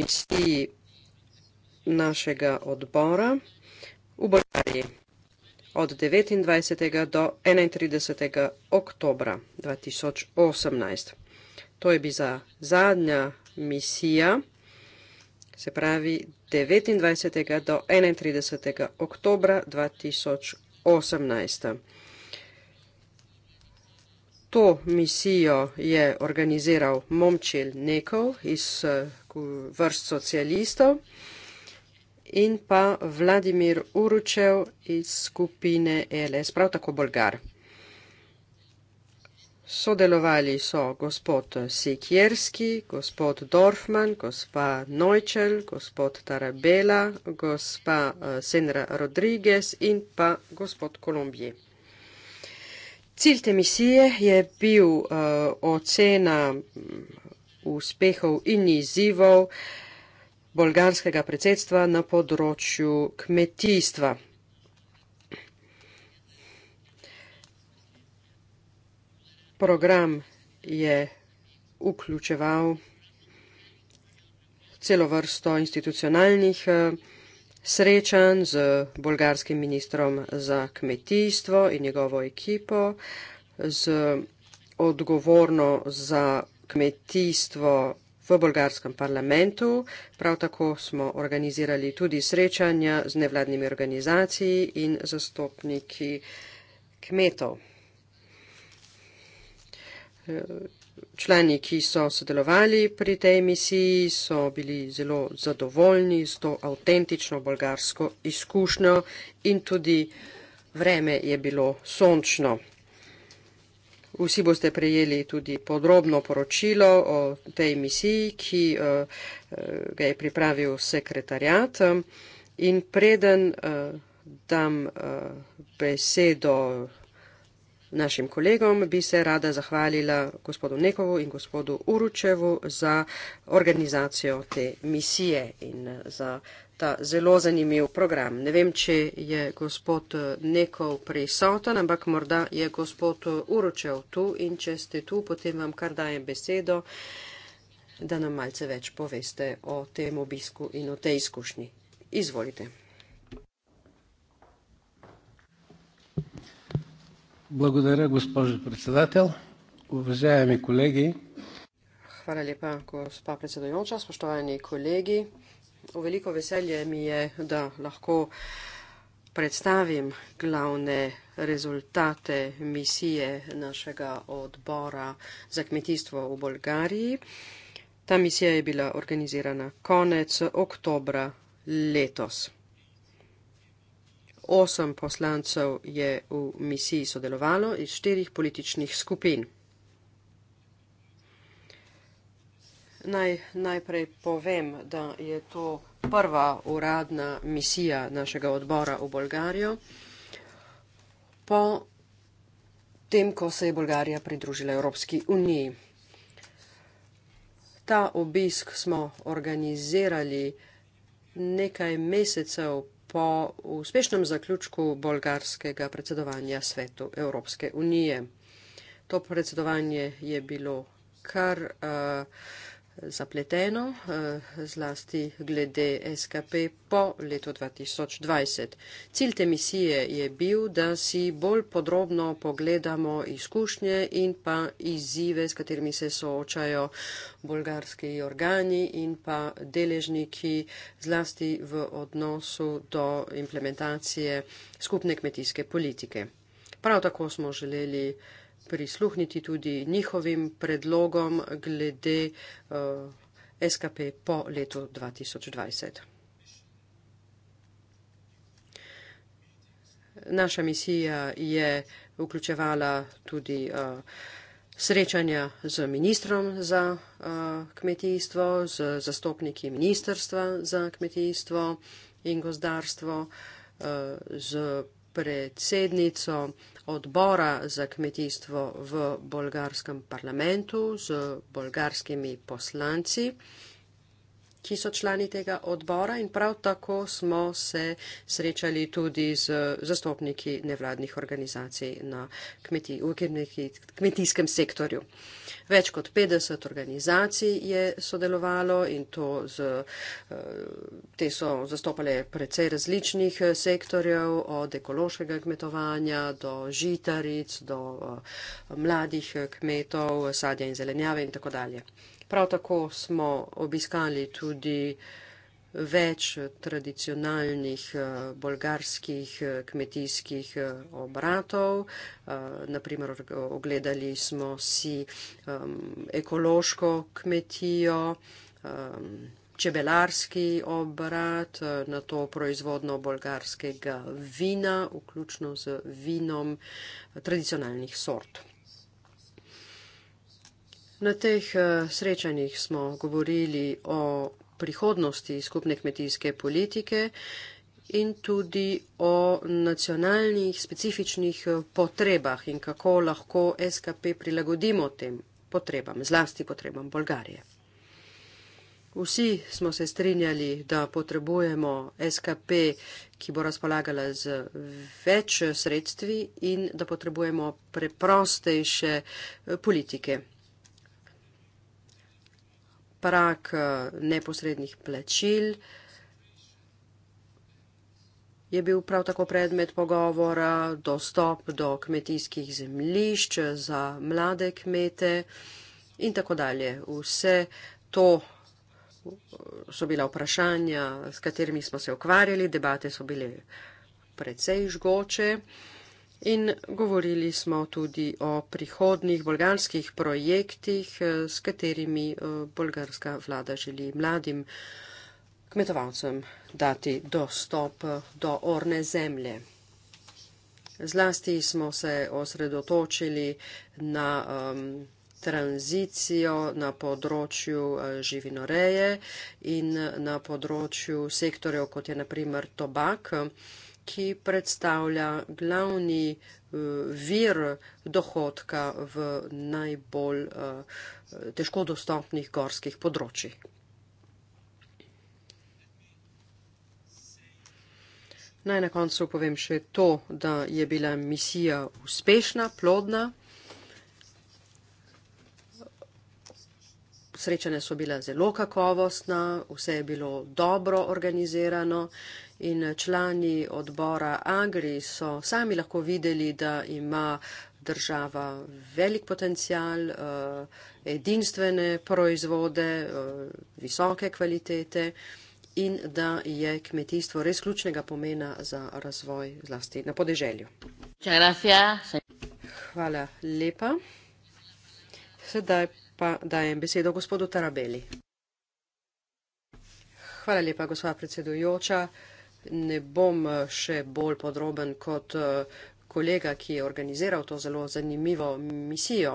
kmetiji našega odbora v Bolgariji od 29. do 31. oktobra 2018. To je bila zadnja misija, se pravi 29. do 31. oktobra 2018. To misijo je organiziral Momčil Nekov iz vrst socialistov in pa Vladimir Uručev iz skupine LS, prav tako Bolgar. Sodelovali so gospod Sikjerski, gospod Dorfman, gospa Neučel, gospod Tarabela, gospa eh, Senra Rodriguez in pa gospod Kolumbije. Cilj te misije je bil uh, ocena uspehov in izzivov bolgarskega predsedstva na področju kmetijstva. Program je vključeval celo vrsto institucionalnih eh, srečanj z bolgarskim ministrom za kmetijstvo in njegovo ekipo, z odgovorno za kmetijstvo v bolgarskem parlamentu. Prav tako smo organizirali tudi srečanja z nevladnimi organizacijami in zastopniki kmetov. Člani, ki so sodelovali pri tej misiji, so bili zelo zadovoljni s to avtentično bolgarsko izkušnjo in tudi vreme je bilo sončno. Vsi boste prejeli tudi podrobno poročilo o tej misiji, ki eh, eh, ga je pripravil sekretarjat. In preden eh, dam besedo našim kolegom, bi se rada zahvalila gospodu Nekovu in gospodu Uručevu za organizacijo te misije in za ta zelo zanimiv program. Ne vem, če je gospod Nekov prisoten, ampak morda je gospod Uročev tu in če ste tu, potem vam kar dajem besedo, da nam malce več poveste o tem obisku in o tej izkušnji. Izvolite. Благодаря, госпожо председател. Уважаеми колеги. Хвала лепа, госпожа председател. Спощавани колеги. Veliko veselje mi je, da lahko predstavim glavne rezultate misije našega odbora za kmetijstvo v Bolgariji. Ta misija je bila organizirana konec oktobra letos. Osem poslancev je v misiji sodelovalo iz štirih političnih skupin. Naj, najprej povem, da je to prva uradna misija našega odbora v Bolgarijo, po tem, ko se je Bolgarija pridružila Evropski uniji. Ta obisk smo organizirali nekaj mesecev po uspešnem zaključku bolgarskega predsedovanja svetu Evropske unije. To predsedovanje je bilo kar. Uh, zapleteno, eh, zlasti glede SKP po letu 2020. Cilj te misije je bil, da si bolj podrobno pogledamo izkušnje in pa izzive, s katerimi se soočajo bolgarski organi in pa deležniki zlasti v odnosu do implementacije skupne kmetijske politike. Prav tako smo želeli uh, prisluhniti tudi njihovim predlogom glede uh, eh, SKP po letu 2020. Naša misija je vključevala tudi uh, srečanja z ministrom za uh, kmetijstvo, z zastopniki ministrstva za kmetijstvo in gozdarstvo, uh, z predsednico odbora za kmetijstvo v bolgarskem parlamentu z bolgarskimi poslanci ki so člani tega odbora in prav tako smo se srečali tudi z zastopniki nevladnih organizacij na kmeti, kmetijskem sektorju. Več kot 50 organizacij je sodelovalo in to z, eh, te so zastopale precej različnih eh, sektorjev, od ekološkega kmetovanja do žitaric, do eh, mladih kmetov, sadja in zelenjave in tako dalje. Prav tako smo obiskali tudi več tradicionalnih eh, bolgarskih eh, kmetijskih eh, obratov. Naprimer, ogledali smo si ekološko kmetijo, čebelarski obrat, na to proizvodno bolgarskega vina, vključno z vinom tradicionalnih sortov. Na teh eh, srečanjih smo govorili o prihodnosti skupne kmetijske politike in tudi o nacionalnih specifičnih eh, potrebah in kako lahko SKP prilagodimo tem potrebam, zlasti potrebam Bolgarije. Vsi smo se strinjali, da potrebujemo SKP, ki bo razpolagala z več sredstvi in da potrebujemo preprostejše eh, politike prak eh, neposrednih plačil. Je bil prav tako predmet pogovora dostop do kmetijskih zemlišč za mlade kmete in tako dalje. Vse to eh, so bila vprašanja, s katerimi smo se ukvarjali, debate so bile precej žgoče. In govorili smo tudi o prihodnih bolgarskih projektih, eh, s katerimi eh, bolgarska vlada želi mladim kmetovalcem dati dostop eh, do orne zemlje. Zlasti smo se osredotočili na um, tranzicijo na področju živinoreje in na področju sektorjev, kot je naprimer tobak ki predstavlja glavni uh, vir dohodka v najbolj uh, težko dostopnih gorskih področjih. Naj na koncu povem še to, da je bila misija uspešna, plodna. srečanja so bila zelo kakovostna, vse je bilo dobro organizirano in člani odbora Agri so sami lahko videli, da ima država velik potencial, eh, edinstvene proizvode, eh, visoke kvalitete in da je kmetijstvo res ključnega pomena za razvoj zlasti na podeželju. Hvala lepa. Sedaj pa dajem besedo gospodu Tarabeli. Hvala lepa, gospa predsedujoča. Ne bom eh, še bolj podroben kot eh, kolega, ki je organiziral to zelo zanimivo misijo.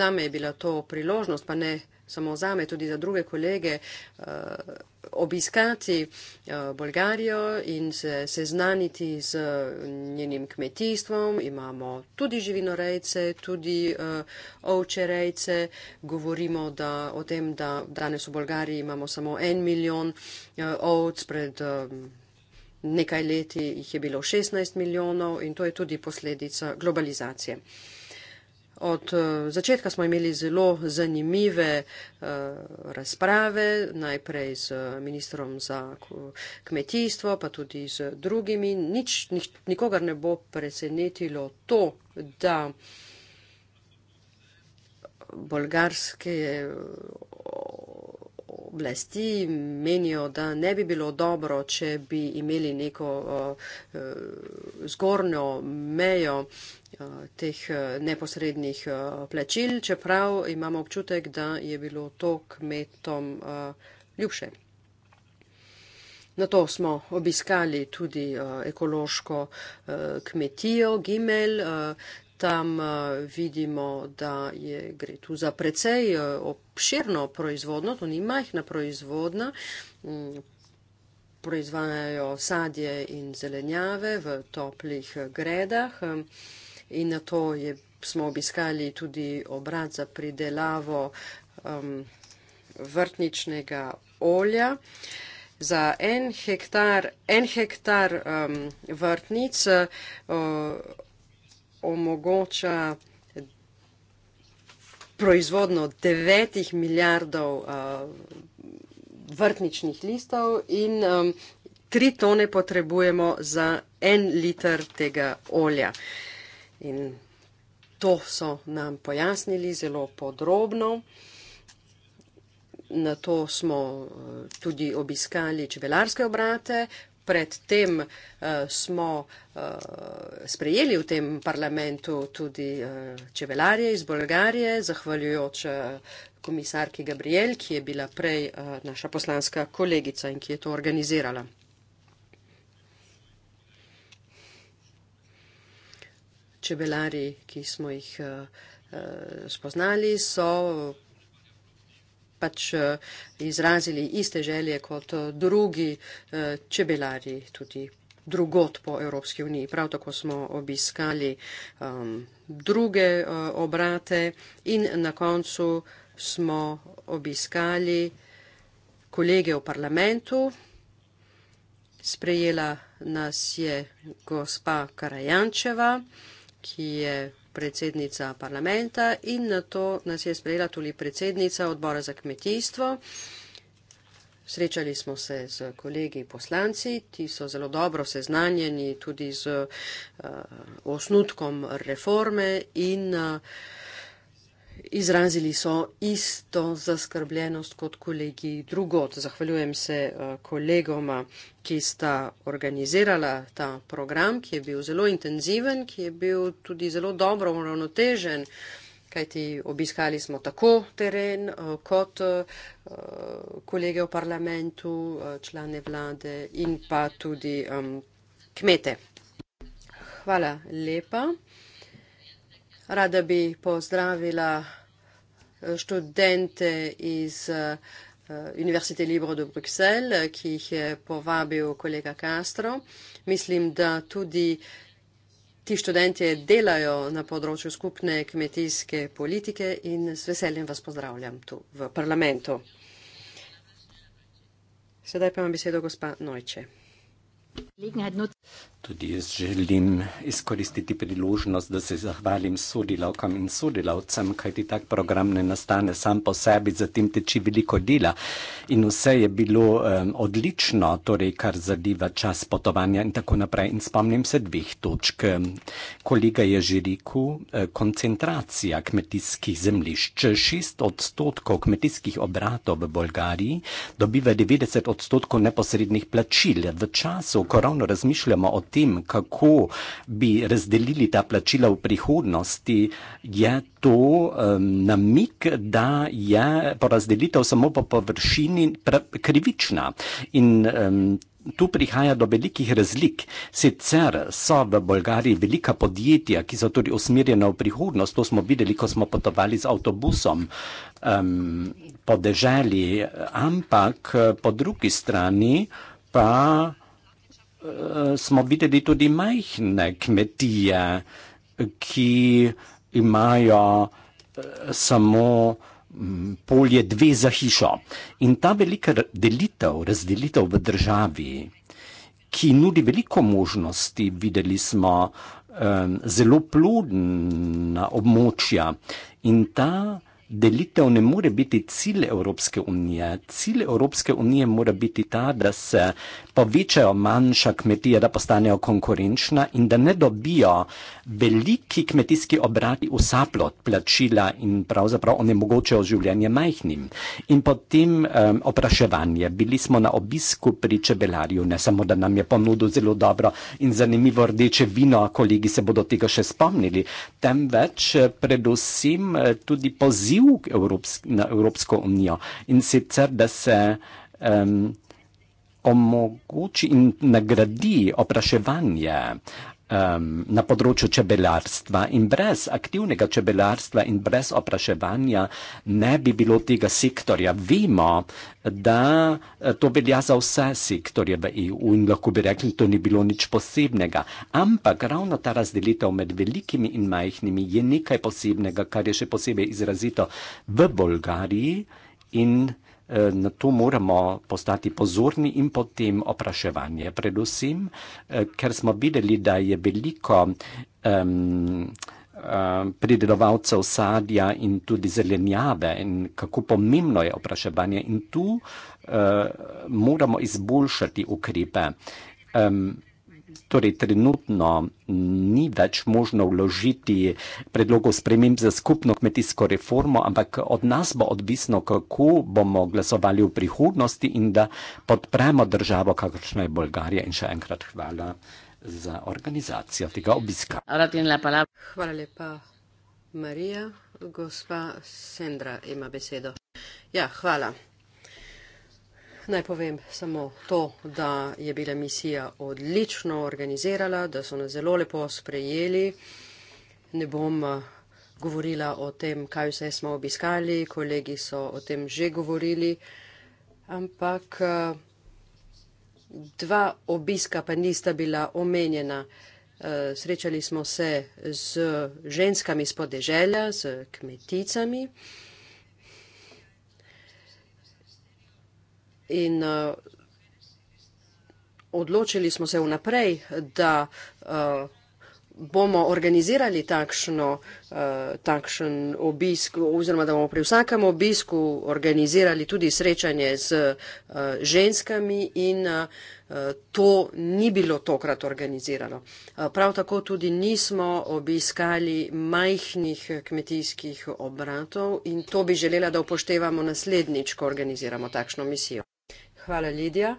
Zame je bila to priložnost, pa ne samo zame, tudi za druge kolege, eh, obiskati eh, Bolgarijo in se seznaniti z eh, njenim kmetijstvom. Imamo tudi živinorejce, tudi ovčerejce. Govorimo da, o tem, da danes v Bolgariji imamo samo en milijon ovc pred. Nekaj leti jih je bilo 16 milijonov in to je tudi posledica globalizacije. Od eh, začetka smo imeli zelo zanimive uh, razprave, najprej z eh, ministrom za kmetijstvo, pa tudi z drugimi. Nič, nič, nikogar ne bo presenetilo to, da bolgarske oblasti menijo, da ne bi bilo dobro, če bi imeli neko eh, eh, zgornjo mejo eh, teh neposrednih plačil, čeprav imamo občutek, da je bilo to kmetom ljubše. Na to smo obiskali tudi ekološko kmetijo Gimel, Tam eh, vidimo, da je gre tu za precej eh, obširno proizvodno, to ni majhna proizvodna. Mm, proizvajajo sadje in zelenjave v toplih eh, gredah in na to je, smo obiskali tudi obrat za pridelavo um, vrtničnega olja. Za en hektar, en hektar um, vrtnic uh, omogoča proizvodno devetih milijardov uh, vrtničnih listov in um, tri tone potrebujemo za en liter tega olja. In to so nam pojasnili zelo podrobno. Na to smo uh, tudi obiskali čebelarske obrate, predtem uh, eh, smo uh, sprejeli v tem parlamentu tudi uh, čevelarje iz Bolgarije, zahvaljujoč uh, komisarki Gabriel, ki je bila prej uh, naša poslanska kolegica in ki je to organizirala. Čebelari, ki smo jih uh, spoznali, so pač eh, izrazili iste želje kot eh, drugi eh, čebelari tudi drugot po Evropski uniji. Prav tako smo obiskali um, druge uh, obrate in na koncu smo obiskali kolege v parlamentu. Sprejela nas je gospa Karajančeva, ki je predsednica parlamenta in na to nas je sprejela tudi predsednica odbora za kmetijstvo. Srečali smo se z kolegi poslanci, ti so zelo dobro seznanjeni tudi z uh, osnutkom reforme in uh, Izrazili so isto zaskrbljenost kot kolegi drugot. Zahvaljujem se eh, kolegoma, ki sta organizirala ta program, ki je bil zelo intenziven, ki je bil tudi zelo dobro uravnotežen, kajti obiskali smo tako teren eh, kot eh, kolege v parlamentu, člane vlade in pa tudi kmete. Hvala lepa. Rada bi pozdravila eh, študente iz eh, Univerzite Libro do Bruxelles, eh, ki jih je povabil kolega Castro. Mislim, da tudi ti študentje delajo na področju skupne kmetijske politike in s veseljem vas pozdravljam tu v parlamentu. Sedaj pa imam besedo gospa Nojče. Tudi jaz želim izkoristiti priložnost, da se zahvalim sodelavkam in sodelavcem, kajti tak program ne nastane sam po sebi, zatem teči veliko dela. In vse je bilo um, odlično, torej kar zadeva čas potovanja in tako naprej. In spomnim se dveh točk. Kolega je že rekel, e, koncentracija kmetijskih zemljišč. Šest odstotkov kmetijskih obratov v Bolgariji dobiva 90 odstotkov neposrednih plačil. V času, ko ravno razmišljamo o tem, kako bi razdelili ta plačila v prihodnosti, je to um, namik, da je porazdelitev samo po površini krivična. In, um, Tu prihaja do velikih razlik. Sicer so v Bolgariji velika podjetja, ki so tudi usmerjena v prihodnost. To smo videli, ko smo potovali z avtobusom um, po deželi, ampak po drugi strani pa. Eh, smo videli tudi majhne kmetije, ki imajo eh, samo mm, polje dve za hišo. In ta velika delitev, razdelitev v državi, ki nudi veliko možnosti, videli smo eh, zelo plodna območja in ta delitev ne more biti cilj Evropske unije. Cilj Evropske unije mora biti ta, da se povečajo manjša kmetija, da postanejo konkurenčna in da ne dobijo veliki kmetijski obrati vsa plot plačila in pravzaprav onemogočajo življenje majhnim. In potem um, opraševanje. Bili smo na obisku pri čebelarju, ne samo, da nam je ponudil zelo dobro in zanimivo rdeče vino, kolegi se bodo tega še spomnili, temveč predvsem eh, tudi poziv odziv Evropsk na Evropsko unijo in sicer, da se um, omogoči in nagradi opraševanje um, na področju čebelarstva in brez aktivnega čebelarstva in brez opraševanja ne bi bilo tega sektorja. Vemo, da eh, to velja za vse sektorje v EU in lahko bi rekli, to ni bilo nič posebnega. Ampak ravno ta razdelitev med velikimi in majhnimi je nekaj posebnega, kar je še posebej izrazito v Bolgariji in Eh, na to moramo postati pozorni in potem opraševanje. Predvsem, eh, ker smo videli, da je veliko um, pridelovalcev sadja in tudi zelenjave in kako pomembno je opraševanje in tu uh, moramo izboljšati ukrepe. Um, torej trenutno ni več možno vložiti predlogov spremem za skupno kmetijsko reformo, ampak od nas bo odvisno, kako bomo glasovali v prihodnosti in da podpremo državo, kakršna je Bolgarija. In še enkrat hvala za organizacijo tega obiska. Hvala lepa, Marija. Gospa Sendra ima besedo. Ja, hvala. Naj povem samo to, da je bila misija odlično organizirala, da so nas zelo lepo sprejeli. Ne bom eh, govorila o tem, kaj vse smo obiskali, kolegi so o tem že govorili, ampak eh, dva obiska pa nista bila omenjena. Eh, srečali smo se z ženskami spod deželja, z kmeticami. in uh, odločili smo se vnaprej, da uh, bomo organizirali takšno, uh, takšen obisk oziroma da bomo pri vsakem obisku organizirali tudi srečanje z uh, ženskami in uh, To ni bilo tokrat organizirano. Uh, prav tako tudi nismo obiskali majhnih kmetijskih obratov in to bi želela, da upoštevamo naslednjič, ko organiziramo takšno misijo. Hvala, Lidija.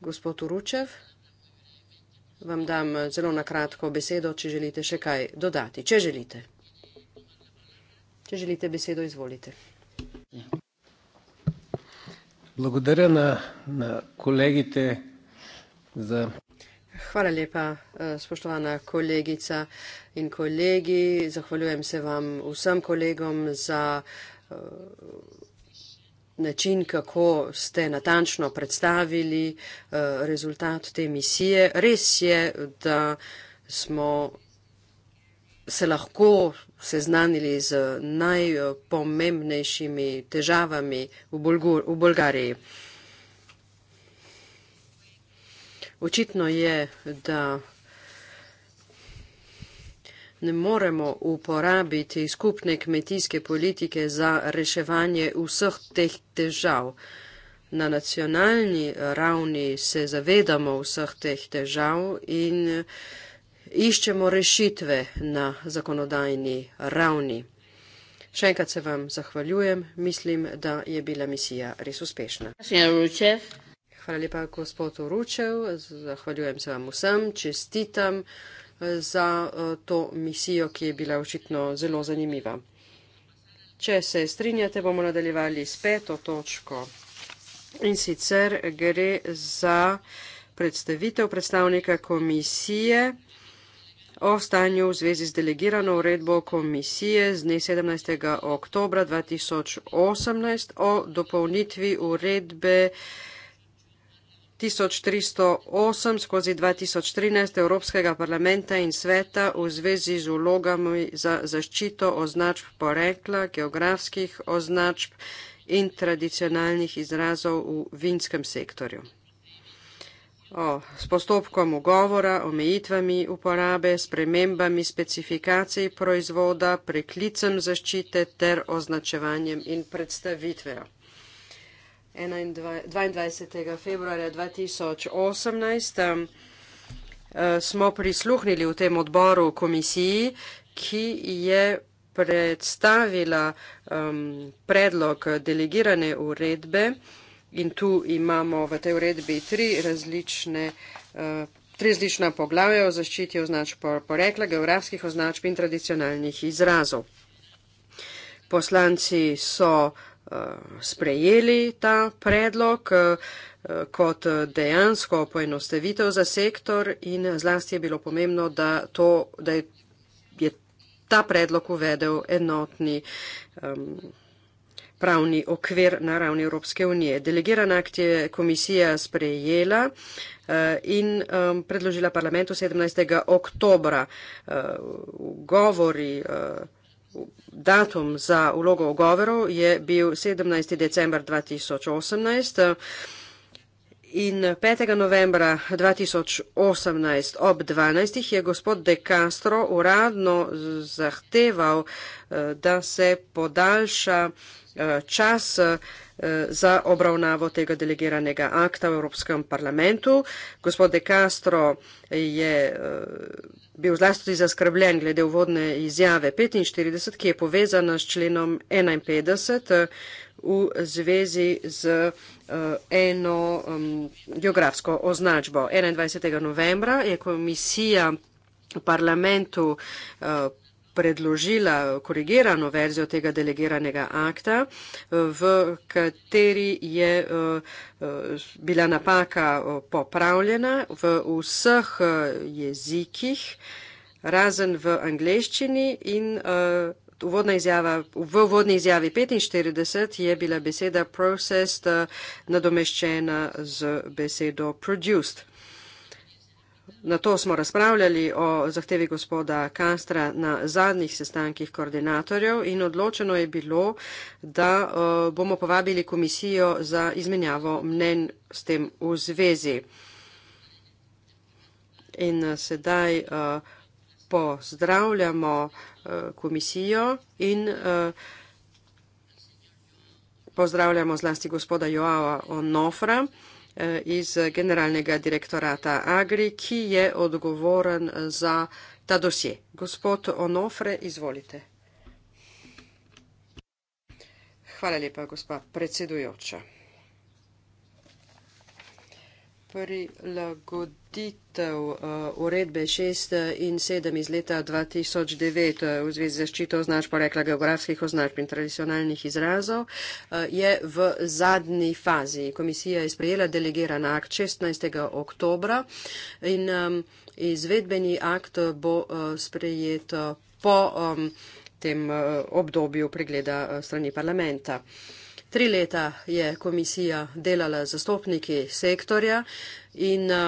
Gospod Uručev, vam dam zelo na kratko besedo, če želite še kaj dodati. Če želite. Če želite besedo, izvolite. Blagodarja na, na kolegite za. Hvala lepa, eh, spoštovana kolegica in kolegi. Zahvaljujem se vam vsem kolegom za eh, način, kako ste natančno predstavili uh, rezultat te misije. Res je, da smo se lahko seznanili z najpomembnejšimi težavami v, Bulgur, v Bolgariji. Očitno je, da ne moremo uporabiti skupne kmetijske politike za reševanje vseh teh težav. Na nacionalni ravni se zavedamo vseh teh težav in iščemo rešitve na zakonodajni ravni. Še enkrat se vam zahvaljujem. Mislim, da je bila misija res uspešna. Hvala lepa, gospod Uručev. Zahvaljujem se vam vsem, čestitam za eh, to misijo, ki je bila očitno zelo zanimiva. Če se strinjate, bomo nadaljevali s peto točko. In sicer gre za predstavitev predstavnika komisije o stanju v zvezi z delegirano uredbo komisije z dne 17. oktobra 2018 o dopolnitvi uredbe 1308 skozi 2013 Evropskega parlamenta in sveta v zvezi z vlogami za zaščito označb porekla, geografskih označb in tradicionalnih izrazov v vinskem sektorju. O, s postopkom ugovora, omejitvami uporabe, spremembami specifikacij proizvoda, preklicem zaščite ter označevanjem in predstavitvejo. 22. februarja 2018 um, eh, smo prisluhnili v tem odboru komisiji, ki je predstavila um, predlog delegirane uredbe in tu imamo v tej uredbi tri različne. Uh, Tri različna poglavja o zaščiti označb porekla, geografskih označb in tradicionalnih izrazov. Poslanci so uh, sprejeli ta predlog eh, kot dejansko poenostavitev za sektor in zlasti je bilo pomembno, da, to, da je, je ta predlog uvedel enotni um, pravni okvir na ravni Evropske unije. Delegiran akt je komisija sprejela eh, in um, predložila parlamentu 17. oktobra. Uh, eh, govori uh, datum za vlogo ogovorov je bil 17. december 2018. In 5. novembra 2018 ob 12. je gospod De Castro uradno zahteval, eh, da se podaljša eh, čas eh, za obravnavo tega delegiranega akta v Evropskem parlamentu. Gospod De Castro je bil zlasti zaskrbljen glede uvodne izjave 45, ki je povezana s členom 51 eh, v zvezi z eh, eno geografsko označbo. 21. novembra je komisija parlamentu eh, predložila korigirano verzijo tega delegiranega akta, v kateri je eh, eh, bila napaka eh, popravljena v vseh jezikih, razen v angleščini in uvodna izjava, v uvodni izjavi 45 je bila beseda processed nadomeščena z besedo produced. Na to smo razpravljali o zahtevi gospoda Kastra na zadnjih sestankih koordinatorjev in odločeno je bilo, da eh, bomo povabili komisijo za izmenjavo mnen s tem v zvezi. In eh, sedaj eh, pozdravljamo komisijo in pozdravljamo zlasti gospoda Joava Onofra, ki je Eh, iz generalnega direktorata Agri, ki je odgovoren za ta dosje. Gospod Onofre, izvolite. Hvala lepa, gospa predsedujoča. Prilagoditev dopolnitev uh, eh, uredbe 6 eh, in 7 iz leta 2009 uh, eh, v zvezi z zaščito označb, porekla geografskih označb in tradicionalnih izrazov, uh, je v zadnji fazi. Komisija je sprejela delegirana akt 16. oktobra in um, izvedbeni akt bo uh, sprejet po um, tem uh, obdobju pregleda uh, strani parlamenta. Uh, Tri leta je komisija delala z zastopniki sektorja in a,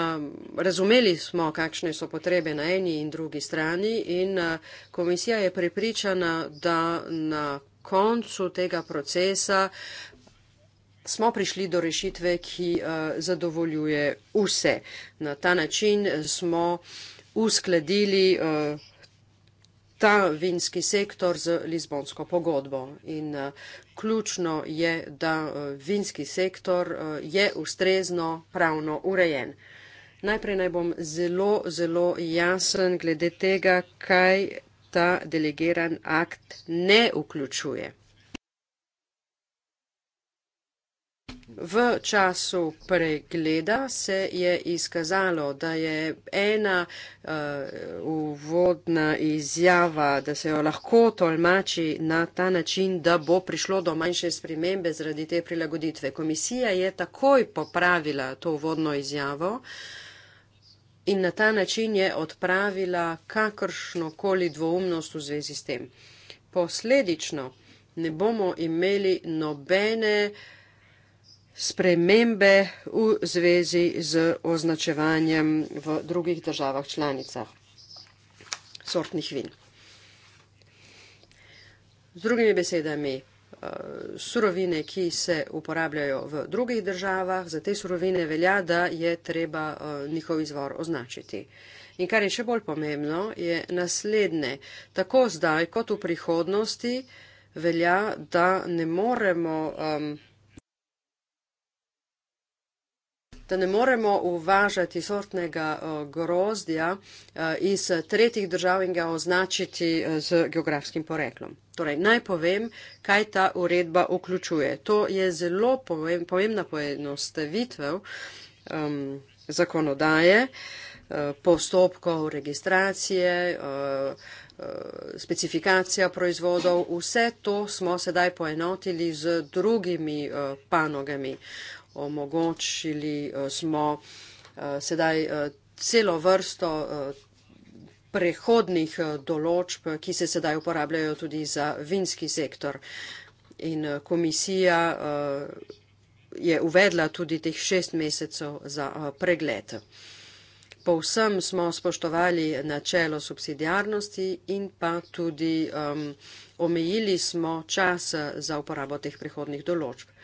razumeli smo, kakšne so potrebe na eni in drugi strani in a, komisija je prepričana, da na koncu tega procesa smo prišli do rešitve, ki a, zadovoljuje vse. Na ta način smo uskladili. A, ta vinski sektor z Lizbonsko pogodbo. In eh, ključno je, da eh, vinski sektor eh, je ustrezno pravno urejen. Najprej naj bom zelo, zelo jasen glede tega, kaj ta delegiran akt ne vključuje. V času pregleda se je izkazalo, da je ena uh, uvodna izjava, da se jo lahko tolmači na ta način, da bo prišlo do manjše spremembe zaradi te prilagoditve. Komisija je takoj popravila to uvodno izjavo. In na ta način je odpravila kakršno koli dvoumnost v zvezi s tem. Posledično ne bomo imeli nobene uh, spremembe v zvezi z označevanjem v drugih državah članicah sortnih vin. Z drugimi besedami, eh, surovine, ki se uporabljajo v drugih državah, za te surovine velja, da je treba eh, njihov izvor označiti. In kar je še bolj pomembno, je naslednje. Tako zdaj kot v prihodnosti velja, da ne moremo um, da ne moremo uvažati sortnega grozdja iz tretjih držav in ga označiti e, z geografskim poreklom. Torej, naj povem, kaj ta uredba vključuje. To je zelo pomembna poenostavitev um, zakonodaje, e, postopkov registracije, specifikacija proizvodov, vse to smo sedaj poenotili z drugimi panogami omogočili eh, smo eh, sedaj eh, celo vrsto prehodnih določb, ki se sedaj uporabljajo tudi za vinski sektor. In komisija je uvedla tudi teh šest mesecev za pregled. Povsem smo spoštovali načelo subsidijarnosti in pa tudi um, omejili smo čas za uporabo teh prihodnih določb.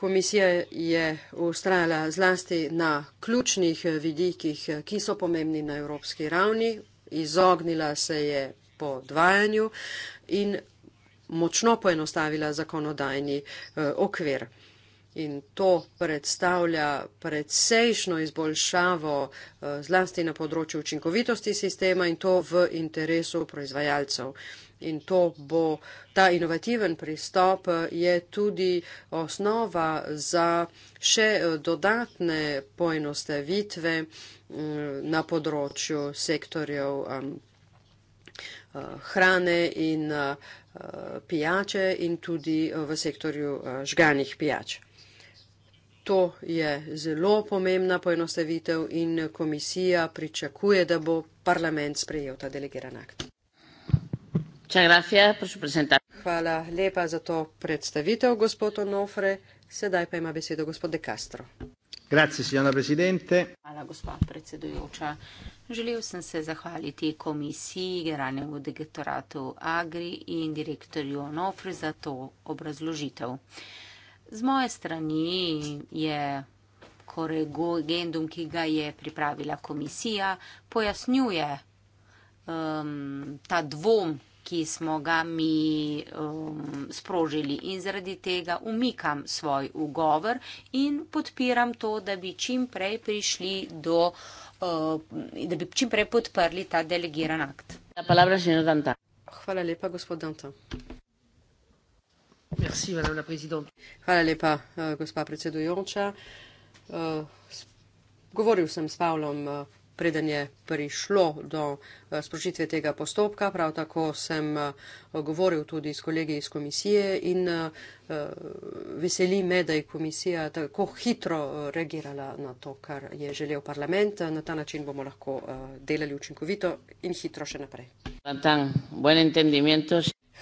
Komisija je ustrajala zlasti na ključnih eh, vidikih, eh, ki so pomembni na evropski ravni, izognila se je podvajanju in močno poenostavila zakonodajni eh, okvir. In to predstavlja predsejšno izboljšavo zlasti na področju učinkovitosti sistema in to v interesu proizvajalcev in to bo ta inovativen pristop eh, je tudi osnova za še eh, dodatne poenostavitve mm, na področju sektorjev eh, hrane in pijače in tudi v sektorju žganih pijač. To je zelo pomembna poenostavitev in komisija pričakuje, da bo parlament sprejel ta delegiran akt. Hvala lepa za to predstavitev, gospod Onofre. Sedaj pa ima besedo gospod De Castro. Grazie, signora Presidente. Hvala, gospa predsedujoča. Želel sem se zahvaliti komisiji, generalnemu direktoratu Agri in direktorju Onofri za to obrazložitev. Z moje strani je koregendum, ki ga je pripravila komisija, pojasnjuje um, ta dvom ki smo ga mi um, sprožili in zaradi tega umikam svoj ugovor in podpiram to, da bi čim prej prišli do, uh, da bi čim prej podprli ta delegiran akt. Hvala lepa, gospod Danta. Merci, Hvala lepa, uh, gospa predsedujoča. Uh, govoril sem s Pavlom. Uh, preden je prišlo do eh, sprožitve tega postopka. Prav tako sem eh, govoril tudi s kolegi iz komisije in eh, veseli me, da je komisija tako hitro reagirala na to, kar je želel parlament. Na ta način bomo lahko delali učinkovito in hitro še naprej.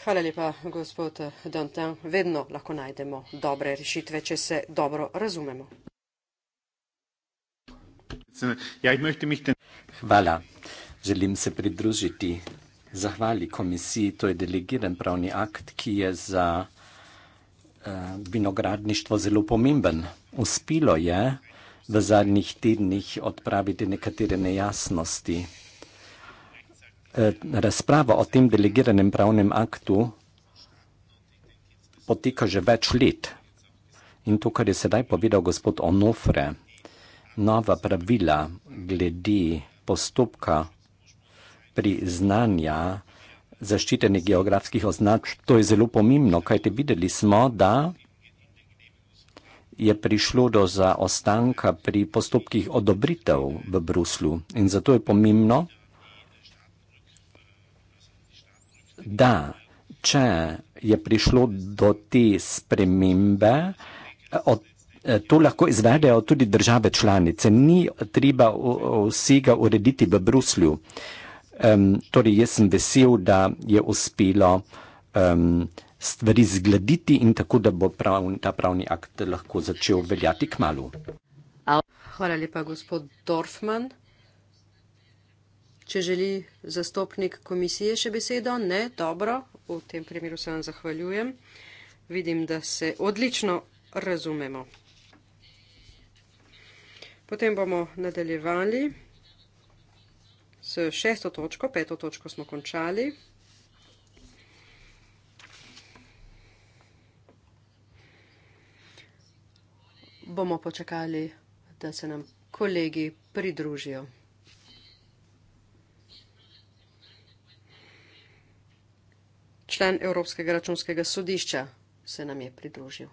Hvala lepa, gospod Danton. Vedno lahko najdemo dobre rešitve, če se dobro razumemo. Ja, Hvala. Želim se pridružiti zahvali komisiji. To je delegiran pravni akt, ki je za uh, vinogradništvo zelo pomemben. Uspelo je v zadnjih tednih odpraviti nekatere nejasnosti. Eh, razprava o tem delegiranem pravnem aktu poteka že več let. In to, kar je sedaj povedal gospod Onofre, nova pravila glede postopka priznanja zaščitenih geografskih označ. To je zelo pomembno, kajte videli smo, da je prišlo do zaostanka pri postopkih odobritev v Bruslu. In zato je pomembno, da če je prišlo do te spremembe, od Eh, to lahko izvedejo tudi države članice. Ni treba vsega urediti v Bruslju. Um, torej, jaz sem vesel, da je uspelo um, stvari zgraditi in tako, da bo prav, ta pravni akt lahko začel veljati k malu. Hvala lepa, gospod Dorfman. Če želi zastopnik komisije še besedo, ne, dobro, v tem primeru se vam zahvaljujem. Vidim, da se odlično razumemo. Potem bomo nadaljevali s šesto točko, peto točko smo končali. Bomo počakali, da se nam kolegi pridružijo. Član Evropskega računskega sodišča se nam je pridružil.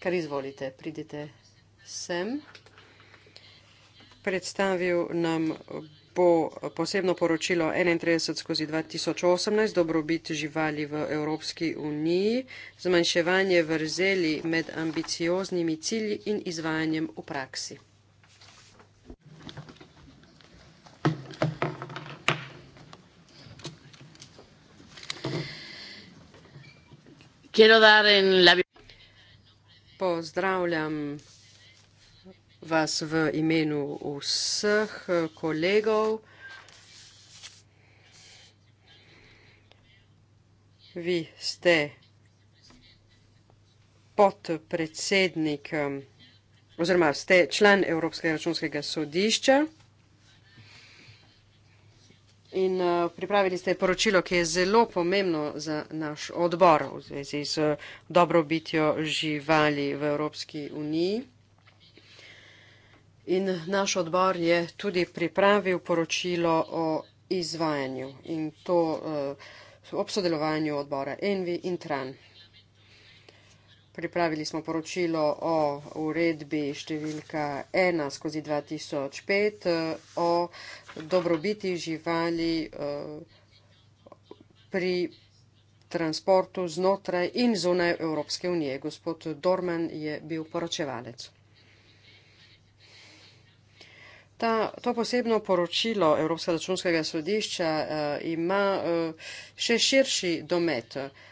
Kar izvolite, pridite sem. Predstavil nam bo posebno poročilo 31 skozi 2018, dobrobit živali v Evropski uniji, zmanjševanje vrzeli med ambicioznimi cilji in izvajanjem v praksi. Quiero dar en la pozdravljam vas v imenu vseh kolegov. Vi ste podpredsednik oziroma ste član Evropskega računskega sodišča. In uh, pripravili ste poročilo, ki je zelo pomembno za naš odbor v zvezi z eh, dobrobitjo živali v Evropski uniji. In naš odbor je tudi pripravil poročilo o izvajanju in to uh, ob sodelovanju odbora Envi in Tran. Pripravili smo poročilo o uredbi številka 1 skozi 2005 eh, o dobrobiti živali eh, pri transportu znotraj in zunaj Evropske unije. Gospod Dorman je bil poročevalec. Ta, to posebno poročilo Evropskega računskega sodišča uh, ima uh, še širši domet. Uh,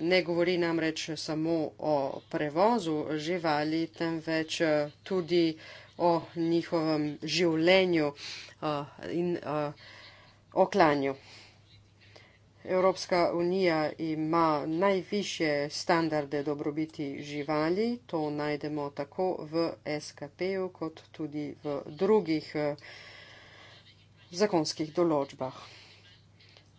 ne govori namreč samo o prevozu živali, temveč eh, tudi o njihovem življenju eh, in eh, oklanju. Evropska unija ima najviše standarde dobrobiti živali, to najdemo tako v SKP-ju kot tudi v drugih zakonskih določbah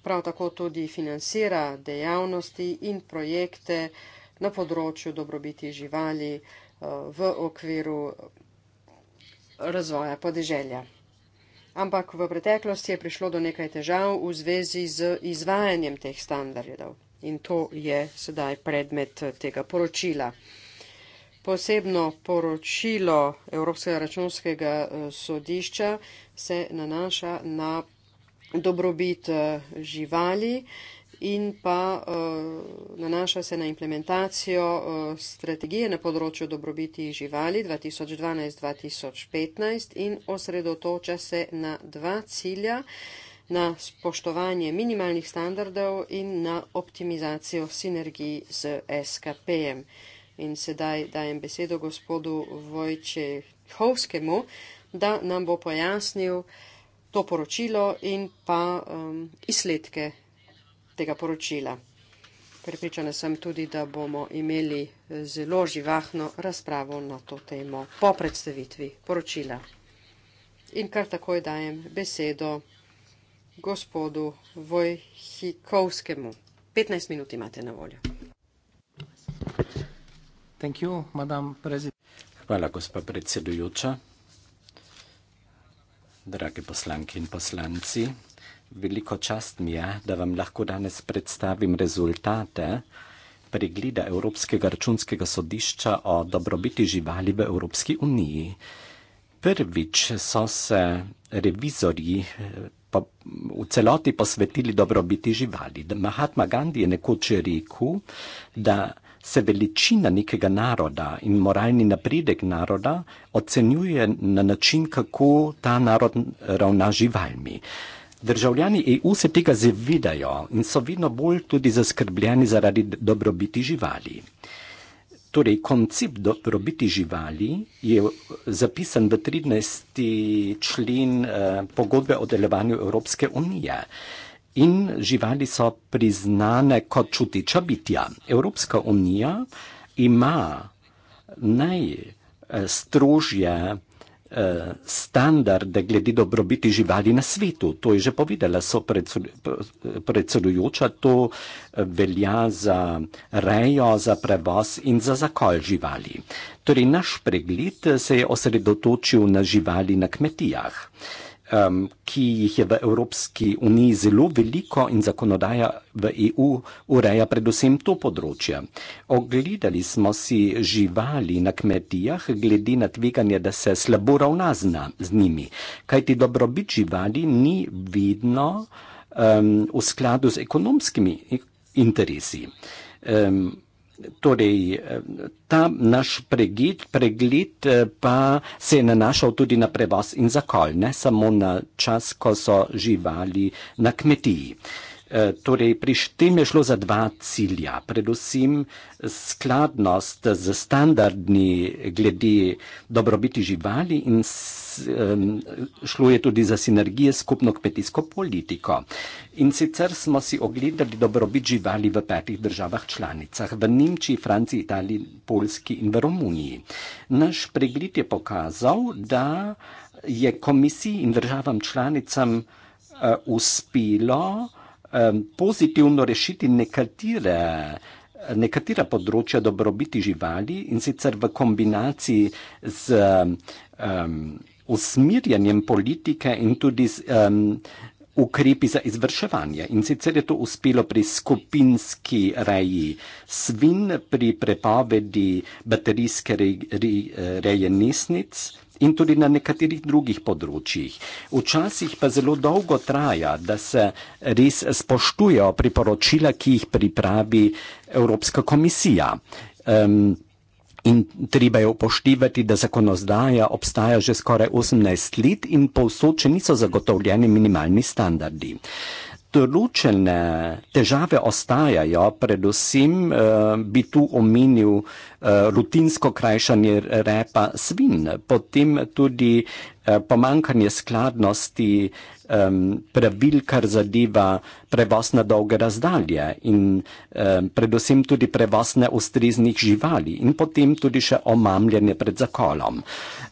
prav tako tudi financira dejavnosti in projekte na področju dobrobiti živali eh, v okviru razvoja podeželja. Ampak v preteklosti je prišlo do nekaj težav v zvezi z izvajanjem teh standardov in to je sedaj predmet tega poročila. Posebno poročilo Evropskega računskega eh, sodišča se nanaša na dobrobit eh, živali in pa eh, nanaša se na implementacijo eh, strategije na področju dobrobiti živali 2012-2015 in osredotoča se na dva cilja, na spoštovanje minimalnih standardov in na optimizacijo sinergij z SKP-jem. In sedaj dajem besedo gospodu Vojčehovskemu, da nam bo pojasnil, to poročilo in pa um, izsledke tega poročila. Pripričana sem tudi, da bomo imeli eh, zelo živahno razpravo na to temo po predstavitvi poročila. In kar takoj dajem besedo gospodu Vojhikovskemu. 15 minut imate na voljo. Hvala, gospa predsedujoča. Drage poslanke in poslanci, veliko čast mi je, da vam lahko danes predstavim rezultate pregleda Evropskega računskega sodišča o dobrobiti živali v Evropski uniji. Prvič so se revizorji eh, v celoti posvetili dobrobiti živali. Mahatma Gandhi je nekoč rekel, da se veličina nekega naroda in moralni napredek naroda ocenjuje na način, kako ta narod eh, ravna živalmi. Državljani EU se tega zavedajo in so vedno bolj tudi zaskrbljeni zaradi dobrobiti živali. Torej, koncept dobrobiti živali je eh, zapisan v 13. člen eh, pogodbe o delovanju Evropske unije. Eh, in živali so priznane kot čutiča bitja. Evropska unija ima najstrožje eh, standarde glede dobrobiti živali na svetu. To je že povedala so predsedujoča, to eh, velja za rejo, za prevoz in za zakol živali. Torej, naš pregled se je osredotočil na živali na kmetijah um, ki jih je v Evropski uniji zelo veliko in zakonodaja v EU ureja predvsem to področje. Ogledali smo si živali na kmetijah glede na tveganje, da se slabo ravna z, na, z njimi, kajti dobrobit živali ni vidno um, v skladu z ekonomskimi interesi. Um, Torej, eh, ta naš pregit, pregled eh, pa se je nanašal tudi na prevoz in zakol, ne samo na čas, ko so živali na kmetiji. Eh, torej, pri tem je šlo za dva cilja. Predvsem skladnost z standardni glede dobrobiti živali in šlo je tudi za sinergije skupno kmetijsko politiko. In sicer smo si ogledali dobrobit živali v petih državah članicah, v Nemčiji, Franciji, Italiji, Polski in v Romuniji. Naš pregled je pokazal, da je komisiji in državam članicam uh, uspelo, um, pozitivno rešiti nekatere, nekatera področja dobrobiti živali in sicer v kombinaciji z um, usmirjanjem politike in tudi z um, ukrepi za izvrševanje. In sicer je to uspelo pri skupinski reji svin, pri prepovedi baterijske reje nesnic in tudi na nekaterih drugih področjih. Včasih pa zelo dolgo traja, da se res spoštujejo priporočila, ki jih pripravi Evropska komisija. Um, In treba je upoštevati, da zakonodaja obstaja že skoraj 18 let in povsod, če niso zagotovljeni minimalni standardi. Uh, določene težave ostajajo, predvsem uh, bi tu omenil uh, rutinsko krajšanje repa svin, potem tudi uh, eh, pomankanje skladnosti um, pravil, kar zadeva prevoz na dolge razdalje in um, predvsem tudi prevoz na ustreznih živali in potem tudi še omamljanje pred zakolom.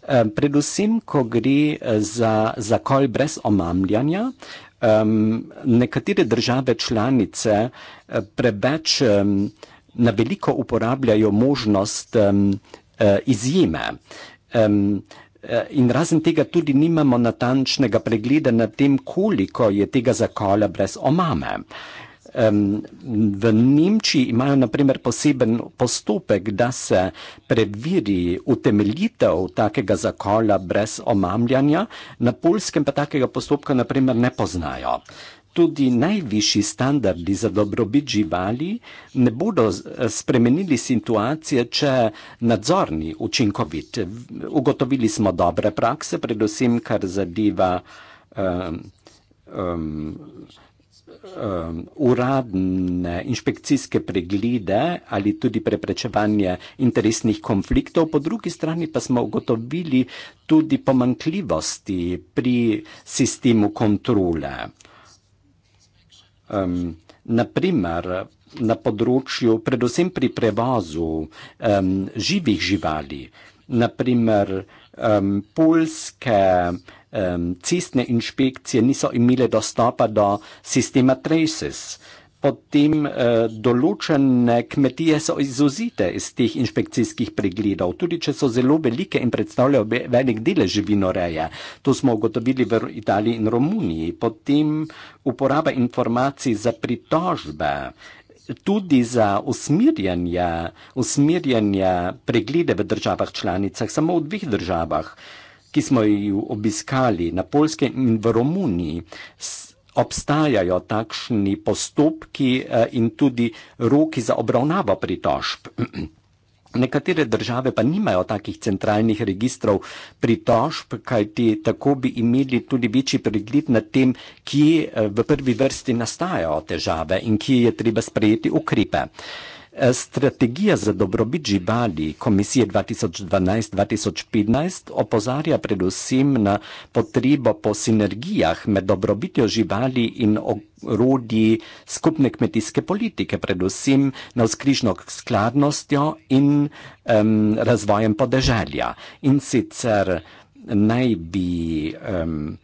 Um, predvsem, ko gre za zakol brez omamljanja, um, um, nekatere države članice eh, preveč um, na veliko uporabljajo možnost um, izjeme. Um, In razen tega tudi nimamo natančnega pregleda nad tem, koliko je tega zakola brez omame. Uh, um, v Nemčiji imajo naprimer poseben postopek, da se preveri utemeljitev takega zakola brez omamljanja, na polskem pa takega postopka naprimer ne poznajo. Tudi najvišji standardi za dobrobit živali ne bodo eh, spremenili situacije, če nadzorni učinkovit. Ugotovili smo dobre prakse, predvsem kar zadeva um, um, um, uradne inšpekcijske preglede ali tudi preprečevanje interesnih konfliktov, po drugi strani pa smo ugotovili tudi pomankljivosti pri sistemu kontrole. Um, naprimer, na področju, predvsem pri prevozu um, živih živali, naprimer, um, polske um, cestne inšpekcije niso imele dostopa do sistema traces. Potem uh, določene kmetije so izuzite iz teh inšpekcijskih pregledov, tudi če so zelo velike in predstavljajo velik delež živinoreje. To smo ugotovili v Italiji in Romuniji. Potem uporaba informacij za pritožbe, tudi za usmirjanje preglede v državah članicah, samo v dveh državah. Uh, ki smo jih obiskali na Polske in v Romuniji, obstajajo takšni postopki eh, in tudi roki za obravnavo pritožb. Nekatere države pa nimajo takih centralnih registrov pritožb, kajti tako bi imeli tudi večji pregled nad tem, kje eh, v prvi vrsti nastajajo težave in kje je treba sprejeti ukrepe. Uh, Eh, strategija za dobrobit živali komisije 2012-2015 opozarja predvsem na potrebo po sinergijah med dobrobitjo živali in orodji skupne kmetijske politike, predvsem na vzkrižno skladnostjo in um, razvojem podeželja. In sicer naj bi um,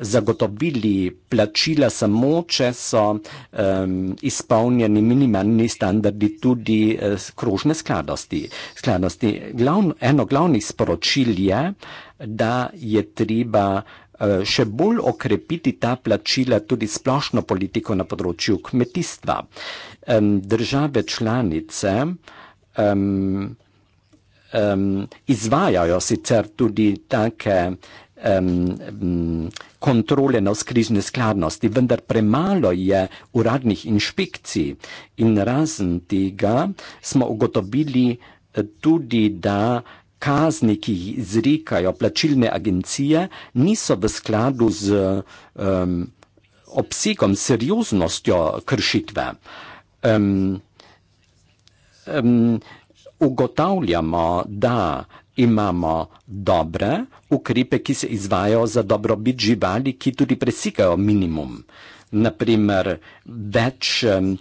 zagotovili plačila samo, če so um, izpolnjeni minimalni standardi tudi uh, krožne skladosti. skladosti. Glav, eno glavnih sporočil je, da je treba uh, še bolj okrepiti ta plačila tudi splošno politiko na področju kmetijstva. Um, države članice um, um, izvajajo sicer tudi take um, kontrole navzkrižne skladnosti, vendar premalo je uradnih inšpekcij in razen tega smo ugotovili eh, tudi, da kazni, ki jih izrekajo plačilne agencije, niso v skladu z um, obsegom, serioznostjo kršitve. Um, um, ugotavljamo, da imamo dobre ukrepe, ki se izvajo za dobrobit živali, ki tudi presikajo minimum. Naprimer, več um,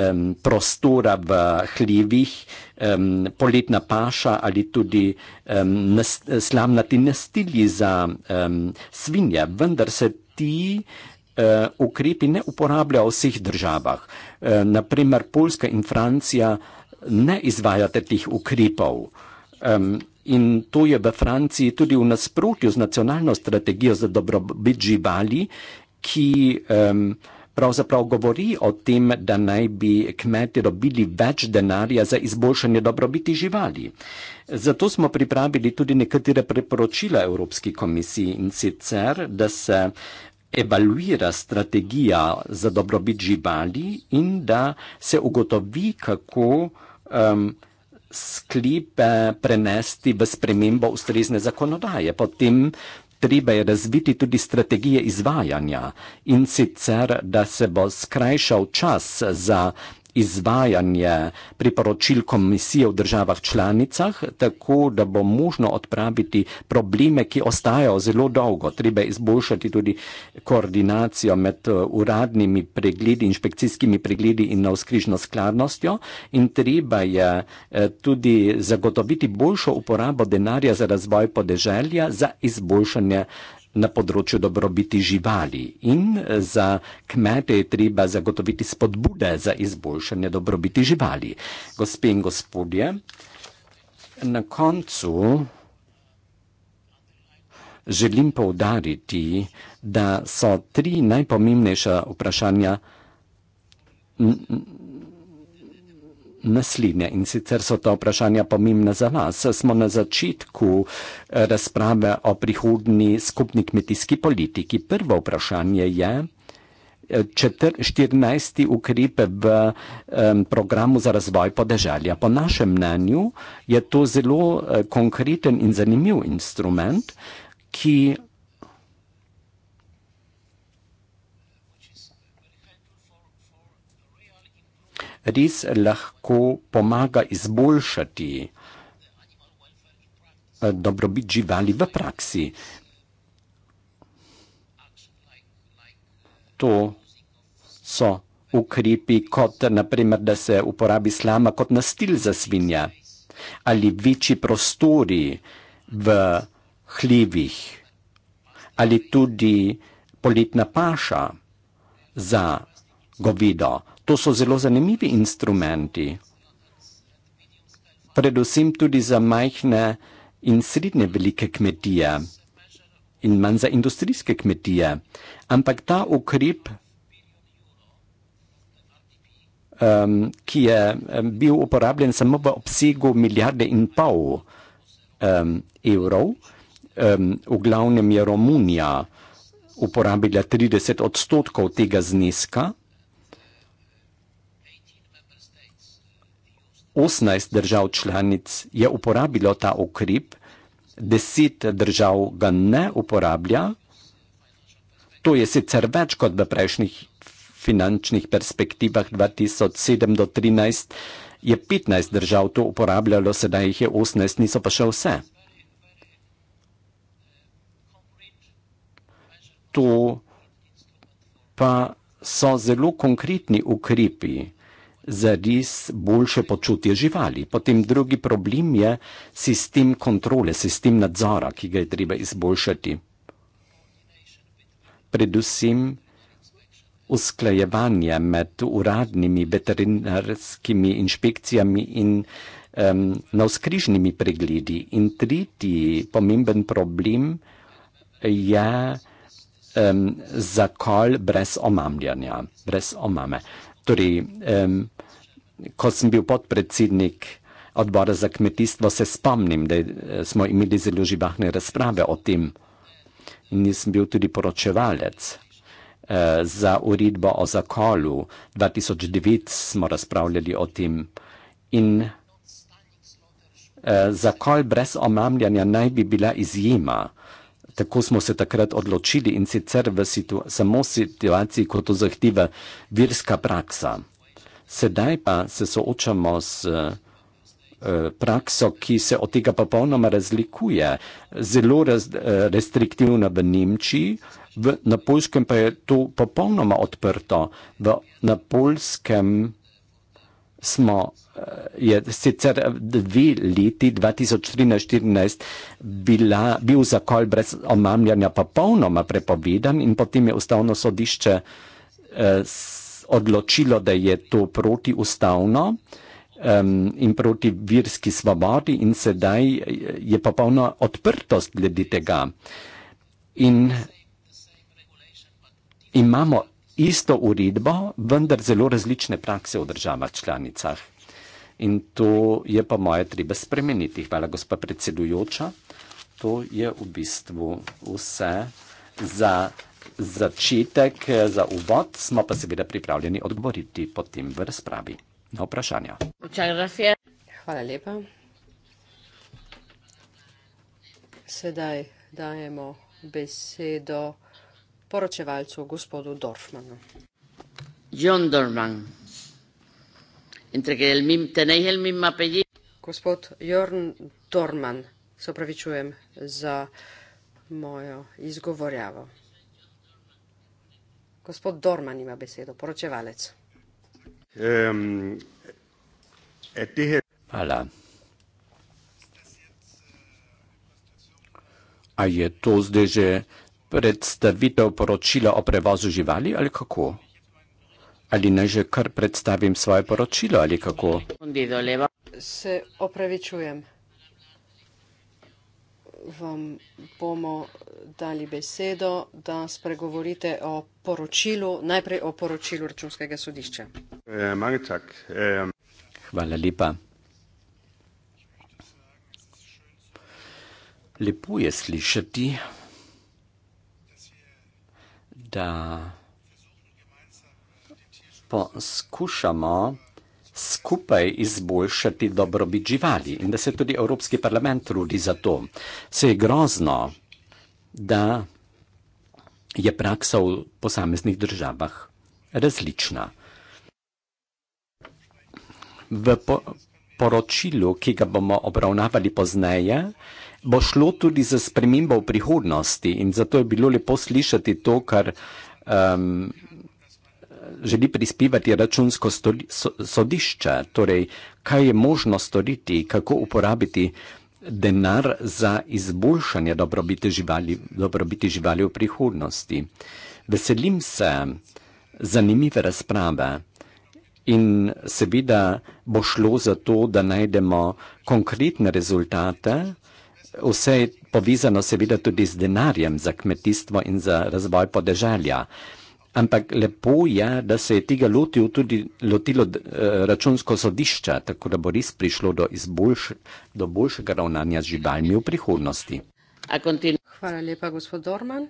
um, prostora v hlivih, um, poletna paša ali tudi um, nas, slamnati nastilji za um, svinje, vendar se ti uh, ukrepi ne uporabljajo v vseh državah. Uh, e, naprimer, Poljska in Francija ne izvajate teh ukrepov. Um, in to je v Franciji tudi v nasprotju z nacionalno strategijo za dobrobit živali, ki um, pravzaprav govori o tem, da naj bi kmeti dobili več denarja za izboljšanje dobrobiti živali. Zato smo pripravili tudi nekatere preporočila Evropski komisiji in sicer, da se evaluira strategija za dobrobit živali in da se ugotovi, kako um, sklepe prenesti v spremembo ustrezne zakonodaje. Potem treba je razviti tudi strategije izvajanja in sicer, da se bo skrajšal čas za izvajanje priporočil komisije v državah članicah, tako da bo možno odpraviti probleme, ki ostajajo zelo dolgo. Treba izboljšati tudi koordinacijo med eh, uradnimi pregledi, inšpekcijskimi pregledi in navskrižno skladnostjo in treba je eh, tudi zagotoviti boljšo uporabo denarja za razvoj podeželja za izboljšanje na področju dobrobiti živali in eh, za kmete je treba zagotoviti spodbude za izboljšanje dobrobiti živali. Gospe in gospodje, na koncu želim povdariti, da so tri najpomembnejša vprašanja naslednje in sicer so ta vprašanja pomembna za nas. Smo na začetku eh, razprave o prihodni skupni kmetijski politiki. Prvo vprašanje je. 14. Eh, ukrep v um, programu za razvoj podeželja. Po našem mnenju je to zelo uh, konkreten in zanimiv instrument, ki res lahko pomaga izboljšati eh, dobrobit živali v praksi. To so ukrepi kot, naprimer, da se uporabi slama kot nastil za svinja ali večji prostori v hlevih ali tudi poletna paša za govido. To so zelo zanimivi instrumenti, predvsem tudi za majhne in srednje velike kmetije in manj za industrijske kmetije. Ampak ta ukrep, um, ki je um, bil uporabljen samo v obsegu milijarde in pol um, evrov, um, v glavnem je Romunija uporabila 30 odstotkov tega zneska, 18 držav članic je uporabilo ta ukrep, 10 držav ga ne uporablja. To je sicer več kot v prejšnjih finančnih perspektivah 2007 do 2013. Je 15 držav to uporabljalo, sedaj jih je 18, niso pa še vse. To pa so zelo konkretni ukrepi zares boljše počutje živali. Potem drugi problem je sistem kontrole, sistem nadzora, ki ga je treba izboljšati. Predvsem usklajevanje med uradnimi veterinarskimi inšpekcijami in um, navskrižnimi pregledi. In tretji pomemben problem je um, zakol brez omamljanja, brez omame. Torej, um, ko sem bil podpredsednik odbora za kmetijstvo, se spomnim, da eh, smo imeli zelo živahne razprave o tem. In jaz sem bil tudi poročevalec eh, za uredbo o zakolu. 2009 smo razpravljali o tem. In eh, zakol brez omamljanja naj bi bila izjema. Tako smo se takrat odločili in sicer v situ samo situaciji, ko to zahteva virska praksa. Sedaj pa se soočamo s eh, prakso, ki se od tega popolnoma razlikuje. Zelo raz, eh, restriktivna v Nemčiji, v, na Poljskem pa je to popolnoma odprto. V, na Poljskem smo, eh, je sicer dve leti, 2013-2014, bil zakol brez omamljanja popolnoma prepovedan in potem je ustavno sodišče eh, odločilo, da je to protiustavno um, in proti virski svobodi in sedaj je popolna odprtost glede tega. In imamo isto uredbo, vendar zelo različne prakse v državah članicah. In to je po moje treba spremeniti. Hvala, gospa predsedujoča. To je v bistvu vse za začetek, eh, za uvod, smo pa seveda pripravljeni odgovoriti potem v razpravi na vprašanja. Hvala lepa. Sedaj dajemo besedo poročevalcu gospodu Dorfmanu. John Dorfman. Entre que el mim, tenéis el mismo apellido. Gospod Jorn Dorman, se opravičujem za mojo izgovorjavo. Gospod Dorman ima besedo, poročevalec. Hvala. A je to zdaj že predstavitev poročila o prevozu živali ali kako? Ali naj že kar predstavim svoje poročilo ali kako? Se opravičujem vam bomo dali besedo, da spregovorite o poročilu, najprej o poročilu računskega sodišča. Eh, eh, Hvala lepa. Lepo je slišati, da poskušamo skupaj izboljšati dobrobit živali in da se tudi Evropski parlament trudi za to. Se je grozno, da je praksa v posameznih državah različna. V po poročilu, ki ga bomo obravnavali pozneje, bo šlo tudi za spremembo v prihodnosti in zato je bilo lepo slišati to, kar um, želi prispevati računsko stoli, so, sodišče, torej kaj je možno storiti, kako uporabiti denar za izboljšanje dobrobiti živali, dobrobiti živali v prihodnosti. Veselim se zanimive razprave in seveda bo šlo za to, da najdemo konkretne rezultate. Vse je povezano seveda tudi z denarjem za kmetijstvo in za razvoj podeželja. Ampak lepo je, da se je tega lotil tudi lotilo uh, računsko sodišča, tako da bo res prišlo do, izboljš, do boljšega ravnanja z živalmi v prihodnosti. Hvala lepa, gospod Dorman.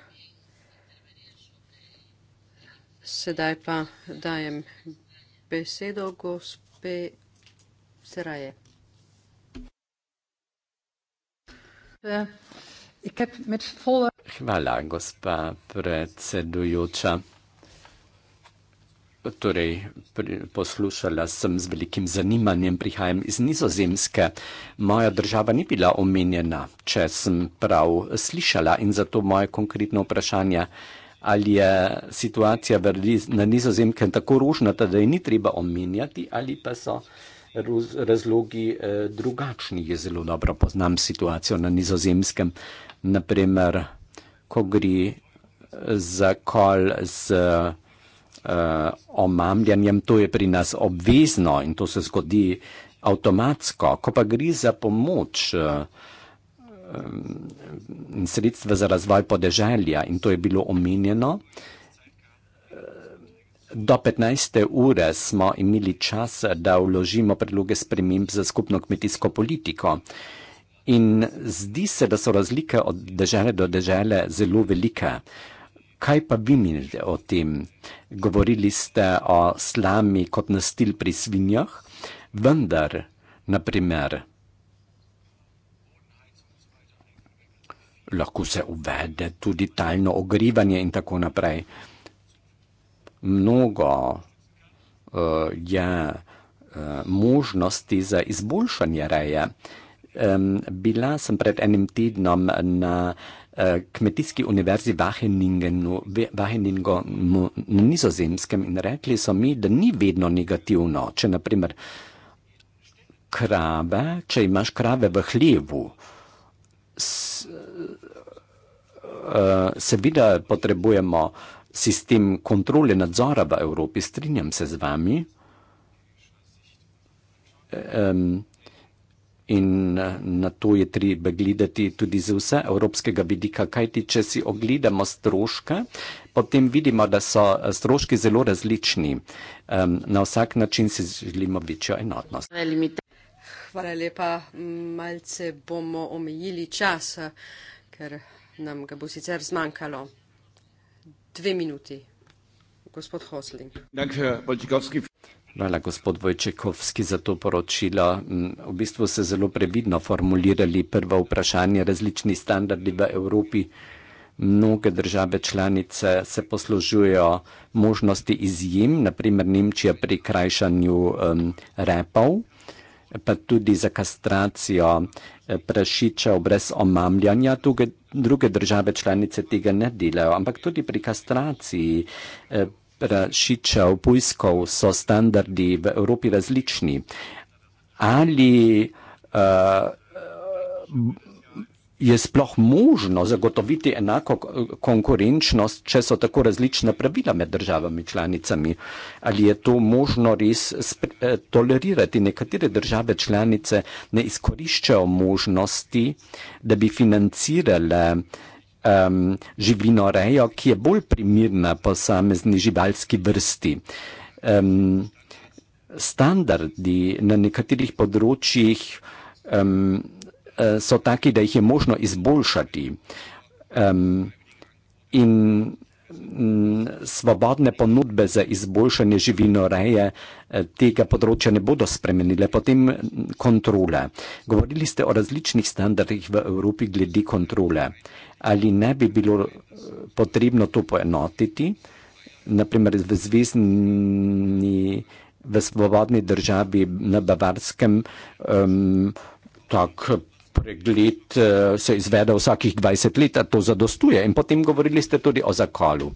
Sedaj pa dajem besedo gospe Seraje. Eh, Hvala, gospa predsedujoča. Torej, poslušala sem z velikim zanimanjem, prihajam iz nizozemske. Moja država ni bila omenjena, če sem prav slišala in zato moje konkretno vprašanje, ali je situacija na nizozemke tako ružna, da je ni treba omenjati ali pa so razlogi eh, drugačni. Je zelo dobro poznam situacijo na nizozemskem, naprimer, ko gre eh, za kol z uh, eh, omamljanjem, to je pri nas obvezno in to se zgodi avtomatsko. Ko pa gre za pomoč uh, in sredstva za razvoj podeželja, in to je bilo omenjeno, Do 15. ure smo imeli čas, da vložimo predloge sprememb za skupno kmetijsko politiko. In zdi se, da so razlike od države do države zelo velike. Uh, Kaj pa vi menite o tem? Govorili ste o slami kot nastil pri svinjah, vendar, naprimer, lahko se uvede tudi talno ogrivanje in tako naprej. Mnogo uh, je uh, možnosti za izboljšanje reje. Um, bila sem pred enim tednom na uh, Eh, kmetijski univerzi Vaheningo na nizozemskem in rekli so mi, da ni vedno negativno, če naprimer krave, če imaš krave v hljevu, eh, eh, seveda potrebujemo sistem kontrole nadzora v Evropi, strinjam se z vami, In eh, na to je treba gledati tudi z vse evropskega vidika, kajti če si ogledamo stroške, potem vidimo, da so eh, stroški zelo različni. Na vsak način si želimo večjo enotnost. Hvala lepa. Malce bomo omejili čas, ker nam ga bo sicer zmanjkalo. Dve minuti. Gospod Hosling. Hvala, gospod Vojčekovski, za to poročilo. Mm, v bistvu se zelo previdno formulirali prvo vprašanje, različni standardi v Evropi. Mnoge države članice se poslužujejo možnosti izjem, naprimer Nemčija pri krajšanju um, repov, pa tudi za kastracijo eh, prašičev brez omamljanja. Tuge, druge države članice tega ne delajo, ampak tudi pri kastraciji. Eh, rašičev, pujskov so standardi v Evropi različni. Ali uh, je sploh možno zagotoviti enako konkurenčnost, če so tako različna pravila med državami članicami? Ali je to možno res eh, tolerirati? Nekatere države članice ne izkoriščajo možnosti, da bi financirale uh, um, živinorejo, ki je bolj primirna posamezni živalski vrsti. Um, standardi na nekaterih področjih um, eh, so taki, da jih je možno izboljšati. Um, in Mm, svobodne ponudbe za izboljšanje živino reje eh, tega področja ne bodo spremenile. Potem mm, kontrole. Govorili ste o različnih standardih v Evropi glede kontrole. Ali ne bi bilo eh, potrebno to poenotiti, naprimer v zvezdni, v svobodni državi na Bavarskem, um, tako pregled eh, se izvede vsakih 20 let, to zadostuje. In potem govorili ste tudi o zakolu.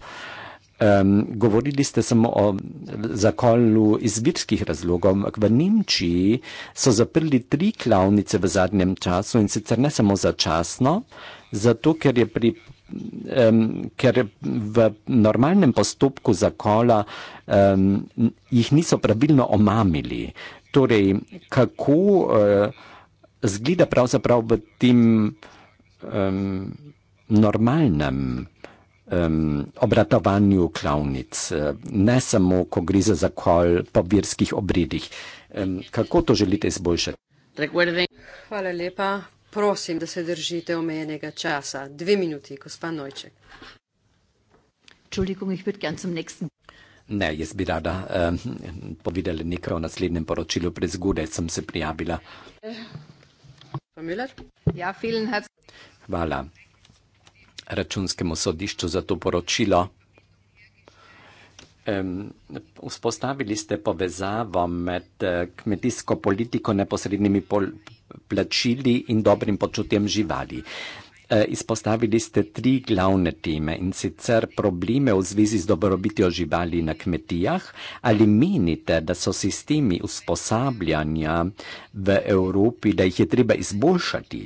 Um, govorili ste samo o zakolu iz virskih razlogov, ampak v Nemčiji so zaprli tri klavnice v zadnjem času in sicer ne samo začasno, zato ker je pri. Um, ker v normalnem postopku zakola um, jih niso pravilno omamili. Torej, kako uh, zgleda pravzaprav v tem um, normalnem um, obratovanju klavnic, eh, ne samo, ko gre za zakol po verskih obredih. Um, kako to želite izboljšati? Hvala lepa. Prosim, da se držite omejenega časa. Dve minuti, gospod Nojček. Ne, jaz bi rada eh, povedala nekaj o naslednjem poročilu, prezgodaj sem se prijavila. Eh. Ja, Hvala računskemu sodišču za to poročilo. Vzpostavili ste povezavo med eh, kmetijsko politiko, neposrednimi plačili in dobrim počutjem živali. Eh, izpostavili ste tri glavne teme in sicer probleme v zvezi z dobrobitjo živali na kmetijah. Ali menite, da so sistemi usposabljanja v Evropi, da jih je treba izboljšati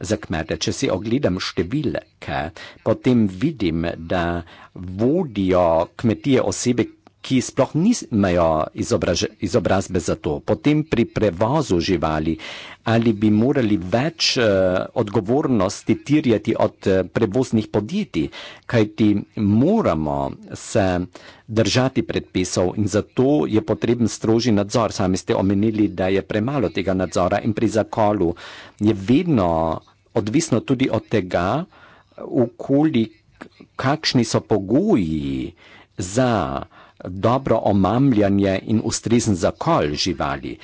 za kmete? Če si ogledam številke, potem vidim, da vodijo kmetije osebe, ki sploh nimajo izobrazbe za to, potem pri prevozu živali, ali bi morali več uh, odgovornosti tirjati od uh, prevoznih podjetij, kajti moramo se držati predpisov in zato je potreben stroži nadzor. Sami ste omenili, da je premalo tega nadzora in pri zakolu je vedno odvisno tudi od tega, okoli kakšni so pogoji za dobro omamljanje in ustrezen zakol živali.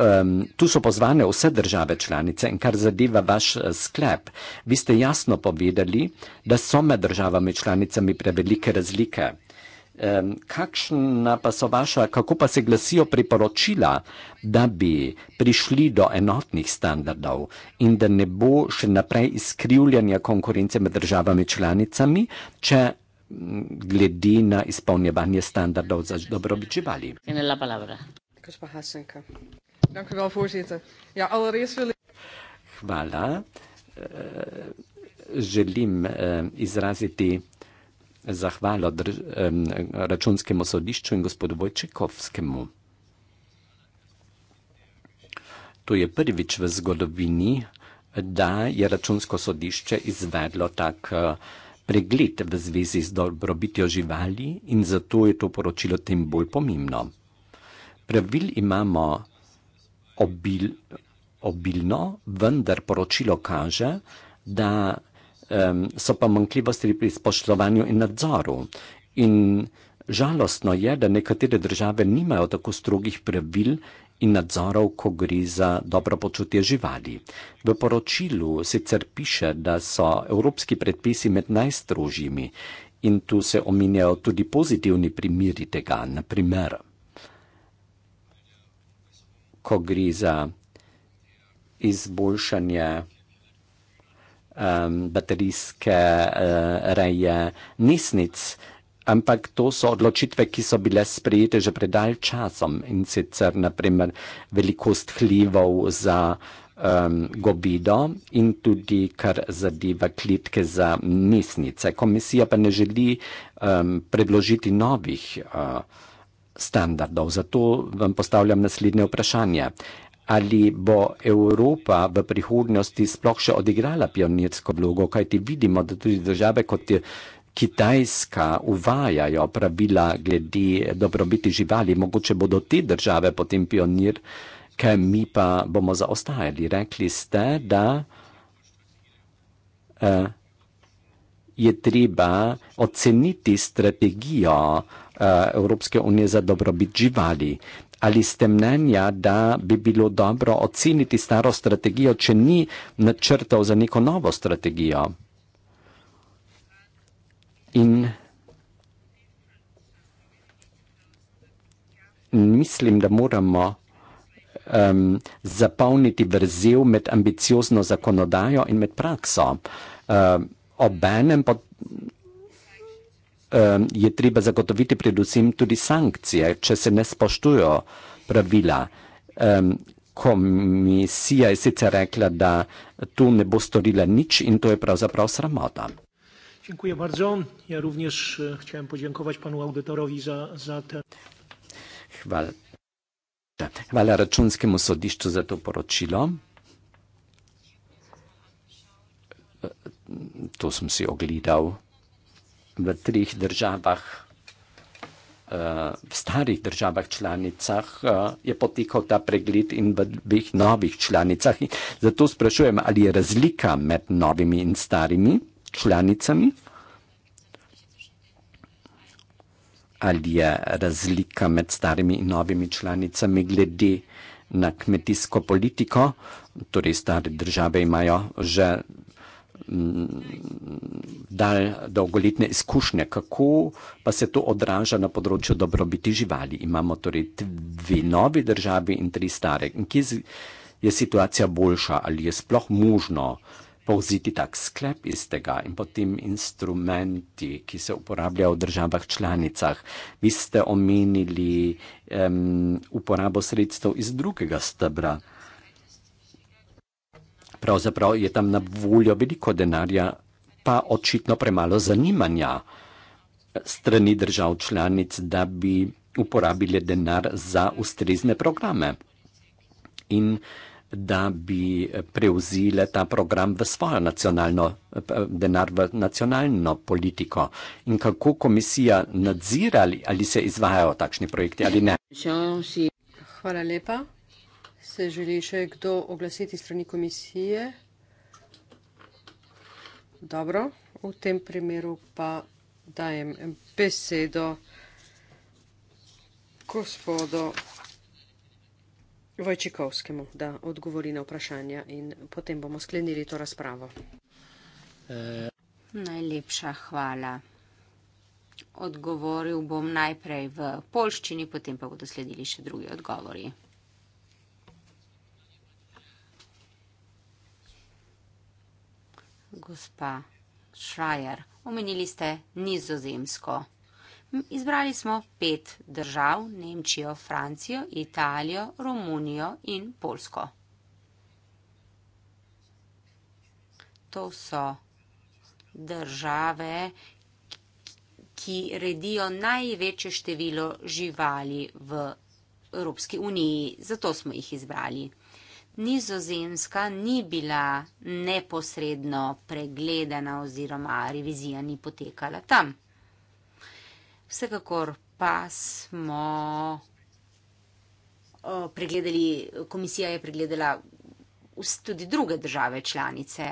Um, tu so pozvane vse države članice in kar zadeva vaš eh, sklep, vi ste jasno povedali, da so med državami članicami prevelike razlike. Um, kakšna pa so vaša, kako pa se glasijo priporočila, da bi prišli do enotnih standardov in da ne bo še naprej izkrivljanja konkurence med državami članicami, če glede na izpolnjevanje standardov za dobrobit živali. Ja, Hvala. Eh, želim eh, izraziti zahvalo računskemu sodišču in gospodu Vojčekovskemu. To je prvič v zgodovini, da je računsko sodišče izvedlo tako eh, pregled v zvezi z dobrobitjo živali in zato je to poročilo tem bolj pomembno. Pravil imamo obil, obilno, vendar poročilo kaže, da um, so pa manjkljivosti pri spoštovanju in nadzoru. In žalostno je, da nekatere države nimajo tako strogih pravil, in nadzorov, ko gre za dobro počutje živali. V poročilu sicer piše, da so evropski predpisi med najstrožjimi in tu se ominjajo tudi pozitivni primiri tega, naprimer, ko gre za izboljšanje um, baterijske uh, reje nisnic ampak to so odločitve, ki so bile sprejete že pred dalj časom in sicer naprimer velikost hlivov za um, gobido in tudi kar zadeva klitke za nisnice. Komisija pa ne želi um, predložiti novih uh, standardov, zato vam postavljam naslednje vprašanje. Ali bo Evropa v prihodnosti sploh še odigrala pionirsko vlogo, kajti vidimo, da tudi države kot je Kitajska uvajajo pravila glede dobrobiti živali, mogoče bodo te države potem pionir, kaj mi pa bomo zaostajali. Rekli ste, da eh, je treba oceniti strategijo eh, Evropske unije za dobrobit živali. Ali ste mnenja, da bi bilo dobro oceniti staro strategijo, če ni načrtov za neko novo strategijo? In mislim, da moramo um, zapolniti vrzel med ambiciozno zakonodajo in med prakso. Um, obenem pa um, je treba zagotoviti predvsem tudi sankcije, če se ne spoštujo pravila. Um, komisija je sicer rekla, da tu ne bo storila nič in to je pravzaprav sramota. Dziękuję bardzo. Ja również e, chciałem podziękować panu audytorowi za, za tę. Te... Chwala Raczuńskiemu Sodiszczu za to poroczilo. E, to sam się oglądał. W trzech krajach, w e, starych krajach członkowskich jest potykał ta przegląd i w tych nowych członkowskich. Za to spraszuję, ale jest różnica między nowymi i starymi članicami? Ali je razlika med starimi in novimi članicami glede na kmetijsko politiko? Torej, stare države imajo že mm, dal dolgoletne izkušnje, kako pa se to odraža na področju dobrobiti živali. Imamo torej dve novi državi in tri stare. In kje je situacija boljša ali je sploh možno uh, povziti tak sklep iz tega in potem instrumenti, ki se uporabljajo v državah članicah. Vi ste omenili um, uporabo sredstev iz drugega stebra. Pravzaprav je tam na voljo veliko denarja, pa očitno premalo zanimanja strani držav članic, da bi uporabili denar za ustrezne programe. In da bi prevzile ta program v svojo nacionalno, denar v nacionalno politiko in kako komisija nadzira ali, ali se izvajajo takšni projekti ali ne. Hvala lepa. Se želi še kdo oglasiti strani komisije? Dobro, v tem primeru pa dajem besedo gospodu Vojčikovskemu, da odgovori na vprašanja in potem bomo sklenili to razpravo. E... Najlepša hvala. Odgovoril bom najprej v polščini, potem pa bodo sledili še drugi odgovori. Gospa Šrajer, omenili ste nizozemsko. Izbrali smo pet držav, Nemčijo, Francijo, Italijo, Romunijo in Polsko. To so države, ki redijo največje število živali v Evropski uniji. Zato smo jih izbrali. Nizozemska ni bila neposredno pregledana oziroma revizija ni potekala tam. Vsekakor pa smo pregledali, komisija je pregledala tudi druge države članice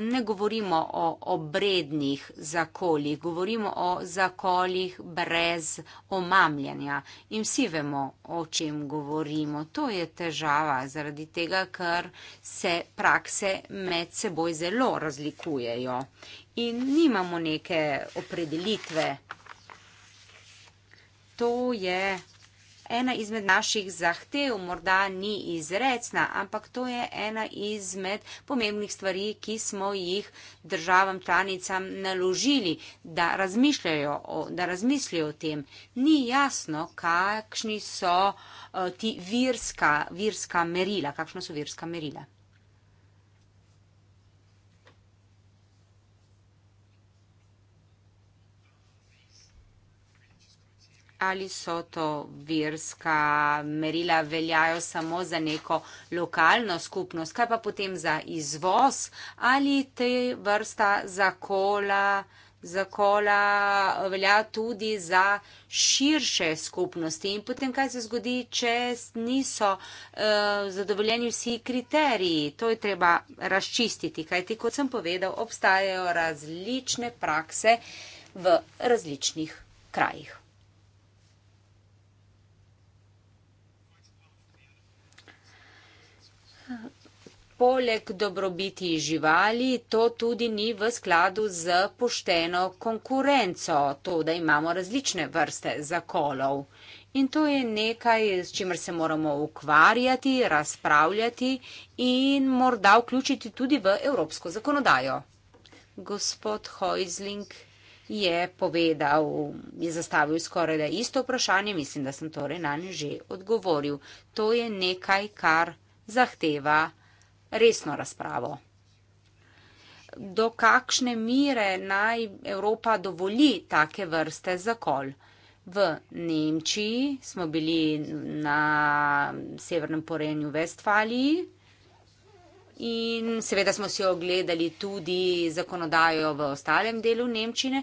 ne govorimo o obrednih zakoljih, govorimo o zakoljih brez omamljanja. In vsi vemo, o čem govorimo. To je težava zaradi tega, ker se prakse med seboj zelo razlikujejo. In nimamo neke opredelitve. To je ena izmed naših zahtev, morda ni izrecna, ampak to je ena izmed pomembnih stvari, ki smo jih državam članicam naložili, da razmišljajo, da razmislijo o tem. Ni jasno, kakšni so eh, ti virska, virska merila, kakšna so virska merila. ali so to verska merila veljajo samo za neko lokalno skupnost, kaj pa potem za izvoz ali te vrsta zakola, zakola velja tudi za širše skupnosti in potem kaj se zgodi, če niso uh, zadovoljeni vsi kriteriji. To je treba razčistiti, kajti kot sem povedal, obstajajo različne prakse v različnih krajih. Poleg dobrobiti živali, to tudi ni v skladu z pošteno konkurenco, to, da imamo različne vrste zakolov. In to je nekaj, s čimer se moramo ukvarjati, razpravljati in morda vključiti tudi v evropsko zakonodajo. Gospod Hojzling je povedal, je zastavil skoraj da isto vprašanje, mislim, da sem torej na nje že odgovoril. To je nekaj, kar zahteva resno razpravo. Do kakšne mire naj Evropa dovoli take vrste zakol? V Nemčiji smo bili na severnem porenju Vestfaliji in seveda smo si ogledali tudi zakonodajo v ostalem delu Nemčine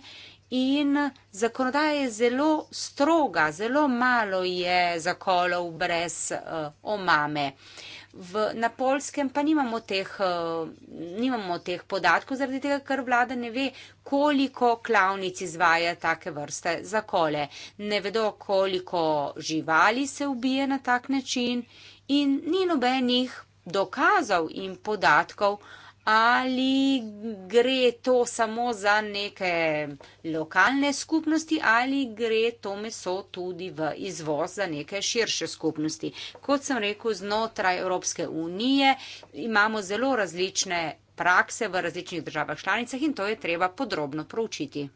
in zakonodaja je zelo stroga, zelo malo je zakolov brez uh, omame. Uh, V, na polskem pa nimamo teh, uh, nimamo teh podatkov, zaradi tega, ker vlada ne ve, koliko klavnic izvaja take vrste zakole. Ne vedo, koliko živali se ubije na tak način in ni nobenih dokazov in podatkov, uh, ali gre to samo za neke lokalne skupnosti ali gre to meso tudi v izvoz za neke širše skupnosti. Kot sem rekel, znotraj Evropske unije imamo zelo različne prakse v različnih državah članicah in to je treba podrobno proučiti.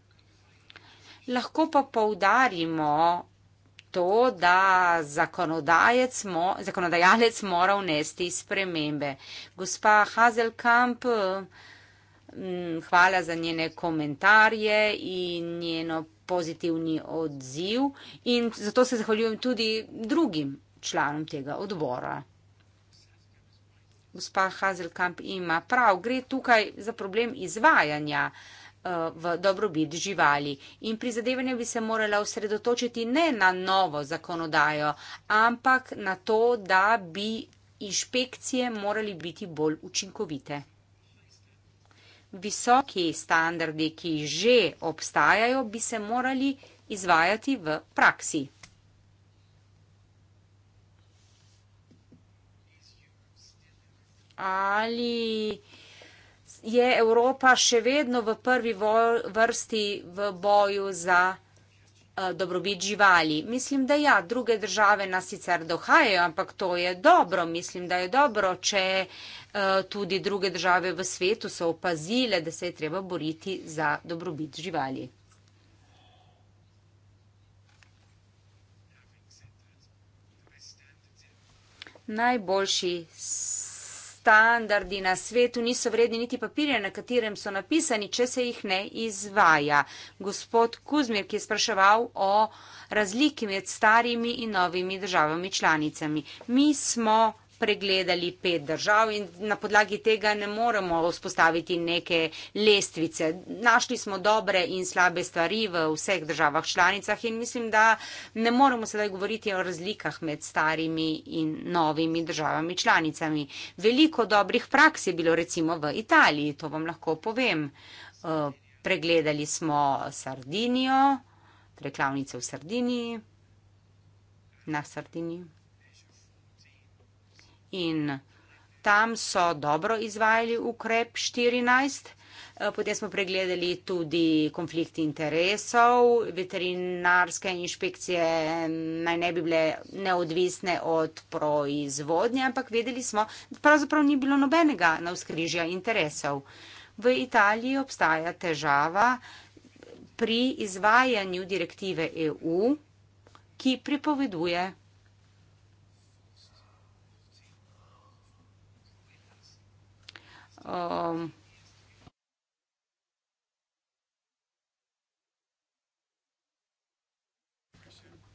Lahko pa poudarimo, to, da zakonodajec, mo, zakonodajalec mora vnesti spremembe. Gospa Hazelkamp, mm, hvala za njene komentarje in njeno pozitivni odziv in zato se zahvaljujem tudi drugim članom tega odbora. Gospa Hazelkamp ima prav, gre tukaj za problem izvajanja. Uh, Eh, v dobrobit živali. In prizadevanje bi se morala osredotočiti ne na novo zakonodajo, ampak na to, da bi inšpekcije morali biti bolj učinkovite. Visoki standardi, ki že obstajajo, bi se morali izvajati v praksi. Ali je Evropa še vedno v prvi vrsti v boju za eh, dobrobit živali. Mislim, da ja, druge države nas sicer dohajajo, ampak to je dobro. Mislim, da je dobro, če eh, tudi druge države v svetu so opazile, da se je treba boriti za dobrobit živali. Najboljši standardi na svetu niso vredni niti papirja, na katerem so napisani, če se jih ne izvaja. Gospod Kuzmir, ki je spraševal o razliki med starimi in novimi državami članicami. Mi smo pregledali pet držav in na podlagi tega ne moremo vzpostaviti neke lestvice. Našli smo dobre in slabe stvari v vseh državah članicah in mislim, da ne moremo sedaj govoriti o razlikah med starimi in novimi državami članicami. Veliko dobrih praks je bilo recimo v Italiji, to vam lahko povem. Eh, pregledali smo Sardinijo, reklavnice torej v Sardiniji, na Sardiniji in tam so dobro izvajali ukrep 14. Eh, potem smo pregledali tudi konflikt interesov. Veterinarske inšpekcije mm, naj ne bi bile neodvisne od proizvodnje, ampak vedeli smo, da pravzaprav ni bilo nobenega na vzkrižja interesov. V Italiji obstaja težava pri izvajanju direktive EU, ki prepoveduje Um,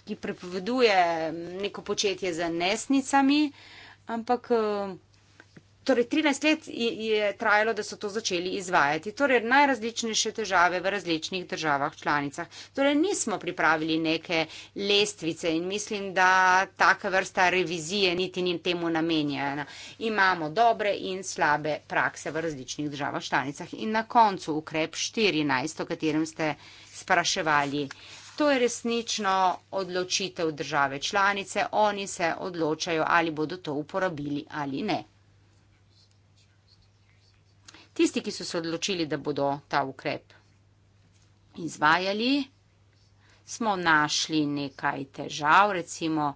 ki prepoveduje neko početje z nesnicami, ampak. Um, Torej, 13 let je trajalo, da so to začeli izvajati. Torej, najrazličnejše težave v različnih državah članicah. Torej, nismo pripravili neke lestvice in mislim, da taka vrsta revizije niti ni temu namenjena. Imamo dobre in slabe prakse v različnih državah članicah. In na koncu ukrep 14, o katerem ste spraševali. To je resnično odločitev države članice. Oni se odločajo, ali bodo to uporabili ali ne. Tisti, ki so se odločili, da bodo ta ukrep izvajali, smo našli nekaj težav, recimo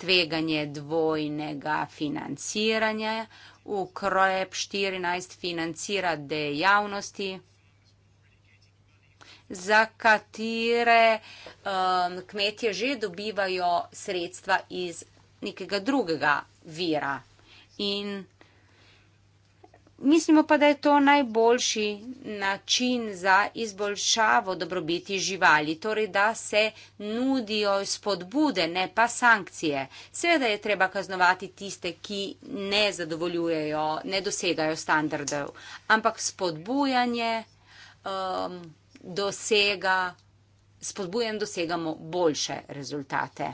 tveganje dvojnega financiranja. Ukrep 14 financira dejavnosti, za katere um, kmetje že dobivajo sredstva iz nekega drugega vira. In Mislimo pa, da je to najboljši način za izboljšavo dobrobiti živali, torej da se nudijo spodbude, ne pa sankcije. Seveda je treba kaznovati tiste, ki ne zadovoljujejo, ne dosegajo standardov, ampak spodbujanje um, dosega, spodbujanje dosegamo boljše rezultate.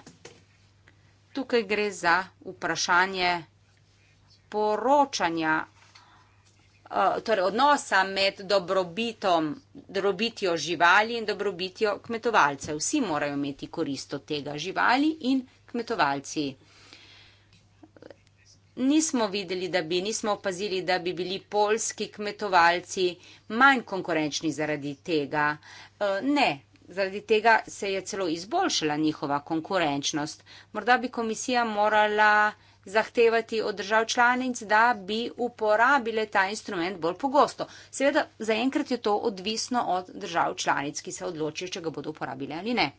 Tukaj gre za vprašanje poročanja Eh, torej odnosa med dobrobitom, dobrobitjo živali in dobrobitjo kmetovalcev. Vsi morajo imeti korist od tega živali in kmetovalci. Nismo videli, da bi, nismo opazili, da bi bili polski kmetovalci manj konkurenčni zaradi tega. Eh, ne, zaradi tega se je celo izboljšala njihova konkurenčnost. Morda bi komisija morala zahtevati od držav članic, da bi uporabile ta instrument bolj pogosto. Seveda, zaenkrat je to odvisno od držav članic, ki se odločijo, če ga bodo uporabile ali ne.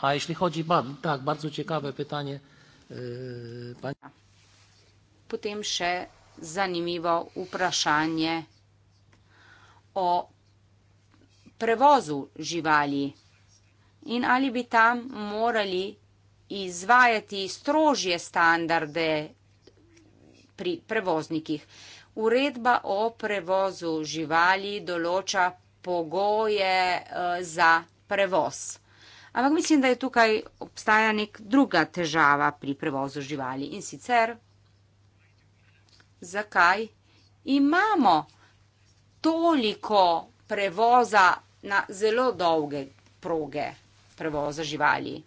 A jeśli chodzi, tak, bardzo ciekawe pytanie. E, pani... Potem jeszcze zanimiwo upraszanie o prevozu živali in ali bi tam morali izvajati strožje standarde pri prevoznikih. Uredba o prevozu živali določa pogoje eh, za prevoz. Ampak mislim, da je tukaj obstaja nek druga težava pri prevozu živali in sicer zakaj imamo toliko prevoza na zelo dolge proge, prevoza živali.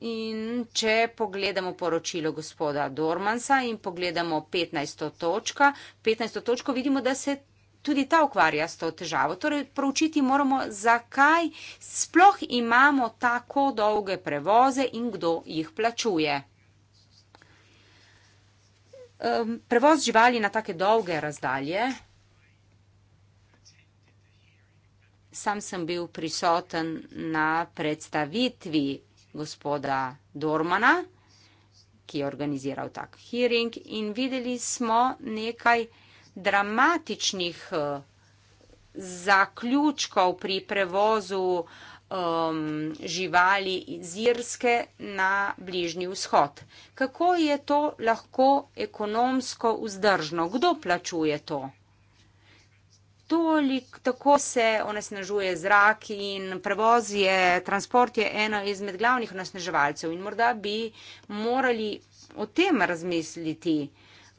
In če pogledamo poročilo gospoda Dormansa in pogledamo 15. točka, 15. točko vidimo, da se tudi ta ukvarja s to težavo. Torej, proučiti moramo, zakaj sploh imamo tako dolge prevoze in kdo jih plačuje. Ehm, prevoz živali na take dolge razdalje sam sem bil prisoten na predstavitvi gospoda Dormana, ki je organiziral tak hearing in videli smo nekaj dramatičnih eh, zaključkov pri prevozu um, živali iz Irske na Bližnji vzhod. Kako je to lahko ekonomsko vzdržno? Kdo plačuje to? toliko, tako se onesnažuje zrak in prevoz je, transport je eno izmed glavnih onesnaževalcev in morda bi morali o tem razmisliti,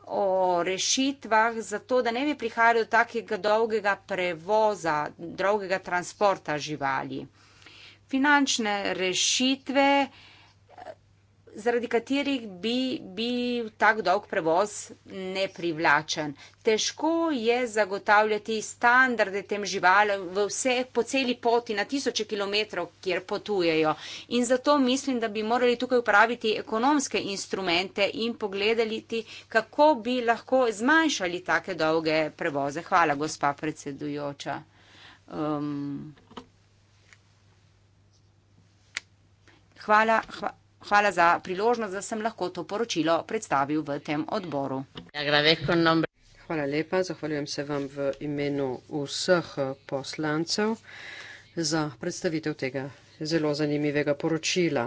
o rešitvah za to, da ne bi prihajalo do takega dolgega prevoza, dolgega transporta živali. Finančne rešitve, zaradi katerih bi bil tak dolg prevoz neprivlačen. Težko je zagotavljati standarde tem živalem po celi poti na tisoče kilometrov, kjer potujejo. In zato mislim, da bi morali tukaj upraviti ekonomske instrumente in pogledati, kako bi lahko zmanjšali take dolge prevoze. Hvala, gospa predsedujoča. Um, hvala. hvala. Hvala za priložnost, da sem lahko to poročilo predstavil v tem odboru. Hvala lepa, zahvaljujem se vam v imenu vseh poslancev za predstavitev tega zelo zanimivega poročila.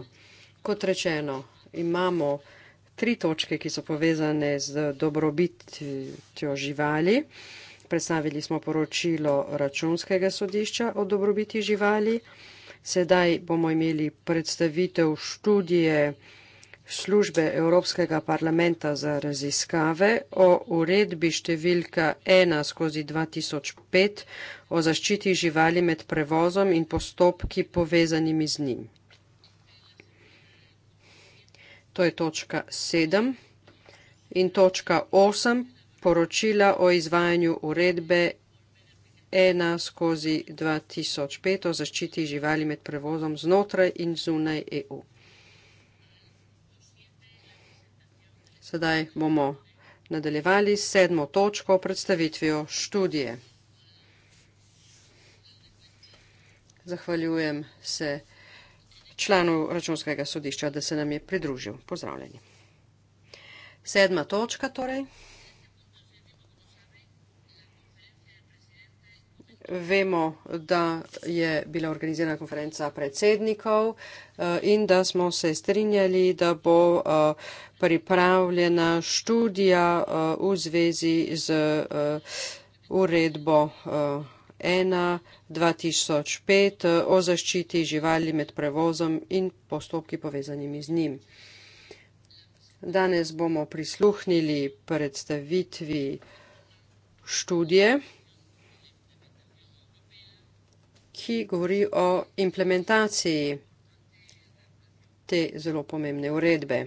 Kot rečeno, imamo tri točke, ki so povezane z dobrobitjo živali. Predstavili smo poročilo računskega sodišča o dobrobiti živali. Sedaj bomo imeli predstavitev študije službe Evropskega parlamenta za raziskave o uredbi številka 1 skozi 2005 o zaščiti živali med prevozom in postopki povezanimi z njim. To je točka 7 in točka 8 poročila o izvajanju uredbe ena skozi 2005 o zaščiti živali med prevozom znotraj in zunaj EU. Sedaj bomo nadaljevali s sedmo točko predstavitvijo študije. Zahvaljujem se članu računskega sodišča, da se nam je pridružil. Pozdravljeni. Sedma točka torej. vemo, da je bila organizirana konferenca predsednikov eh, in da smo se strinjali, da bo eh, pripravljena študija eh, v zvezi z uredbo 1.2005 o zaščiti živali med prevozom in postopki povezanimi z njim. Danes bomo prisluhnili predstavitvi študije ki govori o implementaciji te zelo pomembne uredbe.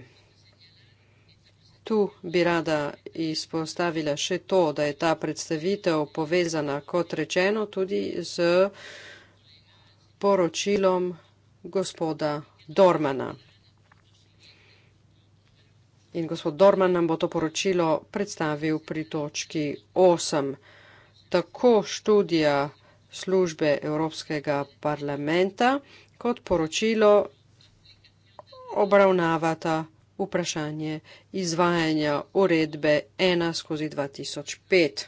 Tu bi rada izpostavila še to, da je ta predstavitev povezana, kot rečeno, tudi z poročilom gospoda Dormana. In gospod Dorman nam bo to poročilo predstavil pri točki 8. Tako študija službe Evropskega parlamenta kot poročilo obravnavata vprašanje izvajanja uredbe 1 skozi 2005.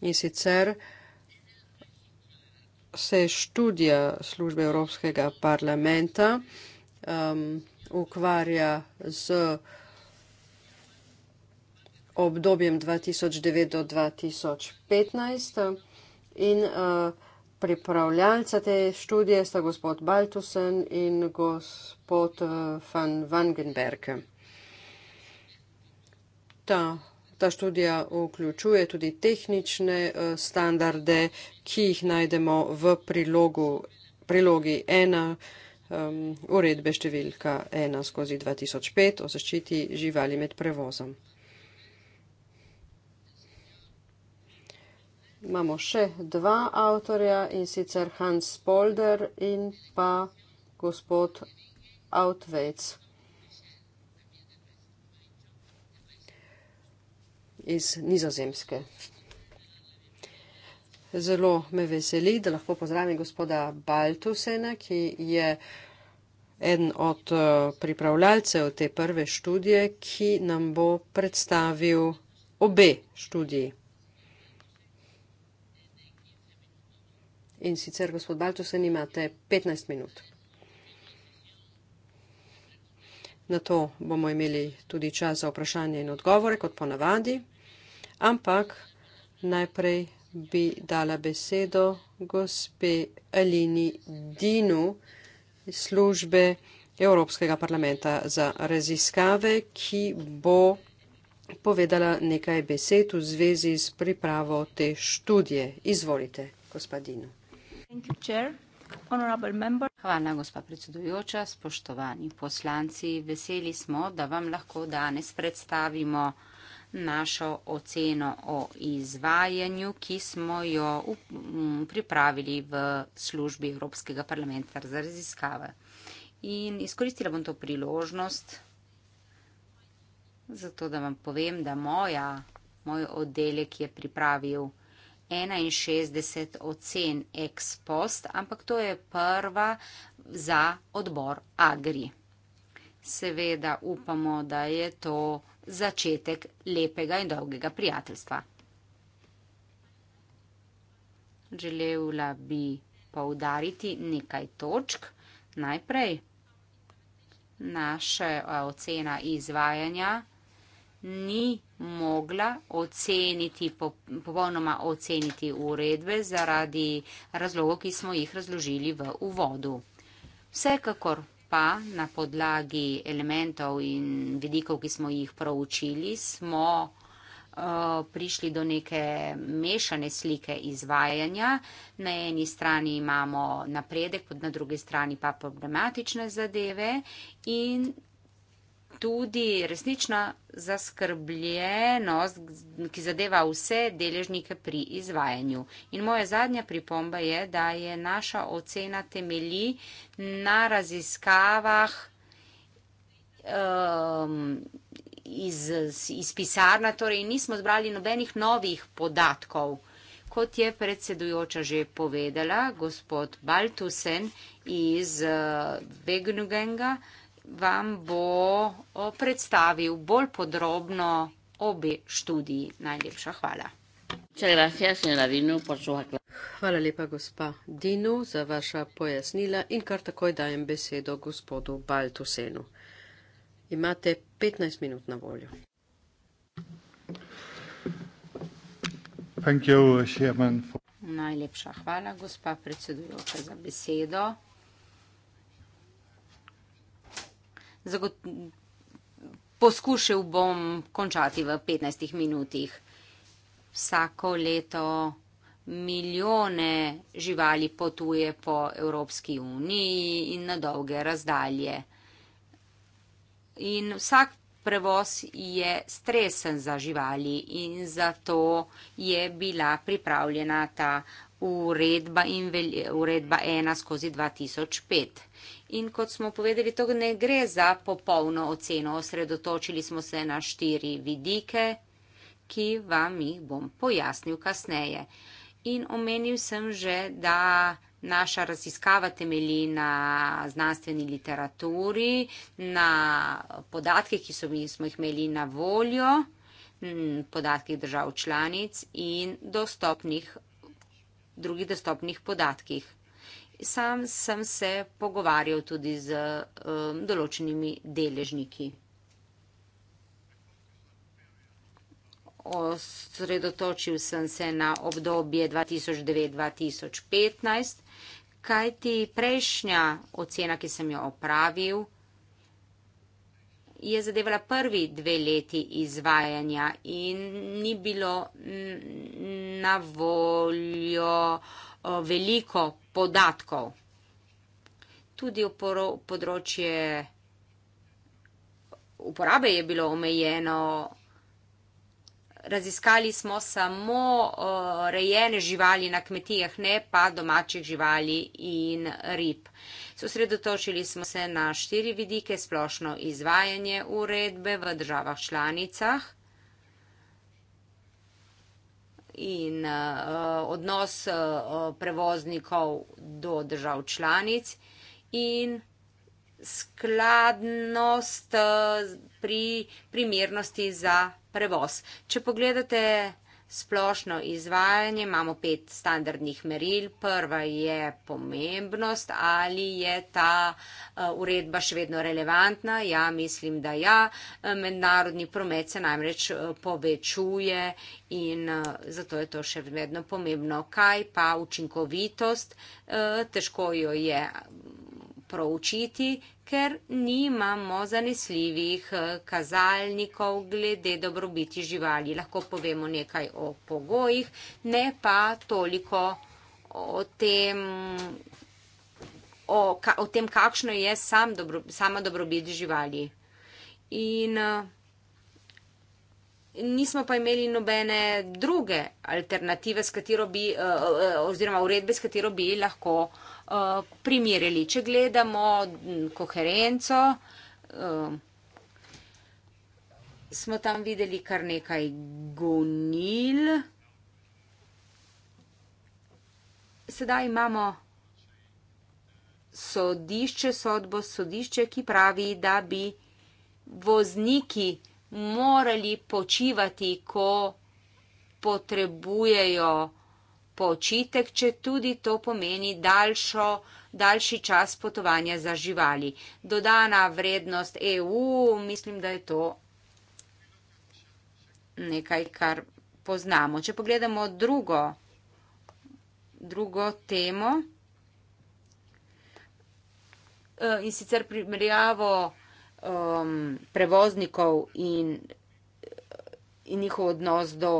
In sicer se študija službe Evropskega parlamenta um, ukvarja z obdobjem 2009 do 2015 in uh, pripravljalca te študije sta gospod Baltusen in gospod uh, van Wangenberg. Ta, ta študija vključuje tudi tehnične uh, standarde, ki jih najdemo v prilogu, prilogi ena. Um, uredbe številka 1 skozi 2005 o zaščiti živali med prevozom. imamo še dva avtorja in sicer Hans Polder in pa gospod Outvec. Iz nizozemske. Zelo me veseli, da lahko pozdravim gospoda Baltusena, ki je eden od eh, pripravljalcev te prve študije, ki nam bo predstavil obe študiji. in sicer gospod Balčosen imate 15 minut. Na to bomo imeli tudi čas za vprašanje in odgovore, kot ponavadi, ampak najprej bi dala besedo gospe Alini Dinu iz službe Evropskega parlamenta za raziskave, ki bo povedala nekaj besed v zvezi s pripravo te študije. Izvolite, gospa Dinu. Hvala, gospa predsedujoča, spoštovani poslanci. Veseli smo, da vam lahko danes predstavimo našo oceno o izvajanju, ki smo jo pripravili v službi Evropskega parlamenta za raziskave. In izkoristila bom to priložnost, zato da vam povem, da moja, moj oddelek je pripravil 61 ocen ex post, ampak to je prva za odbor Agri. Seveda upamo, da je to začetek lepega in dolgega prijateljstva. Želela bi poudariti nekaj točk. Najprej, naša ocena izvajanja ni mogla oceniti, popolnoma oceniti uredbe zaradi razlogov, ki smo jih razložili v uvodu. Vsekakor pa na podlagi elementov in vidikov, ki smo jih proučili, smo eh, prišli do neke mešane slike izvajanja. Na eni strani imamo napredek, na drugi strani pa problematične zadeve in tudi resnična zaskrbljenost, ki zadeva vse deležnike pri izvajanju. In moja zadnja pripomba je, da je naša ocena temelji na raziskavah um, iz, iz pisarna, torej nismo zbrali nobenih novih podatkov. Kot je predsedujoča že povedala, gospod Baltusen iz uh, Vegnugenga, vam bo predstavil bolj podrobno obe študiji. Najlepša hvala. Hvala lepa, gospa Dinu, za vaša pojasnila in kar takoj dajem besedo gospodu Baltusenu. Imate 15 minut na voljo. Najlepša hvala, gospa predsedujoča, za besedo. Zagot... Poskušal bom končati v 15 minutih. Vsako leto milijone živali potuje po Evropski uniji in na dolge razdalje. In vsak prevoz je stresen za živali in zato je bila pripravljena ta uredba, uredba 1 skozi 2005. In kot smo povedali, to ne gre za popolno oceno. Osredotočili smo se na štiri vidike, ki vam jih bom pojasnil kasneje. In omenil sem že, da naša raziskava temelji na znanstveni literaturi, na podatke, ki so, smo jih imeli na voljo, podatkih držav članic in dostopnih, drugih dostopnih podatkih sam sem se pogovarjal tudi z um, določenimi deležniki. Osredotočil sem se na obdobje 2009-2015. Kaj ti prejšnja ocena, ki sem jo opravil, je zadevala prvi dve leti izvajanja in ni bilo na voljo uh, veliko podatkov. Tudi področje uporabe je bilo omejeno. Raziskali smo samo rejene živali na kmetijah, ne pa domačih živali in rib. Sosredotočili smo se na štiri vidike, splošno izvajanje uredbe v državah članicah, in uh, odnos uh, prevoznikov do držav članic in skladnost uh, pri primernosti za prevoz. Če pogledate splošno izvajanje imamo pet standardnih meril. Prva je pomembnost, ali je ta eh, uredba še vedno relevantna. Ja, mislim, da ja. Eh, mednarodni promet se namreč eh, povečuje in zato je to še vedno pomembno. Kaj pa učinkovitost? Težko jo je mm, proučiti, ker nimamo zanesljivih eh, kazalnikov glede dobrobiti živali. Lahko povemo nekaj o pogojih, ne pa toliko o tem, o, o tem kakšno je sam dobro, sama dobrobiti živali. In eh, nismo pa imeli nobene druge alternative, s katero bi, eh, oziroma uredbe, s katero bi lahko uh, Eh, primerjali. Če gledamo koherenco, eh, smo tam videli kar nekaj gonil. Sedaj imamo sodišče, sodbo sodišče, ki pravi, da bi vozniki morali počivati, ko potrebujejo počitek, če tudi to pomeni daljšo, daljši čas potovanja za živali. Dodana vrednost EU, mislim, da je to nekaj, kar poznamo. Če pogledamo drugo, drugo temo eh, in sicer primerjavo um, prevoznikov in in njihov odnos do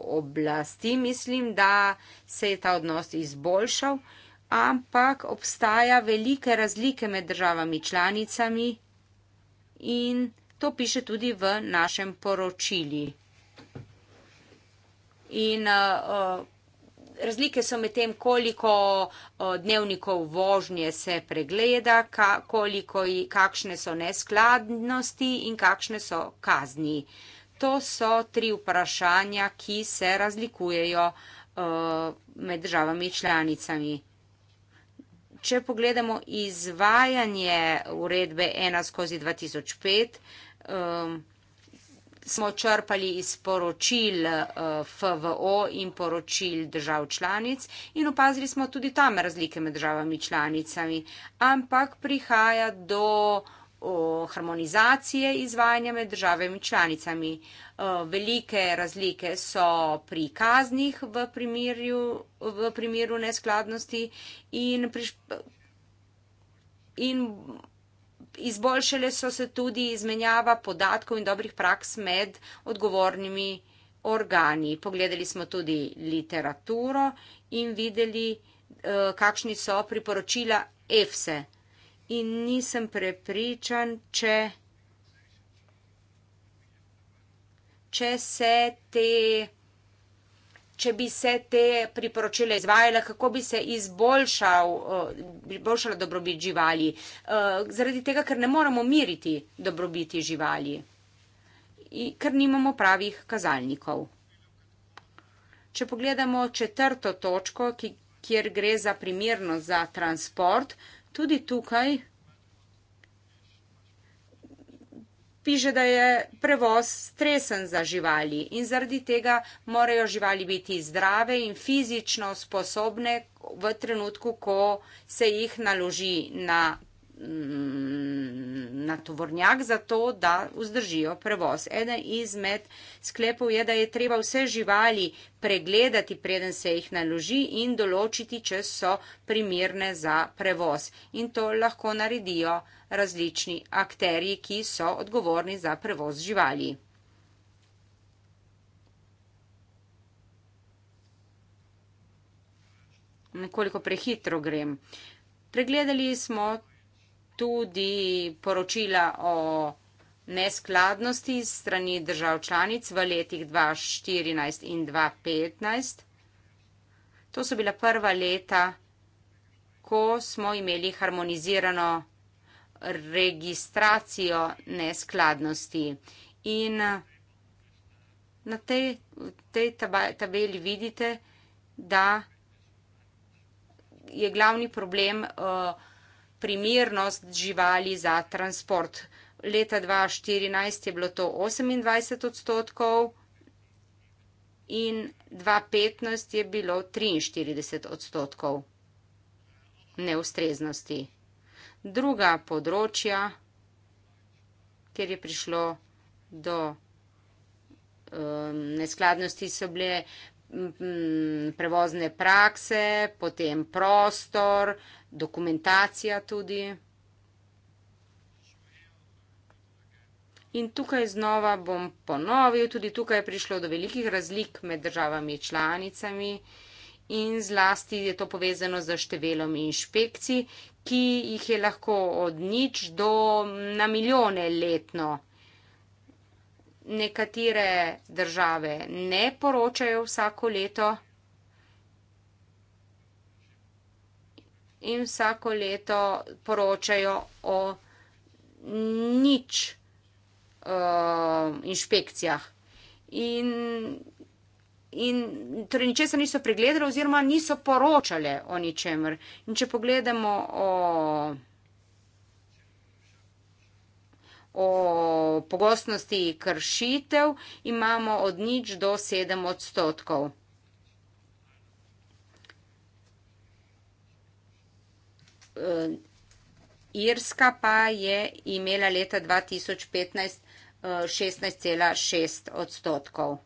oblasti, mislim, da se je ta odnos izboljšal, ampak obstaja velike razlike med državami članicami in to piše tudi v našem poročili. In uh, uh razlike so med tem, koliko uh, dnevnikov vožnje se pregleda, ka, koliko, kakšne so neskladnosti in kakšne so kazni. Uh, to so tri vprašanja, ki se razlikujejo uh, med državami članicami. Če pogledamo izvajanje uredbe 1 skozi 2005, um, smo črpali iz poročil eh, FVO in poročil držav članic in opazili smo tudi tam razlike med državami članicami, ampak prihaja do o harmonizacije izvajanja med državami in članicami. Eh, velike razlike so pri kaznih v primeru, v primeru neskladnosti in, pri, in izboljšale so se tudi izmenjava podatkov in dobrih praks med odgovornimi organi. Pogledali smo tudi literaturo in videli, eh, kakšni so priporočila EFSE in nisem prepričan, če, če se te če bi se te priporočile izvajale, kako bi se eh, izboljšala dobrobit živali. Eh, zaradi tega, ker ne moramo miriti dobrobiti živali, ker nimamo pravih kazalnikov. Če pogledamo četrto točko, kjer gre za primernost za transport, tudi tukaj piše, da je prevoz stresen za živali in zaradi tega morajo živali biti zdrave in fizično sposobne v trenutku, ko se jih naloži na Mm, na tovornjak za to, da vzdržijo prevoz. Eden izmed sklepov je, da je treba vse živali pregledati, preden se jih naloži in določiti, če so primirne za prevoz. In to lahko naredijo različni akteri, ki so odgovorni za prevoz živali. Nekoliko prehitro grem. Pregledali smo tudi poročila o neskladnosti strani držav članic v letih 2014 in 2015. To so bila prva leta, ko smo imeli harmonizirano registracijo neskladnosti. In na tej, tej tabeli vidite, da je glavni problem uh, primernost živali za transport. Leta 2014 je bilo to 28 odstotkov in 2015 je bilo 43 odstotkov neustreznosti. Druga področja, kjer je prišlo do um, neskladnosti, so bile um, prevozne prakse, potem prostor, uh, dokumentacija tudi. In tukaj znova bom ponovil, tudi tukaj je prišlo do velikih razlik med državami članicami in zlasti je to povezano za številom inšpekcij, ki jih je lahko od nič do na milijone letno. Nekatere države ne poročajo vsako leto. in vsako leto poročajo o nič uh, inšpekcijah. In, in torej ničesar niso pregledali oziroma niso poročali o ničemer. In če pogledamo o, o pogostnosti kršitev, imamo od nič do sedem odstotkov. uh, Irska pa je imela leta 2015 uh, 16,6 odstotkov.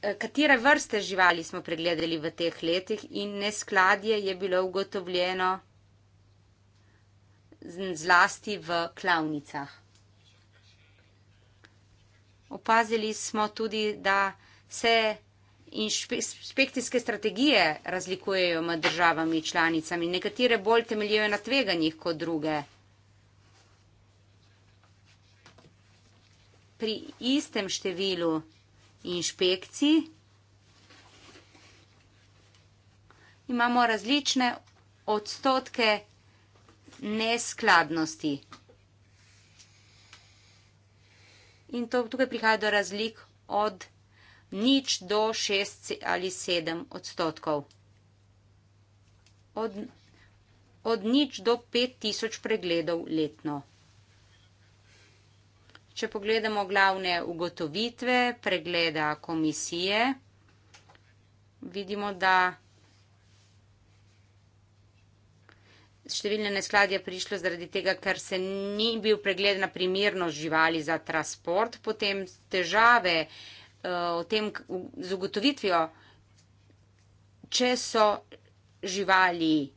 Eh, katere vrste živali smo pregledali v teh letih in neskladje je bilo ugotovljeno zlasti v klavnicah. Opazili smo tudi, da se inšpekcijske strategije razlikujejo med državami članicami, nekatere bolj temeljijo na tveganjih kot druge. Pri istem številu inšpekcij imamo različne odstotke neskladnosti. In to tukaj prihaja do razlik od inšpekcij nič do šest ali sedem odstotkov. Od, od nič do pet tisoč pregledov letno. Če pogledamo glavne ugotovitve pregleda komisije, vidimo, da Številne neskladje prišlo zaradi tega, ker se ni bil pregled na primernost živali za transport, potem težave eh, uh, o tem, z ugotovitvijo, če so živali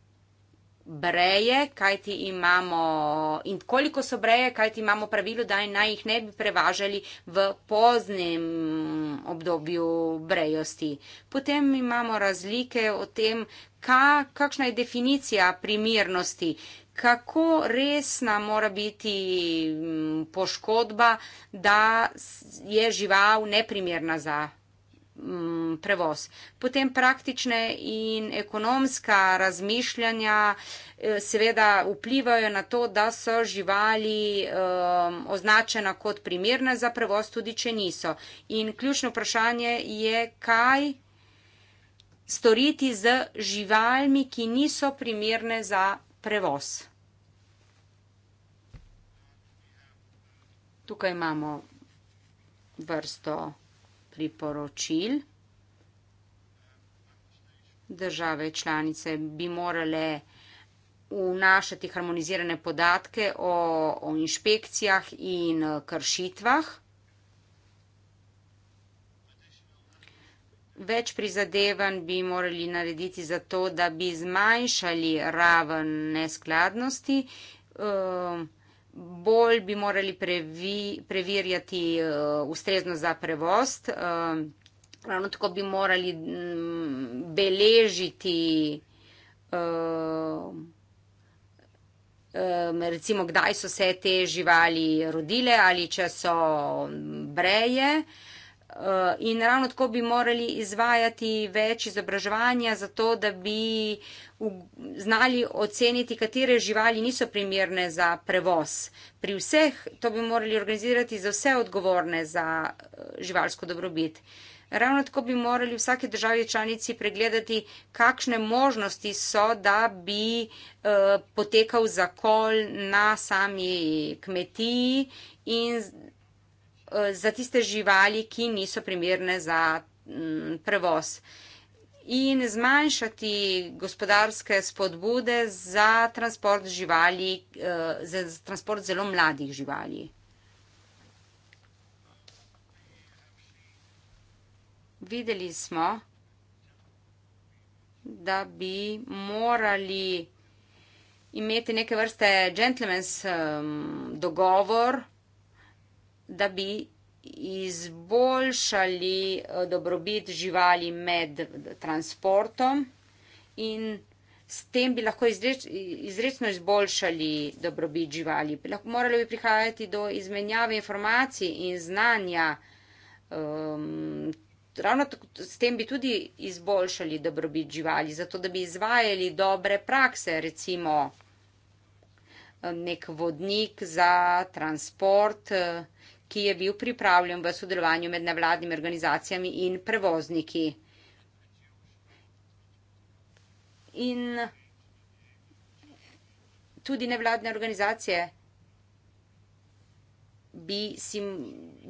breje, kaj ti imamo in koliko so breje, kaj ti imamo pravilo, da naj jih ne bi prevažali v poznem obdobju brejosti. Potem imamo razlike o tem, ka, kakšna je definicija primirnosti. Uh, kako resna mora biti mm, poškodba, da je žival neprimerna za mm, prevoz. Potem praktične in ekonomska razmišljanja eh, seveda vplivajo na to, da so živali um, označena kot primerne za prevoz, tudi če niso. In ključno vprašanje je, kaj storiti z živalmi, ki niso primerne za prevoz. Tukaj imamo vrsto priporočil. Države članice bi morale vnašati harmonizirane podatke o, o inšpekcijah in eh, kršitvah. več prizadevanj bi morali narediti za to, da bi zmanjšali raven neskladnosti, ehm, bolj bi morali previ, previrjati eh, ustrezno za prevoz, ehm, ravno tako bi morali mm, beležiti ehm, recimo kdaj so se te živali rodile ali če so mm, breje. Eh, in ravno tako bi morali izvajati več izobraževanja, zato da bi znali oceniti, katere živali niso primerne za prevoz. Pri vseh to bi morali organizirati za vse odgovorne za eh, živalsko dobrobit. Ravno tako bi morali vsake države članici pregledati, kakšne možnosti so, da bi eh, potekal zakol na sami kmetiji in Eh, za tiste živali, ki niso primerne za mm, prevoz. In zmanjšati gospodarske spodbude za transport živali, eh, za transport zelo mladih živali. Videli smo, da bi morali imeti neke vrste gentleman's um, dogovor da bi izboljšali eh, dobrobit živali med transportom in s tem bi lahko izreč, izrečno izboljšali dobrobit živali. Moralo bi prihajati do izmenjave informacij in znanja. Um, ravno tako, s tem bi tudi izboljšali dobrobit živali, zato da bi izvajali dobre prakse, recimo eh, nek vodnik za transport, uh, ki je bil pripravljen v sodelovanju med nevladnimi organizacijami in prevozniki. In tudi nevladne organizacije bi, si,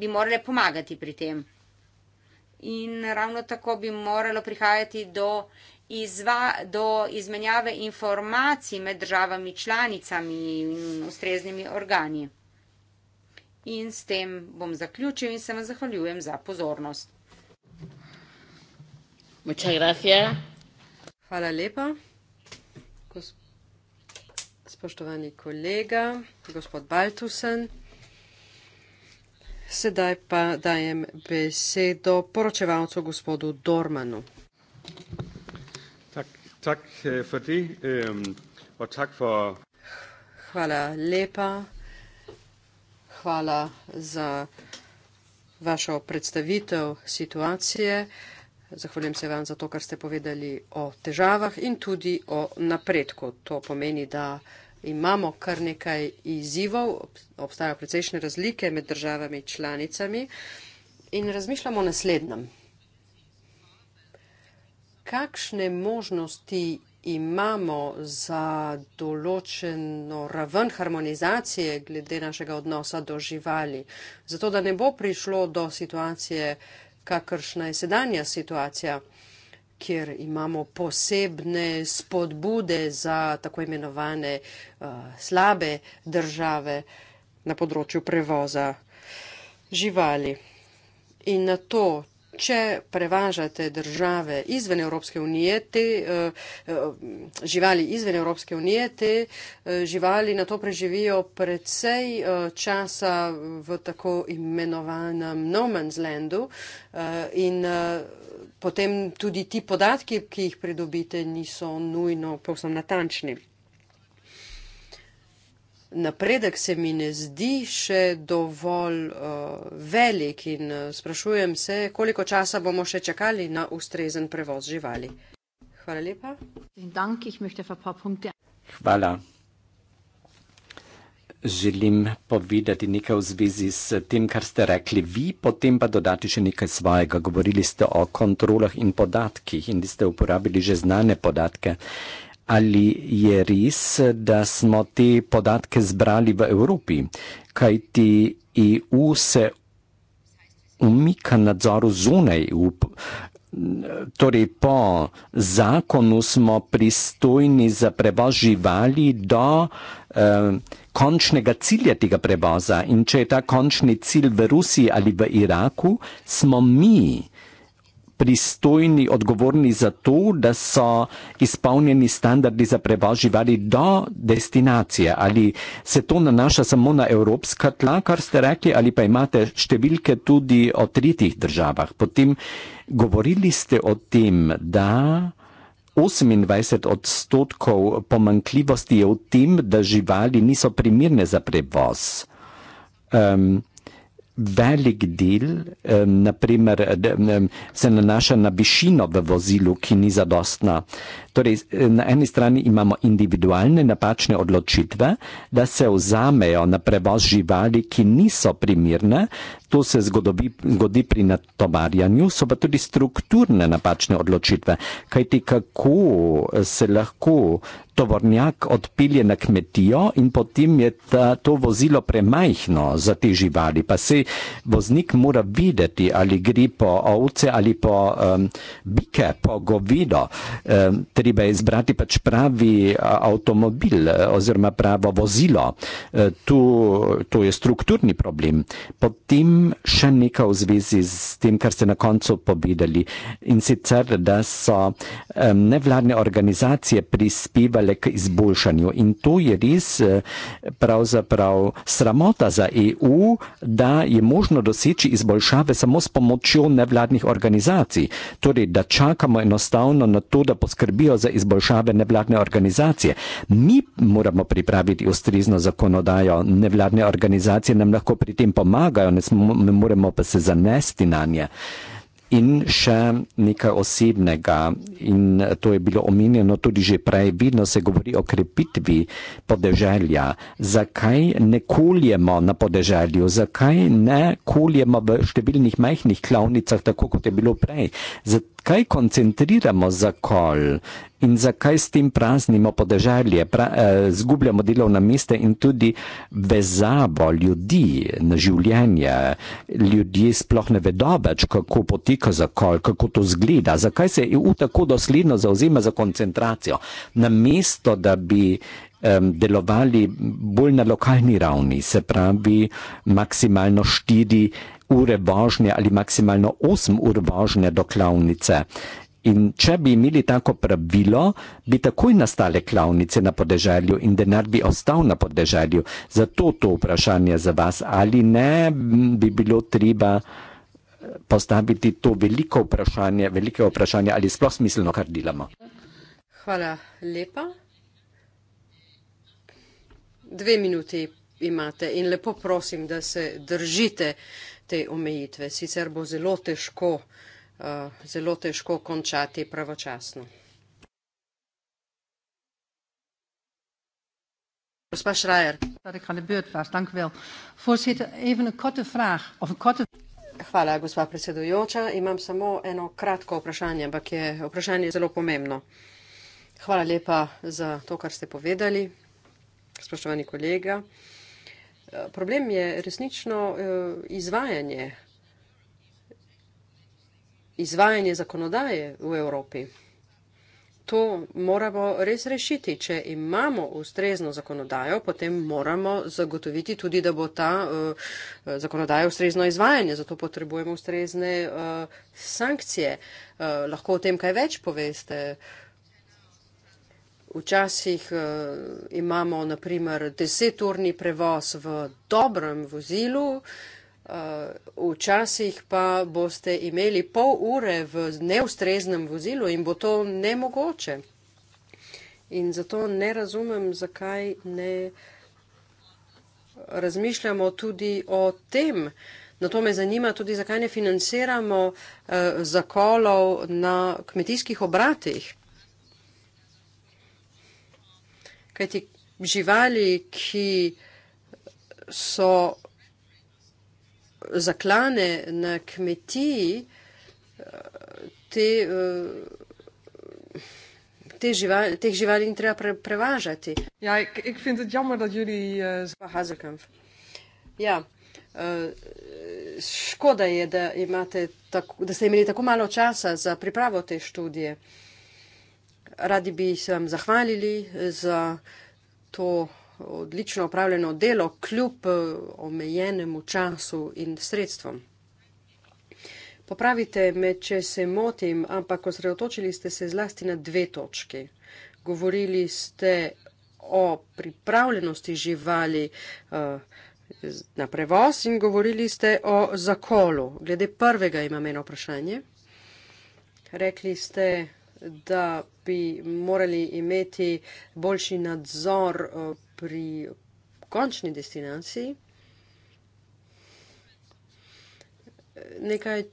bi morale pomagati pri tem. In ravno tako bi moralo prihajati do, izva, do izmenjave informacij med državami članicami in ustreznimi organi. In s tem bom zaključil in se vam zahvaljujem za pozornost. Hvala lepa. Spoštovani kolega, gospod Baltusen. Sedaj pa dajem besedo poročevalcu gospodu Dormanu. Tak, tak, eh, fordi, eh, tak for... Hvala lepa hvala za vašo predstavitev situacije. Zahvaljujem se vam za to, kar ste povedali o težavah in tudi o napredku. To pomeni, da imamo kar nekaj izzivov, obstajajo precejšnje razlike med državami in članicami in razmišljamo o naslednjem. Kakšne možnosti imamo za določeno raven harmonizacije glede našega odnosa do živali, zato da ne bo prišlo do situacije, kakršna je sedanja situacija, kjer imamo posebne spodbude za tako imenovane uh, slabe države na področju prevoza živali. In na to, če prevažate države izven Evropske unije, te eh, eh, živali izven Evropske unije, te eh, živali na to preživijo predvsej časa v tako imenovanem no man's landu in potem tudi ti podatki, ki jih pridobite, niso nujno povsem natančni napredek se mi ne zdi še dovolj uh, velik in uh, sprašujem se, koliko časa bomo še čakali na ustrezen prevoz živali. Hvala lepa. Hvala. Želim povedati nekaj v zvezi s tem, kar ste rekli vi, potem pa dodati še nekaj svojega. Govorili ste o kontrolah in podatkih in ste uporabili že znane podatke. Uh, ali je res, da smo te podatke zbrali v Evropi, kajti EU se umika nadzoru zunaj. Torej, po zakonu smo pristojni za prevoz živali do eh, končnega cilja tega prevoza. In če je ta končni cilj v Rusiji ali v Iraku, smo mi pristojni, odgovorni za to, da so izpolnjeni standardi za prevoz živali do destinacije? Ali se to nanaša samo na evropska tla, kar ste rekli, ali pa imate številke tudi o tretjih državah? Potem govorili ste o tem, da. 28 odstotkov pomankljivosti je v tem, da živali niso primirne za prevoz. Um, Velik del, naprimer, se nanaša na višino v vozilu, ki ni zadostna. Torej, na eni strani imamo individualne napačne odločitve, da se vzamejo na prevoz živali, ki niso primirne, to se zgodobi, zgodi pri natovarjanju, so pa tudi strukturne napačne odločitve. Kaj ti kako se lahko tovornjak odpelje na kmetijo in potem je ta, to vozilo premajhno za te živali, pa se voznik mora videti, ali gre po ovce ali po um, bike, po govido. Um, treba je izbrati pač pravi avtomobil oziroma pravo vozilo. Uh, tu, to je strukturni problem. Potem še nekaj v zvezi s tem, kar ste na koncu povedali. In sicer, da so um, nevladne organizacije prispevale k izboljšanju. In to je res e, pravzaprav sramota za EU, da je možno doseči izboljšave samo s pomočjo nevladnih organizacij. Torej, da čakamo enostavno na to, da poskrbijo za izboljšave nevladne organizacije. Mi moramo pripraviti ustrezno zakonodajo. Nevladne organizacije nam lahko pri tem pomagajo. Ne smemo ne moremo pa se zanesti na nje. In še nekaj osebnega, in to je bilo omenjeno tudi že prej, vedno se govori o krepitvi podeželja. Zakaj ne koljemo na podeželju, zakaj ne koljemo v številnih majhnih klavnicah, tako kot je bilo prej? Zato kaj koncentriramo za kol in zakaj s tem praznimo podeželje, pra, eh, zgubljamo delovna mesta in tudi vezavo ljudi na življenje. Ljudje sploh ne vedo več, kako poteka za kol, kako to zgleda, zakaj se EU tako dosledno zauzema za koncentracijo, namesto da bi delovali bolj na lokalni ravni, se pravi maksimalno štiri ure vožnje ali maksimalno 8 ur vožnje do klavnice. In če bi imeli tako pravilo, bi takoj nastale klavnice na podeželju in denar bi ostal na podeželju. Zato to vprašanje za vas, ali ne bi bilo treba eh, postaviti to veliko vprašanje, velike vprašanje, ali sploh smiselno, kar delamo. Hvala lepa. Dve minuti imate in lepo prosim, da se držite te omejitve. Sicer bo zelo težko, eh, zelo težko končati pravočasno. Gospa Schreier. Hvala, gospa predsedujoča. Imam samo eno kratko vprašanje, ampak je vprašanje zelo pomembno. Hvala lepa za to, kar ste povedali, spoštovani kolega problem je resnično eh, izvajanje, izvajanje zakonodaje v Evropi. To moramo res rešiti. Če imamo ustrezno zakonodajo, potem moramo zagotoviti tudi, da bo ta uh, zakonodaja ustrezno izvajanje. Zato potrebujemo ustrezne uh, sankcije. Uh, lahko o tem kaj več poveste. Uh, Včasih uh, imamo naprimer deseturni prevoz v dobrem vozilu, uh, včasih pa boste imeli pol ure v neustreznem vozilu in bo to nemogoče. In zato ne razumem, zakaj ne eh, razmišljamo tudi o tem. Na no, to me zanima tudi, zakaj ne financiramo uh, zakolov na kmetijskih obratih. kajti živali, ki so zaklane na kmetiji, te, eh, te živali, teh živali ni treba prevažati. Ja, ik vind het jammer dat jullie... Eh, pa Hazekamp. Ja, eh, škoda je, da, imate tako, da ste imeli tako malo časa za pripravo te študije radi bi se vam zahvalili za to odlično opravljeno delo, kljub eh, omejenemu času in sredstvom. Popravite me, če se motim, ampak osredotočili ste se zlasti na dve točke. Govorili ste o pripravljenosti živali eh, na prevoz in govorili ste o zakolu. Glede prvega imam eno vprašanje. Rekli ste, da bi morali imeti boljši nadzor eh, pri končni destinaciji. Nekaj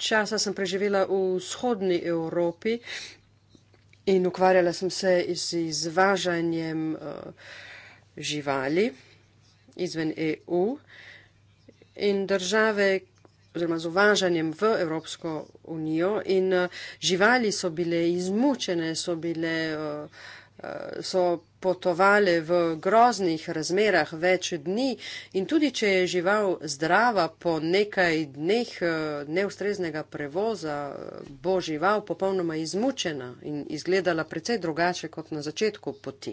časa sem preživela v vzhodni Evropi in ukvarjala sem se z izvažanjem eh, živali izven EU in države, oziroma z uvažanjem v Evropsko unijo in eh, živali so bile izmučene, so bile. Eh, eh, so potovali v groznih razmerah več dni, in tudi če je žival zdrava, po nekaj dneh neustreznega prevoza, bo žival popolnoma izmučena in izgledala precej drugače kot na začetku poti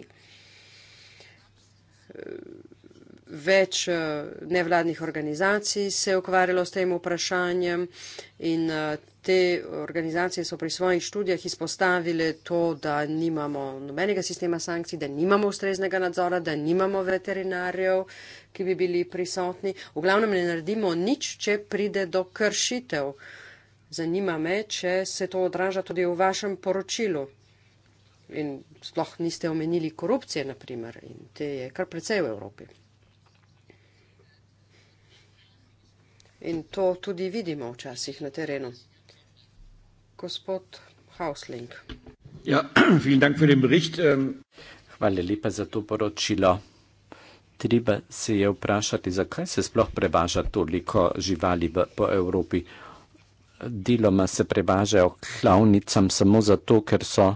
več eh, nevladnih organizacij se je ukvarjalo s tem vprašanjem in eh, te organizacije so pri svojih študijah izpostavile to, da nimamo nobenega sistema sankcij, da nimamo ustreznega nadzora, da nimamo veterinarjev, ki bi bili prisotni. V glavnem ne naredimo nič, če pride do kršitev. Zanima me, če se to odraža tudi v vašem poročilu. In sploh niste omenili korupcije, naprimer, in te je kar precej v Evropi. In to tudi vidimo včasih na terenu. Gospod Hausling. Ja, vielen Dank für den Bericht. Ähm, Hvala lepa za to poročilo. Treba se je vprašati, zakaj se sploh prevaža toliko živali po Evropi. Deloma se prevažajo k klavnicam samo zato, ker so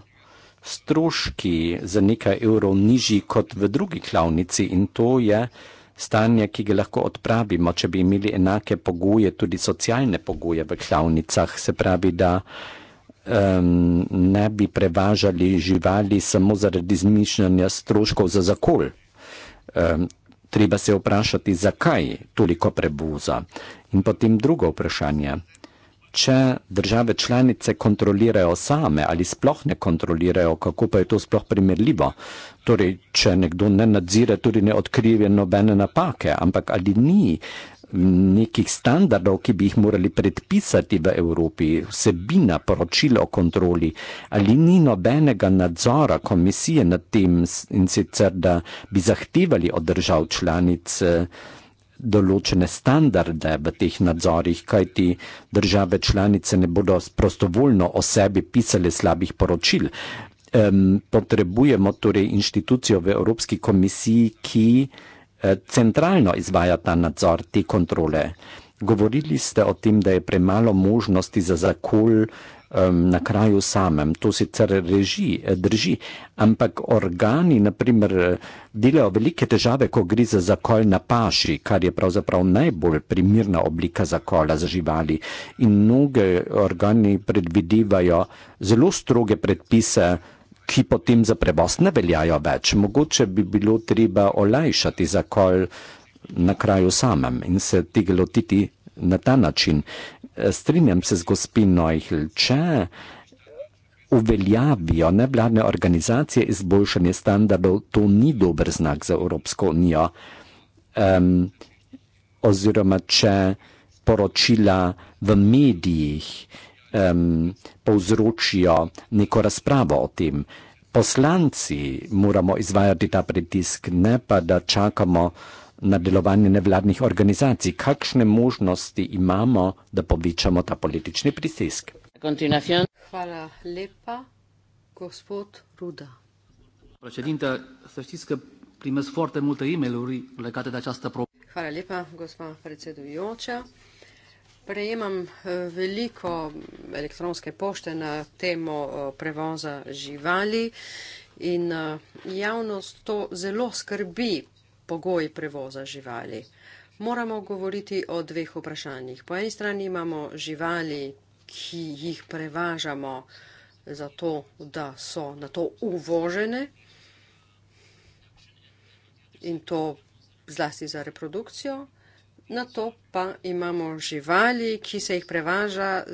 stroški za nekaj evrov nižji kot v drugi klavnici in to je stanje, ki ga lahko odpravimo, če bi imeli enake pogoje, tudi socialne pogoje v klavnicah, se pravi, da um, ne bi prevažali živali samo zaradi zmišljanja stroškov za zakol. Um, treba se vprašati, zakaj toliko prebuza. In potem drugo vprašanje če države članice kontrolirajo same ali sploh ne kontrolirajo, kako pa je to sploh primerljivo. Torej, če nekdo ne nadzira, tudi ne odkrije nobene napake, ampak ali ni nekih standardov, ki bi jih morali predpisati v Evropi, vsebina, poročilo o kontroli, ali ni nobenega nadzora komisije nad tem in sicer, da bi zahtevali od držav članic. Eh, določene standarde v teh nadzorih, kajti države članice ne bodo prostovoljno o sebi pisali slabih poročil. Potrebujemo torej inštitucijo v Evropski komisiji, ki e, centralno izvaja ta nadzor, te kontrole. Govorili ste o tem, da je premalo možnosti za zakol um, na kraju samem. To sicer reži, eh, drži, ampak organi, naprimer, eh, delajo velike težave, ko gre za zakol na paši, kar je pravzaprav najbolj primirna oblika zakola za živali. In mnoge organi predvidevajo zelo stroge predpise. Ki potem za prevoz ne veljajo več. Mogoče bi bilo treba olajšati zakol na kraju samem in se tega lotiti na ta način. E, strinjam se z gospino Ihl, če uveljavijo nevladne organizacije izboljšanje standardov, to ni dober znak za Evropsko unijo. Um, oziroma, če poročila v medijih um, povzročijo neko razpravo o tem. Poslanci moramo izvajati ta pritisk, ne pa da čakamo na delovanje nevladnih organizacij. Kakšne možnosti imamo, da povečamo ta politični pritisk? Hvala lepa, gospod Ruda. Predsednica, srčiska pri nas forte multe e-mailuri, legate da časta pro. Hvala lepa, gospa predsedujoča. Prejemam eh, veliko elektronske pošte na temo eh, prevoza živali in eh, javnost to zelo skrbi, pogoji prevoza živali. Moramo govoriti o dveh vprašanjih. Po eni strani imamo živali, ki jih prevažamo zato, da so na to uvožene in to zlasti za reprodukcijo. Na to pa imamo živali, ki se jih prevaža eh,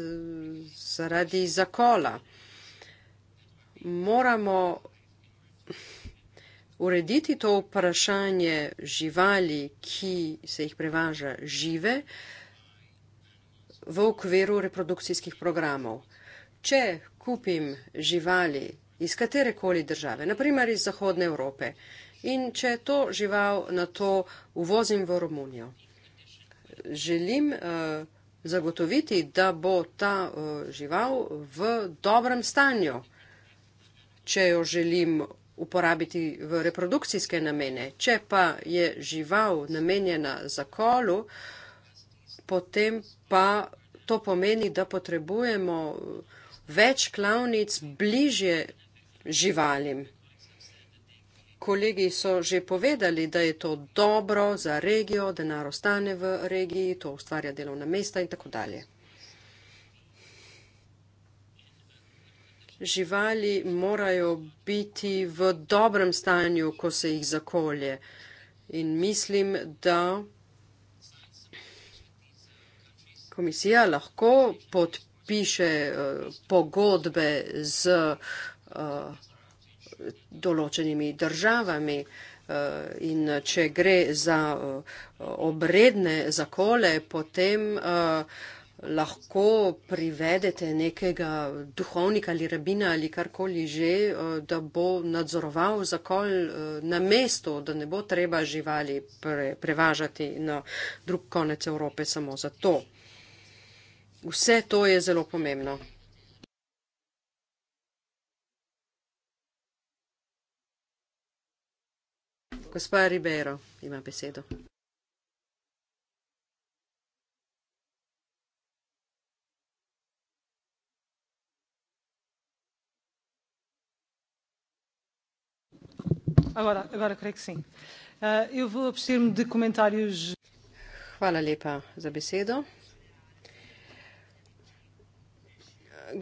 zaradi zakola. Moramo urediti to vprašanje živali, ki se jih prevaža žive, v okviru reprodukcijskih programov. Če kupim živali iz katerekoli države, naprimer iz Zahodne Evrope, in če to žival na to uvozim v Romunijo, želim uh, zagotoviti, da bo ta uh, žival v dobrem stanju. Če jo želim uporabiti v reprodukcijske namene. Če pa je žival namenjena za kolu, potem pa to pomeni, da potrebujemo več klavnic bližje živalim. Kolegi so že povedali, da je to dobro za regijo, denar ostane v regiji, to ustvarja delovna mesta in tako dalje. živali morajo biti v dobrem stanju, ko se jih zakolje. In mislim, da komisija lahko podpiše eh, pogodbe z eh, določenimi državami. Eh, in če gre za obredne zakole, potem uh, lahko privedete nekega duhovnika ali rabina ali karkoli že, eh, da bo nadzoroval zakol eh, na mestu, da ne bo treba živali pre, prevažati na drug konec Evrope samo za to. Vse to je zelo pomembno. Gospa Ribeiro ima besedo. Agora, agora creio que sim. Uh, eu vou abster-me de comentários. Hvala lepa za besedo.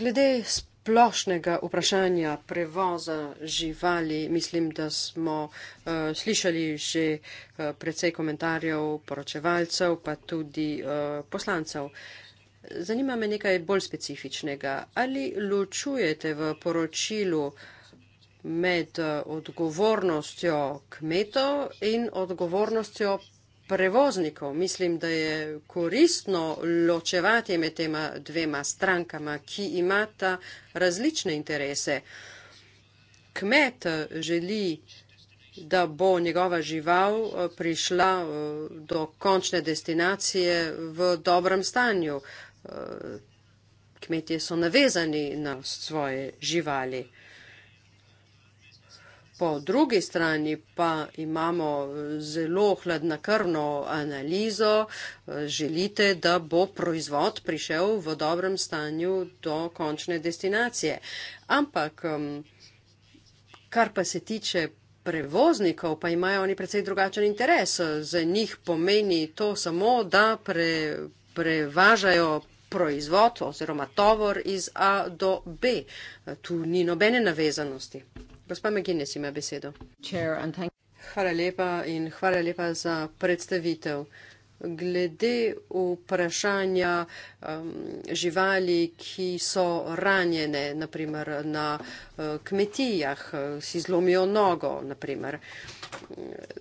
Glede splošnega vprašanja prevoza živali, mislim, da smo uh, slišali že uh, precej komentarjev poročevalcev, pa tudi uh, poslancev. Zanima me nekaj bolj specifičnega. Ali ločujete v poročilu uh, med eh, odgovornostjo kmetov in odgovornostjo prevoznikov. Mislim, da je koristno ločevati med tema dvema strankama, ki imata različne interese. Kmet eh, želi, da bo njegova žival eh, prišla do končne destinacije v dobrem stanju. Kmetje so navezani na svoje živali. Po drugi strani pa imamo eh, zelo hladnakrvno analizo. Eh, želite, da bo proizvod prišel v dobrem stanju do končne destinacije. Ampak, kar pa se tiče prevoznikov, pa imajo oni predvsej drugačen interes. Za njih pomeni to samo, da pre, prevažajo proizvod oziroma tovor iz A do B. Tu ni nobene navezanosti. Gospa McGinnis ima besedo. Chair, thank... Hvala lepa in hvala lepa za predstavitev. Glede vprašanja um, živali, ki so ranjene, naprimer na uh, kmetijah, uh, si zlomijo nogo, naprimer.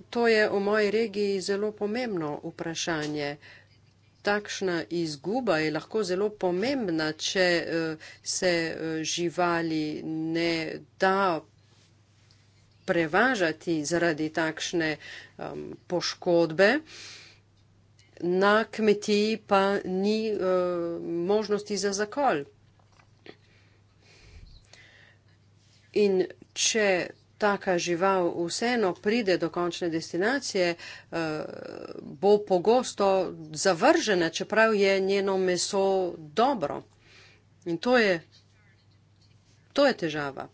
To je v moji regiji zelo pomembno vprašanje. Takšna izguba je lahko zelo pomembna, če uh, se uh, živali ne da prevažati zaradi takšne um, poškodbe. Na kmetiji pa ni uh, možnosti za zakol. In če taka žival vseeno pride do končne destinacije, uh, bo pogosto zavržena, čeprav je njeno meso dobro. In to je, to je težava.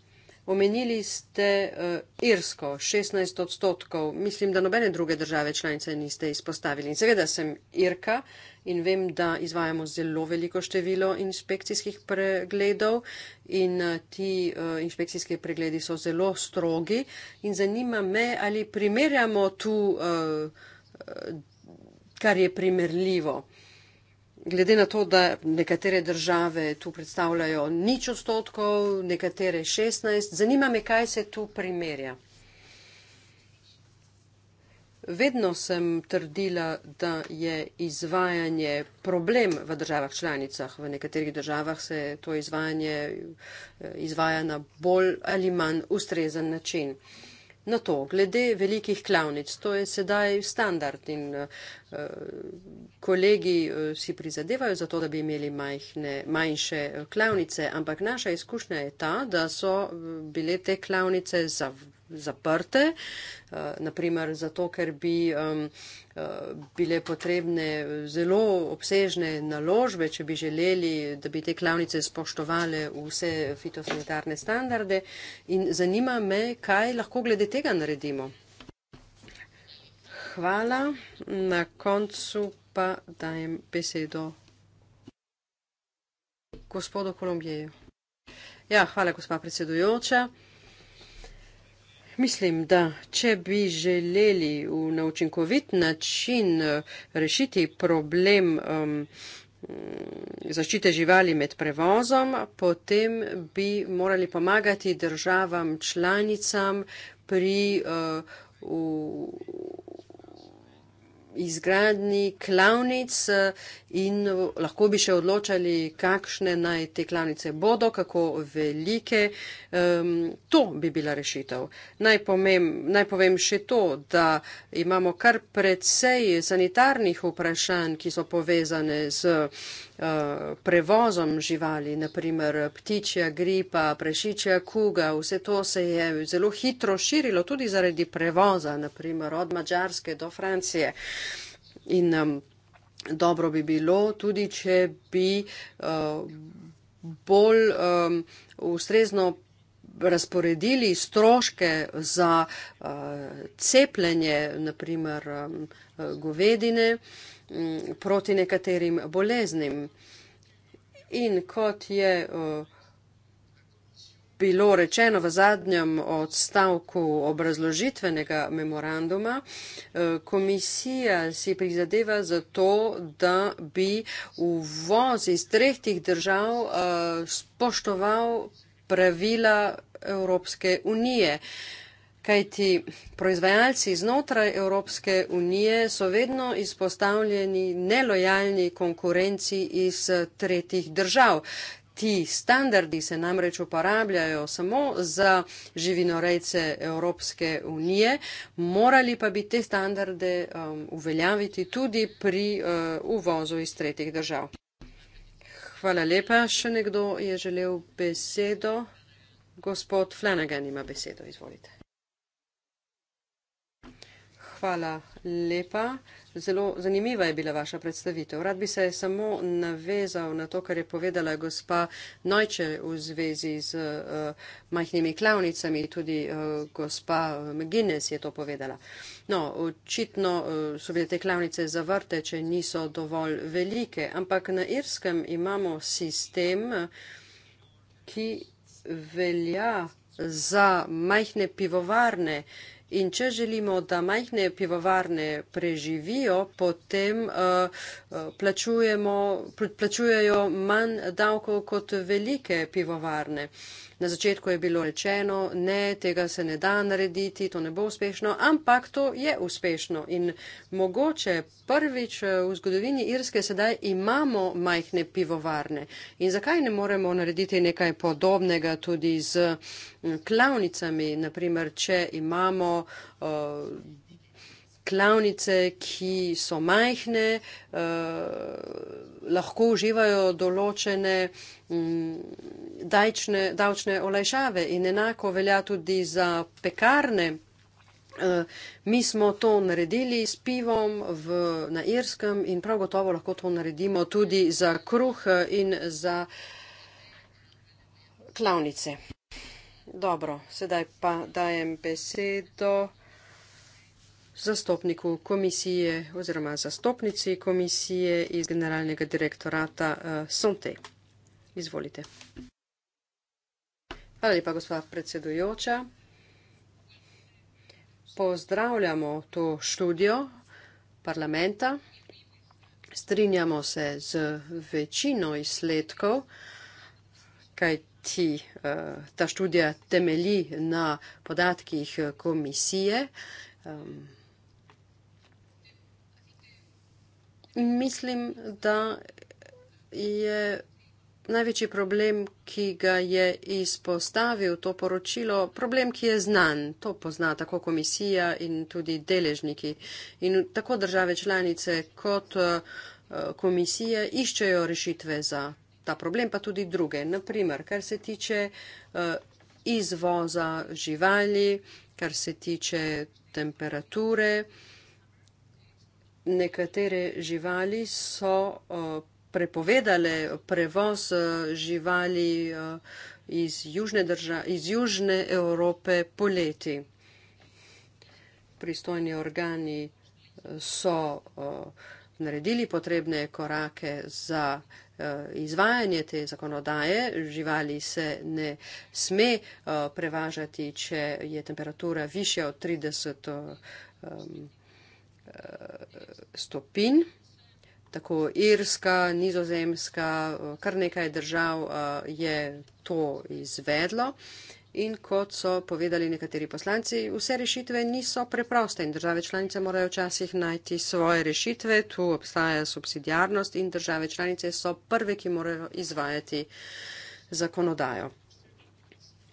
Omenili ste uh, Irsko, 16 odstotkov, mislim, da nobene druge države članice niste izpostavili. In seveda sem Irka in vem, da izvajamo zelo veliko število inšpekcijskih pregledov in uh, ti uh, inšpekcijski pregledi so zelo strogi. In zanima me, ali primerjamo tu, uh, kar je primerljivo. Uh, glede na to, da nekatere države tu predstavljajo nič odstotkov, nekatere 16, zanima me, kaj se tu primerja. Vedno sem trdila, da je izvajanje problem v državah članicah. V nekaterih državah se to izvajanje eh, izvaja na bolj ali manj ustrezen način. Na to, glede velikih klavnic, to je sedaj standard in uh, kolegi uh, si prizadevajo za to, da bi imeli majhne, manjše eh, klavnice, ampak naša izkušnja je ta, da so bile te klavnice za zaprte, eh, naprimer zato, ker bi eh, bile potrebne zelo obsežne naložbe, če bi želeli, da bi te klavnice spoštovale vse fitosanitarne standarde. In zanima me, kaj lahko glede tega naredimo. Hvala. Na koncu pa dajem besedo gospodu Kolombijeju. Ja, hvala, gospa predsedujoča mislim, da če bi želeli na učinkovit način eh, rešiti problem um, zaščite živali med prevozom, potem bi morali pomagati državam članicam pri uh, izgradnji klavnic eh, in lahko bi še odločali, kakšne naj te klavnice bodo, kako velike. Um, to bi bila rešitev. Naj, pomem, naj povem še to, da imamo kar precej sanitarnih vprašanj, ki so povezane z. Eh, prevozom živali, naprimer ptičja gripa, prešičja kuga, vse to se je zelo hitro širilo tudi zaradi prevoza, naprimer od Mačarske do Francije. In um, dobro bi bilo tudi, če bi uh, bolj um, ustrezno razporedili stroške za uh, cepljenje, naprimer um, govedine. Um, proti nekaterim boleznim. In kot je bilo rečeno v zadnjem odstavku obrazložitvenega memoranduma, komisija si prizadeva za to, da bi uvoz iz tretjih držav spoštoval pravila Evropske unije. Kajti proizvajalci znotraj Evropske unije so vedno izpostavljeni nelojalni konkurenci iz tretjih držav. Ti standardi se namreč uporabljajo samo za živinorejce Evropske unije, morali pa bi te standarde um, uveljaviti tudi pri uh, uvozu iz tretjih držav. Hvala lepa. Še nekdo je želel besedo. Gospod Flanagan ima besedo. Izvolite hvala lepa. Zelo zanimiva je bila vaša predstavitev. Rad bi se samo navezal na to, kar je povedala gospa Nojče v zvezi z uh, majhnimi klavnicami. Tudi uh, gospa eh, McGuinness je to povedala. No, očitno uh, so bile te klavnice zavrte, če niso dovolj velike, ampak na Irskem imamo sistem, ki velja za majhne pivovarne. In če želimo, da majhne pivovarne preživijo, potem eh, eh, plačujemo, plačujejo manj davkov kot velike pivovarne. Na začetku je bilo rečeno, ne, tega se ne da narediti, to ne bo uspešno, ampak to je uspešno. In mogoče prvič eh, v zgodovini Irske sedaj imamo majhne pivovarne. In zakaj ne moremo narediti nekaj podobnega tudi z mm, klavnicami, naprimer, če imamo. Uh, klavnice, ki so majhne, uh, lahko uživajo določene um, dajčne, davčne olajšave in enako velja tudi za pekarne. Eh, mi smo to naredili s pivom v, na Irskem in prav gotovo lahko to naredimo tudi za kruh eh, in za klavnice. Dobro, sedaj pa dajem besedo zastopniku komisije oziroma zastopnici komisije iz generalnega direktorata uh, Sonte. Izvolite. Hvala lepa, gospod predsedujoča. Pozdravljamo to študijo parlamenta. Strinjamo se z večino izsledkov, kaj ti eh, ta študija temelji na podatkih eh, komisije. Mislim, da je največji problem, ki ga je izpostavil to poročilo, problem, ki je znan. To pozna tako komisija in tudi deležniki. In tako države članice kot eh, komisije iščejo rešitve za ta problem, pa tudi druge. Naprimer, kar se tiče eh, izvoza živali, kar se tiče temperature, nekatere živali so eh, prepovedale prevoz eh, živali eh, iz južne, drža, iz južne Evrope poleti. Pristojni organi so naredili potrebne korake za izvajanje te zakonodaje. Živali se ne sme prevažati, če je temperatura višja od 30 stopinj stopinj. Tako Irska, Nizozemska, kar nekaj držav je to izvedlo. In kot so povedali nekateri poslanci, vse rešitve niso preproste in države članice morajo včasih najti svoje rešitve. Tu obstaja subsidijarnost in države članice so prve, ki morajo izvajati zakonodajo.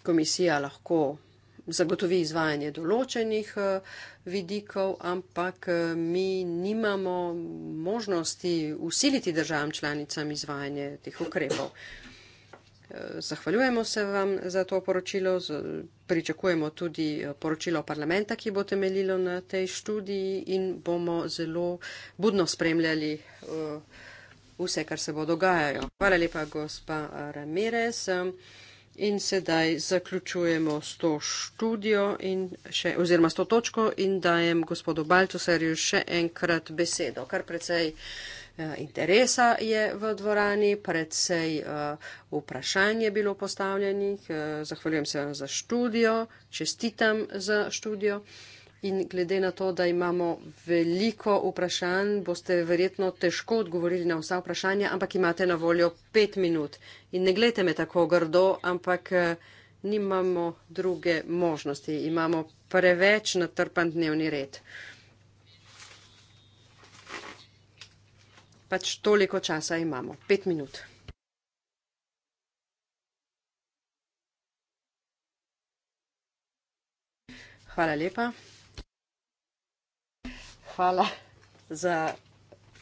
Komisija lahko zagotovi izvajanje določenih eh, vidikov, ampak eh, mi nimamo možnosti usiliti državam članicam izvajanje teh ukrepov. Eh, zahvaljujemo se vam za to poročilo, pričakujemo tudi poročilo parlamenta, ki bo temeljilo na tej študiji in bomo zelo budno spremljali vse, kar se bo dogajalo. Hvala lepa, gospa Ramirez. In sedaj zaključujemo s to študijo in še, oziroma s to točko in dajem gospodu Baltusarju še enkrat besedo, kar precej eh, interesa je v dvorani, precej eh, vprašanj je bilo postavljenih. Eh, zahvaljujem se vam za študijo, čestitam za študijo. In glede na to, da imamo veliko vprašanj, boste verjetno težko odgovorili na vsa vprašanja, ampak imate na voljo pet minut. In ne gledajte me tako grdo, ampak eh, nimamo druge možnosti. Imamo preveč natrpan dnevni red. Pač toliko časa imamo. Pet minut. Hvala lepa hvala za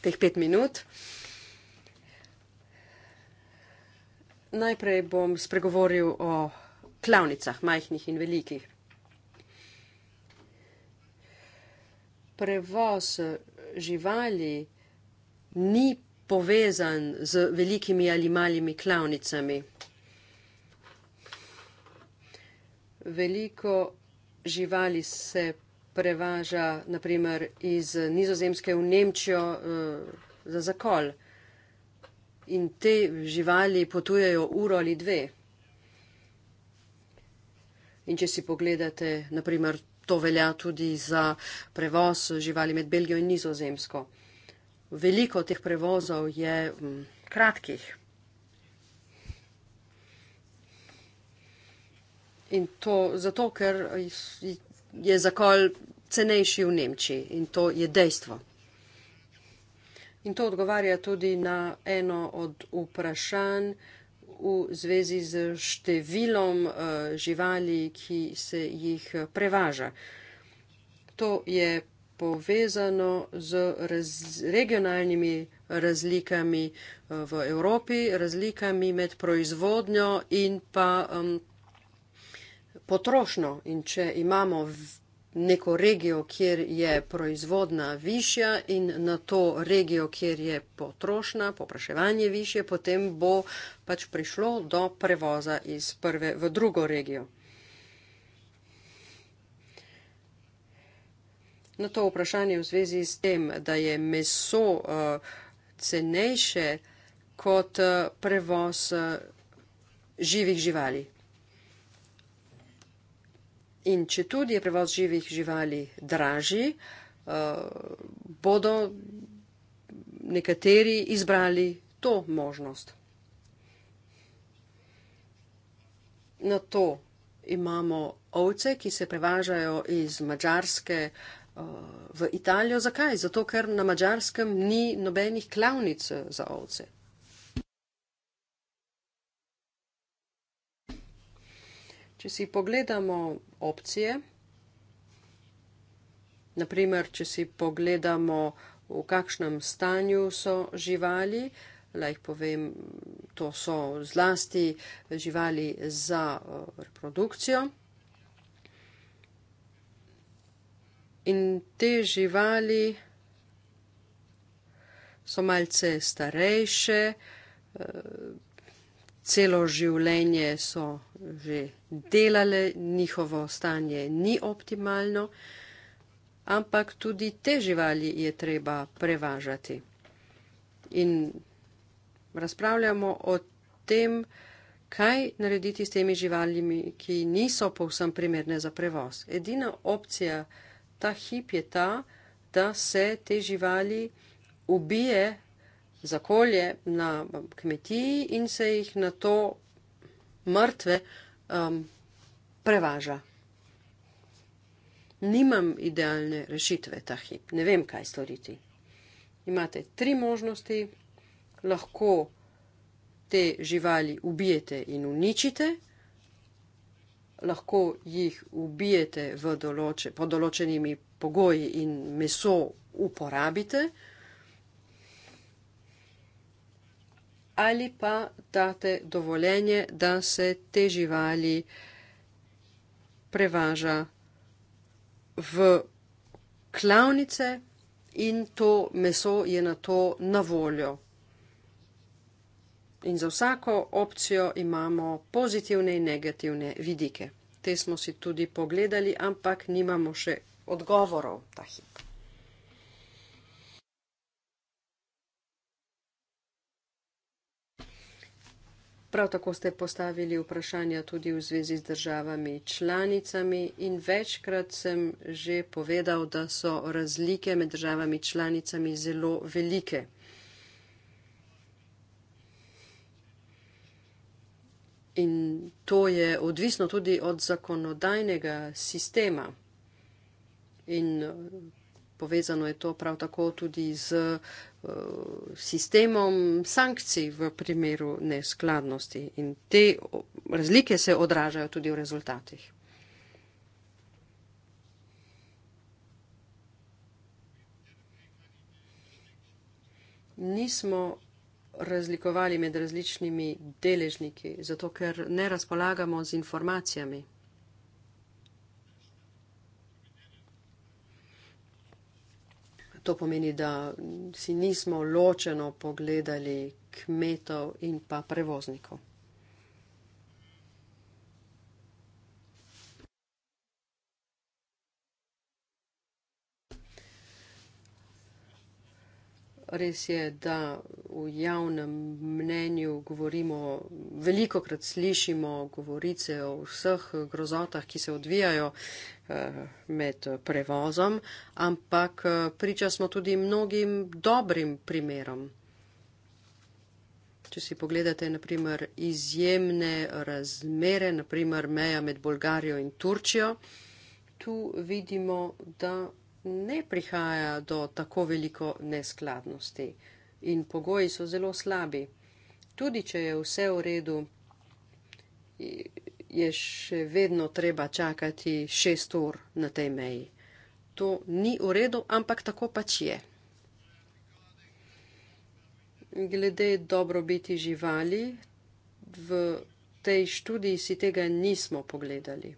teh pet minut. Najprej bom spregovoril o klavnicah, majhnih in velikih. Prevoz živali ni povezan z velikimi ali malimi klavnicami. Veliko živali se prevaža naprimer iz Nizozemske v Nemčijo uh, za zakol. In te živali potujejo uro ali dve. In če si pogledate, naprimer, to velja tudi za prevoz živali med Belgijo in Nizozemsko. Veliko teh prevozov je m, mm, kratkih. In to zato, ker je zakol cenejši v Nemčiji in to je dejstvo. In to odgovarja tudi na eno od vprašanj v zvezi z številom eh, živali, ki se jih eh, prevaža. To je povezano z raz, regionalnimi razlikami eh, v Evropi, razlikami med proizvodnjo in pa um, potrošno in če imamo neko regijo, kjer je proizvodna višja in na to regijo, kjer je potrošna, popraševanje višje, potem bo pač prišlo do prevoza iz prve v drugo regijo. Na to vprašanje v zvezi s tem, da je meso uh, cenejše kot uh, prevoz uh, živih živali. In če tudi je prevoz živih živali dražji, eh, bodo nekateri izbrali to možnost. Na to imamo ovce, ki se prevažajo iz Mačarske eh, v Italijo. Zakaj? Zato, ker na Mačarskem ni nobenih klavnic eh, za ovce. Če si pogledamo opcije, naprimer, če si pogledamo, v kakšnem stanju so živali, lahko povem, to so zlasti živali za eh, reprodukcijo. In te živali so malce starejše, eh, celo življenje so že delale, njihovo stanje ni optimalno, ampak tudi te živali je treba prevažati. In razpravljamo o tem, kaj narediti s temi živalimi, ki niso povsem primerne za prevoz. Edina opcija ta hip je ta, da se te živali ubije za okolje na um, kmetiji in se jih na to mrtve um, prevaža. Nimam idealne rešitve ta hip, ne vem, kaj storiti. Imate tri možnosti, lahko te živali ubijete in uničite, lahko jih ubijete določe, pod določenimi pogoji in meso uporabite, uh, ali pa date dovoljenje, da se te živali prevaža v klavnice in to meso je na to na voljo. In za vsako opcijo imamo pozitivne in negativne vidike. Te smo si tudi pogledali, ampak nimamo še odgovorov ta hip. Prav tako ste postavili vprašanja tudi v zvezi z državami članicami in večkrat sem že povedal, da so razlike med državami članicami zelo velike. In to je odvisno tudi od zakonodajnega sistema. In povezano je to prav tako tudi z eh, sistemom sankcij v primeru neskladnosti in te razlike se odražajo tudi v rezultatih. Nismo razlikovali med različnimi deležniki, zato ker ne razpolagamo z informacijami. To pomeni, da si nismo ločeno pogledali kmetov in pa prevoznikov. Res je, da v javnem mnenju govorimo, veliko krat slišimo govorice o vseh grozotah, ki se odvijajo Eh, med prevozom, ampak eh, priča smo tudi mnogim dobrim primerom. Če si pogledate, naprimer, izjemne razmere, naprimer meja med Bolgarijo in Turčijo, tu vidimo, da ne prihaja do tako veliko neskladnosti in pogoji so zelo slabi. Tudi, če je vse v redu, je še vedno treba čakati šest ur na tej meji. To ni v redu, ampak tako pač je. Glede dobrobiti živali, v tej študiji si tega nismo pogledali.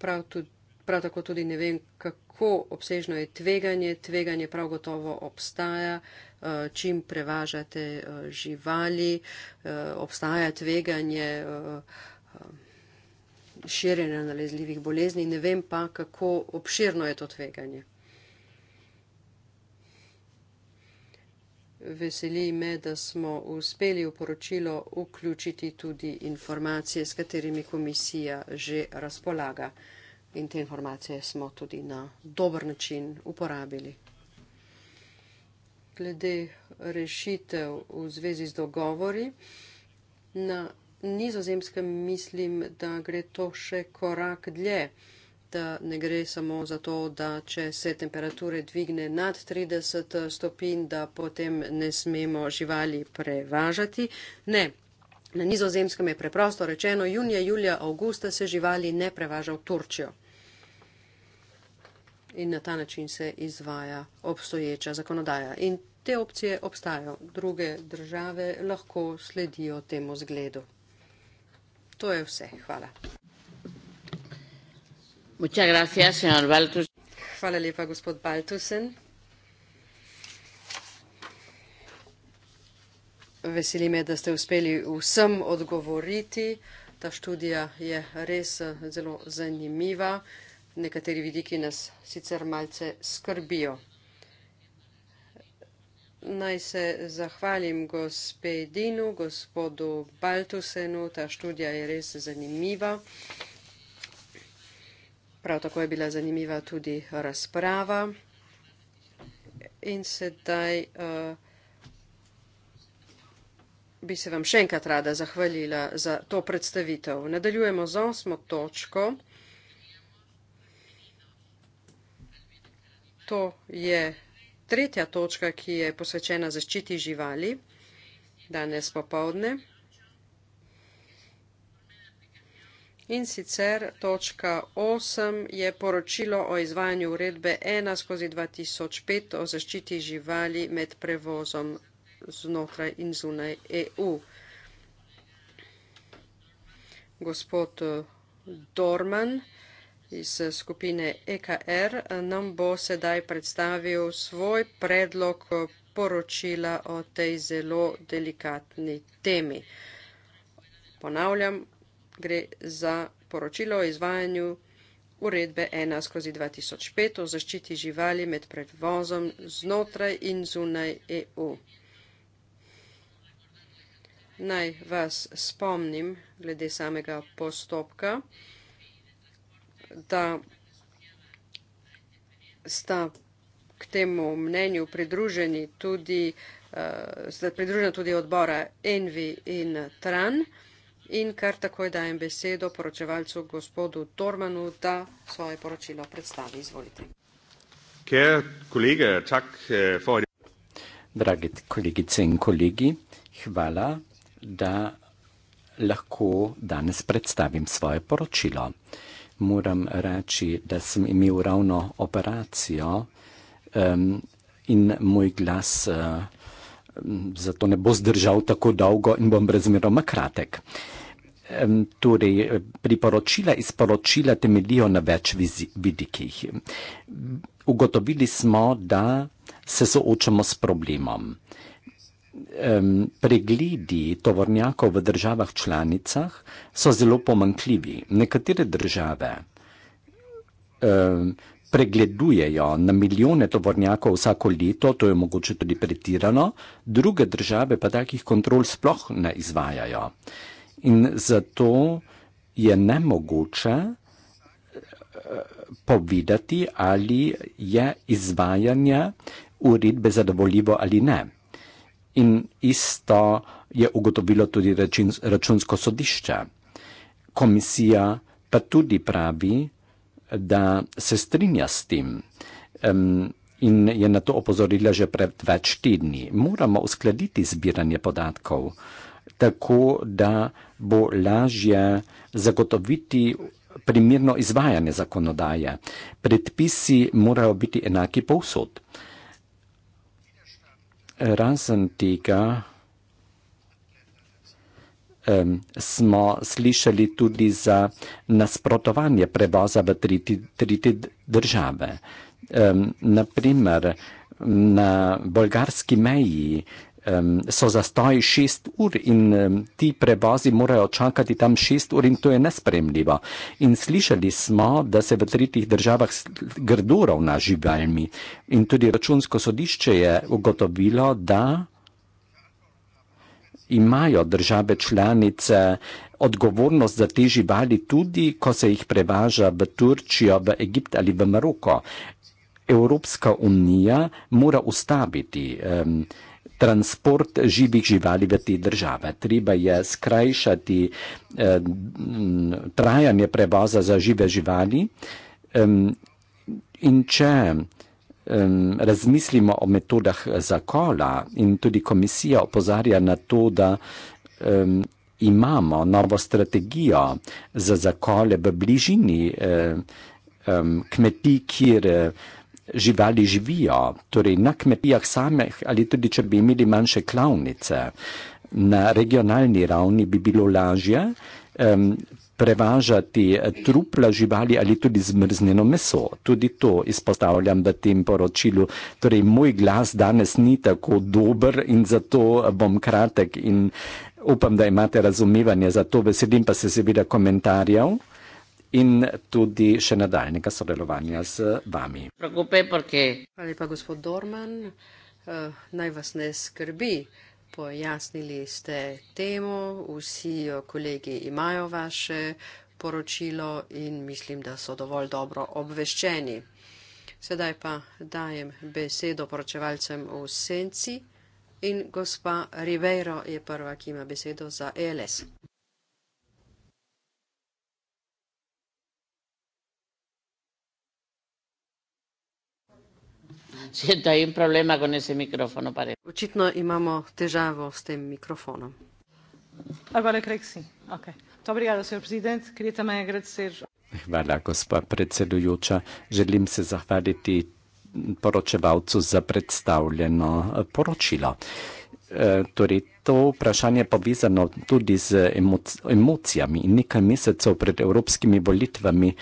Prav, tudi, prav tako tudi ne vem, kako obsežno je tveganje. Tveganje prav gotovo obstaja. Uh, Eh, čim prevažate eh, živali, eh, obstaja tveganje širjenja nalezljivih bolezni, ne vem pa, kako obširno je to tveganje. Veseli me, da smo uspeli v poročilo vključiti tudi informacije, s katerimi komisija že razpolaga. In te informacije smo tudi na dober način uporabili glede rešitev v zvezi z dogovori. Na nizozemskem mislim, da gre to še korak dlje, da ne gre samo za to, da če se temperature dvigne nad 30 stopin, da potem ne smemo živali prevažati. Ne. Na nizozemskem je preprosto rečeno, junija, julija, avgusta se živali ne prevaža v Turčijo in na ta način se izvaja obstoječa zakonodaja. In te opcije obstajajo, druge države lahko sledijo temu zgledu. To je vse. Hvala. Hvala lepa, gospod Baltusen. Veseli me, da ste uspeli vsem odgovoriti. Ta študija je res eh, zelo zanimiva nekateri vidiki nas sicer malce skrbijo. Naj se zahvalim gospe Dinu, gospodu Baltusenu, ta študija je res zanimiva. Prav tako je bila zanimiva tudi razprava. In sedaj uh, bi se vam še enkrat rada zahvalila za to predstavitev. Nadaljujemo z osmo točko. to je tretja točka, ki je posvečena zaščiti živali danes popovdne. In sicer točka 8 je poročilo o izvajanju uredbe 1 skozi 2005 o zaščiti živali med prevozom znotraj in zunaj EU. Gospod eh, Dorman iz eh, skupine EKR eh, nam bo sedaj predstavil svoj predlog eh, poročila o tej zelo delikatni temi. Ponavljam, gre za poročilo o izvajanju uredbe 1 skozi 2005 o zaščiti živali med predvozom znotraj in zunaj EU. Naj vas spomnim glede samega postopka da sta k temu mnenju pridruženi tudi, eh, sta pridružena tudi odbora Envi in Tran in kar takoj dajem besedo poročevalcu gospodu Tormanu, da svoje poročilo predstavi. Izvolite. Ker kolege, čak eh, for... Dragi kolegice in kolegi, hvala, da lahko danes predstavim svoje poročilo. Eh, moram reči, da sem imel ravno operacijo um, in moj glas um, zato ne bo zdržal tako dolgo in bom razmeroma kratek. Um, torej, priporočila iz poročila temelijo na več vidikih. Ugotovili smo, da se soočamo s problemom um, pregledi tovornjakov v državah članicah so zelo pomankljivi. Nekatere države um, pregledujejo na milijone tovornjakov vsako leto, to je mogoče tudi pretirano, druge države pa takih kontrol sploh ne izvajajo. In zato je nemogoče eh, povedati, ali je izvajanje uredbe zadovoljivo ali ne in isto je ugotovilo tudi računsko sodišče. Komisija pa tudi pravi, da se strinja s tem um, in je na to opozorila že pred več tedni. Moramo uskladiti zbiranje podatkov tako, da bo lažje zagotoviti primirno izvajanje zakonodaje. Predpisi morajo biti enaki povsod razen smo slišali tudi za nasprotovanje prevoza v tretje, tretje države. Naprimer, na bolgarski meji um, so zastoji šest ur in um, ti prevozi morajo čakati tam šest ur in to je nespremljivo. In slišali smo, da se v tretjih državah grdo ravna živalmi in tudi računsko sodišče je ugotovilo, da imajo države članice odgovornost za te živali tudi, ko se jih prevaža v Turčijo, v Egipt ali v Maroko. Evropska unija mora ustaviti. Um, transport živih živali v te države. Treba je skrajšati eh, trajanje prevoza za žive živali eh, in če razmislimo o metodah za kola in tudi komisija opozarja na to, da um, imamo novo strategijo za zakole v bližini um, kmetij, kjer um, živali živijo, torej na kmetijah sameh ali tudi če bi imeli manjše klavnice. Na regionalni ravni bi bilo lažje um, prevažati eh, trupla živali ali tudi zmrznjeno meso. Tudi to izpostavljam v tem poročilu. Torej, moj glas danes ni tako dober in zato bom kratek in upam, da imate razumevanje za to. Veselim pa se seveda komentarjev in tudi še nadaljnega sodelovanja z vami. Hvala lepa, gospod Dorman. Eh, naj vas ne skrbi. Pojasnili ste temo, vsi kolegi imajo vaše poročilo in mislim, da so dovolj dobro obveščeni. Sedaj pa dajem besedo poročevalcem v senci in gospa Ribeiro je prva, ki ima besedo za ELS. siento ahí un problema con ese micrófono, parece. Ochitno imamo težavo s tem mikrofonom. Agora creio que sim. Ok. Muito obrigada, Sr. Presidente. Queria também agradecer... Hvala, gospa predsedujoča. Želim se zahvaliti poročevalcu za predstavljeno poročilo. E, torej, To vprašanje je povezano tudi z emocijami. Nekaj mesecev pred evropskimi volitvami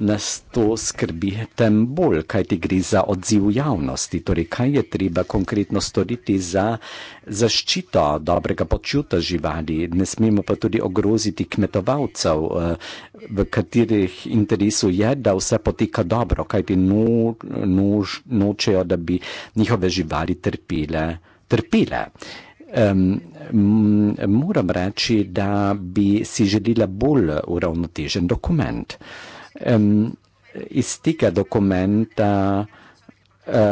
nas to skrbi, tem bolj, kaj ti gre za odziv javnosti. Torej, kaj je treba konkretno storiti za zaščito dobrega počuta živali, ne smemo pa tudi ogroziti kmetovalcev, eh, v katerih interesu je, da vse poteka dobro, kaj ti no, no, nočejo, da bi njihove živali trpile. trpile moram reči, da bi si želila bolj uravnotežen dokument. Iz tega dokumenta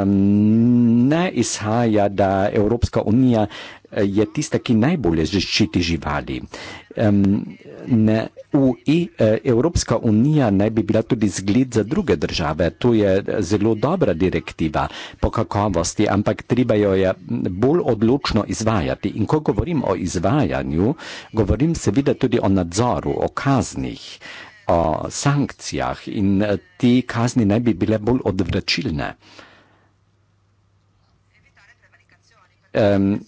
ne izhaja, da Evropska unija Eh, je tista, ki najbolje zaščiti živali. Um, ne, v, i, e, eh, Evropska unija naj bi bila tudi zgled za druge države. To je eh, zelo dobra direktiva po kakovosti, ampak treba jo je bolj odločno izvajati. In ko govorim o izvajanju, govorim seveda tudi o nadzoru, o kaznih, o sankcijah in te kazni naj bi bile bolj odvračilne. um,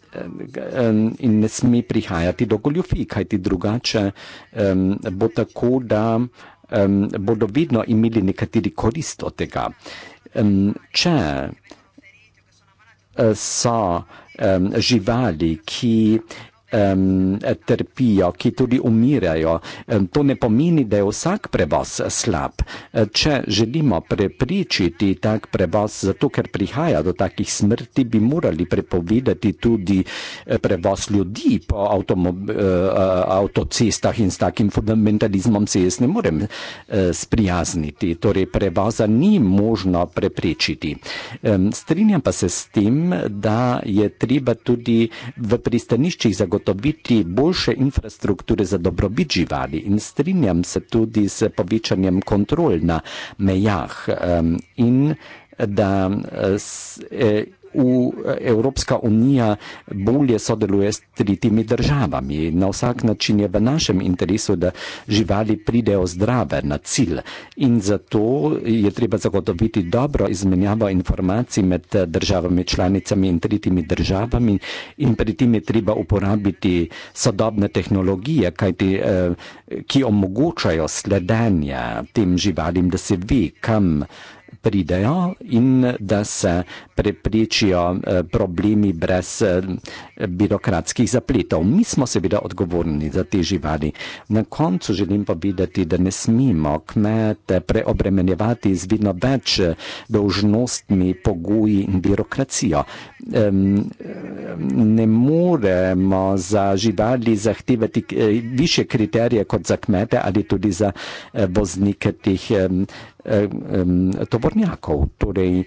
um, in ne sme prihajati do goljufij, kajti drugače um, bo tako, da um, bodo vedno imeli nekateri korist od tega. Um, če eh, so um, živali, ki um, trpijo, ki tudi umirajo. To ne pomeni, da je vsak prevoz slab. E, če želimo prepričiti tak prevoz, zato ker prihaja do takih smrti, bi morali prepovedati tudi e, prevoz ljudi po e, avtocestah in s takim fundamentalizmom se jaz ne morem sprijazniti. Torej, prevoza ni možno prepričiti. Strinjam pa se s tem, da je treba tudi v pristaniščih zagotoviti, zagotoviti boljše infrastrukture za dobrobit živali in strinjam se tudi s povečanjem kontrol na mejah ehm, in da eh, v eh, Evropska unija bolje sodeluje s tretjimi državami. Na vsak način je v našem interesu, da živali pridejo zdrave na cilj in zato je treba zagotoviti dobro izmenjavo informacij med eh, državami članicami in tretjimi državami in pri tem je treba uporabiti sodobne tehnologije, kajti, eh, ki omogočajo sledenje tem živalim, da se ve, kam pridejo in da se preprečijo eh, problemi brez eh, birokratskih zapletov. Mi smo seveda odgovorni za te živali. Na koncu želim povedati, da ne smemo kmete preobremenjevati z vedno več eh, dolžnostmi, pogoji in birokracijo. Ne moremo za živali zahtevati više kriterije kot za kmete ali tudi za voznike teh tovornjakov. Torej,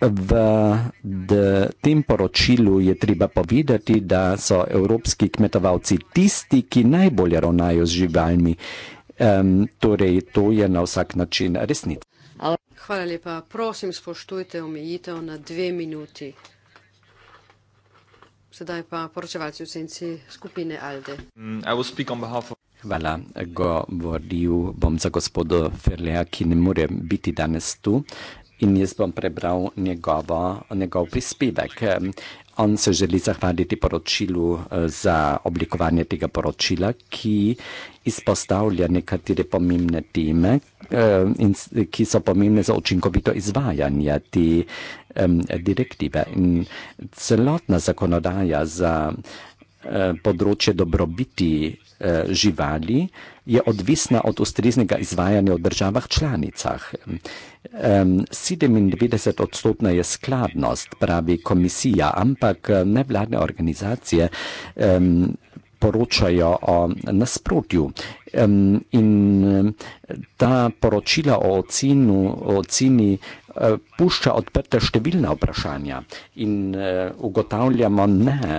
v tem poročilu je treba povedati, da so evropski kmetovalci tisti, ki najbolje ravnajo z živalmi. Um, torej, to je na vsak način resnica. Hvala lepa. Prosim, spoštujte omejitev na dve minuti. Sedaj pa poročevalci v senci skupine Alde. Mm, Hvala. Govoril bom za gospoda Ferleja, ki ne more biti danes tu. In jaz bom prebral njegovo, njegov prispevek. On se želi zahvaliti poročilu eh, za oblikovanje tega poročila, ki izpostavlja nekatere pomembne teme, eh, ki so pomembne za učinkovito izvajanje te direktive. In celotna zakonodaja za Eh, področje dobrobiti eh, živali, je odvisna od ustreznega izvajanja v državah članicah. 97 odstotna je skladnost, pravi komisija, ampak eh, nevladne organizacije poročajo o nasprotju. In ta poročila o ocenu, o ceni pušča odprte številna vprašanja in ugotavljamo ne,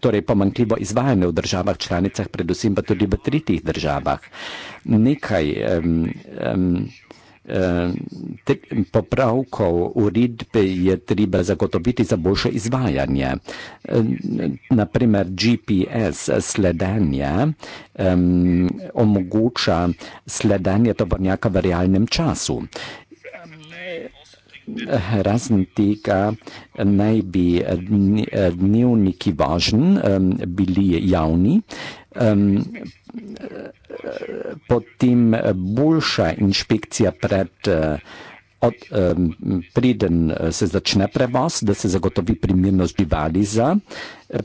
torej pomankljivo izvajanje v državah članicah, predvsem pa tudi v tretjih državah. Nekaj um, um, popravkov uredbe je treba zagotoviti za boljše izvajanje. Naprimer, GPS sledenje um, omogoča sledenje tovornjaka v realnem času razen tega naj bi dnevniki važen bili javni, potem boljša inšpekcija pred Od, um, preden se začne prevoz, da se zagotovi primernost živali za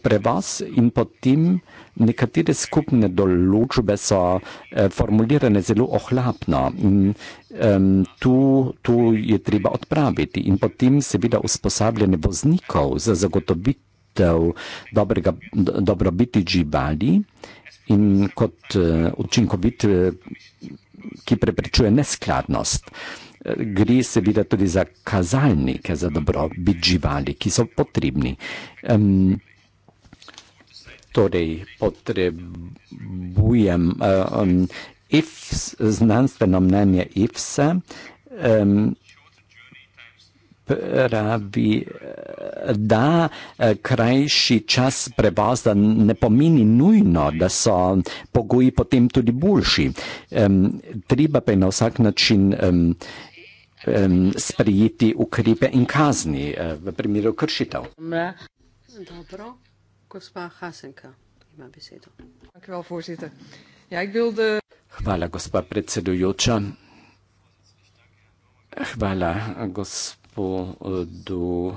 prevoz in potem nekatere skupne določbe so eh, formulirane zelo ohlapno in um, tu, tu je treba odpraviti in potem seveda usposabljanje voznikov za zagotovitev dobrega, do, dobrobiti živali in kot uh, učinkovit, eh, ki preprečuje neskladnost. Gre seveda tudi za kazalnike, za dobrobit živali, ki so potrebni. Um, torej potrebujem um, IFS, znanstveno mnenje IFSA, um, pravi, da eh, krajši čas prevoza ne pomeni nujno, da so pogoji potem tudi boljši. Um, treba pa je na vsak način um, um, sprijeti ukrepe in kazni uh, v primeru kršitev. Dobro. Gospa Hasenka ima besedo. Ja, Hvala, gospa predsedujoča. Hvala gospodu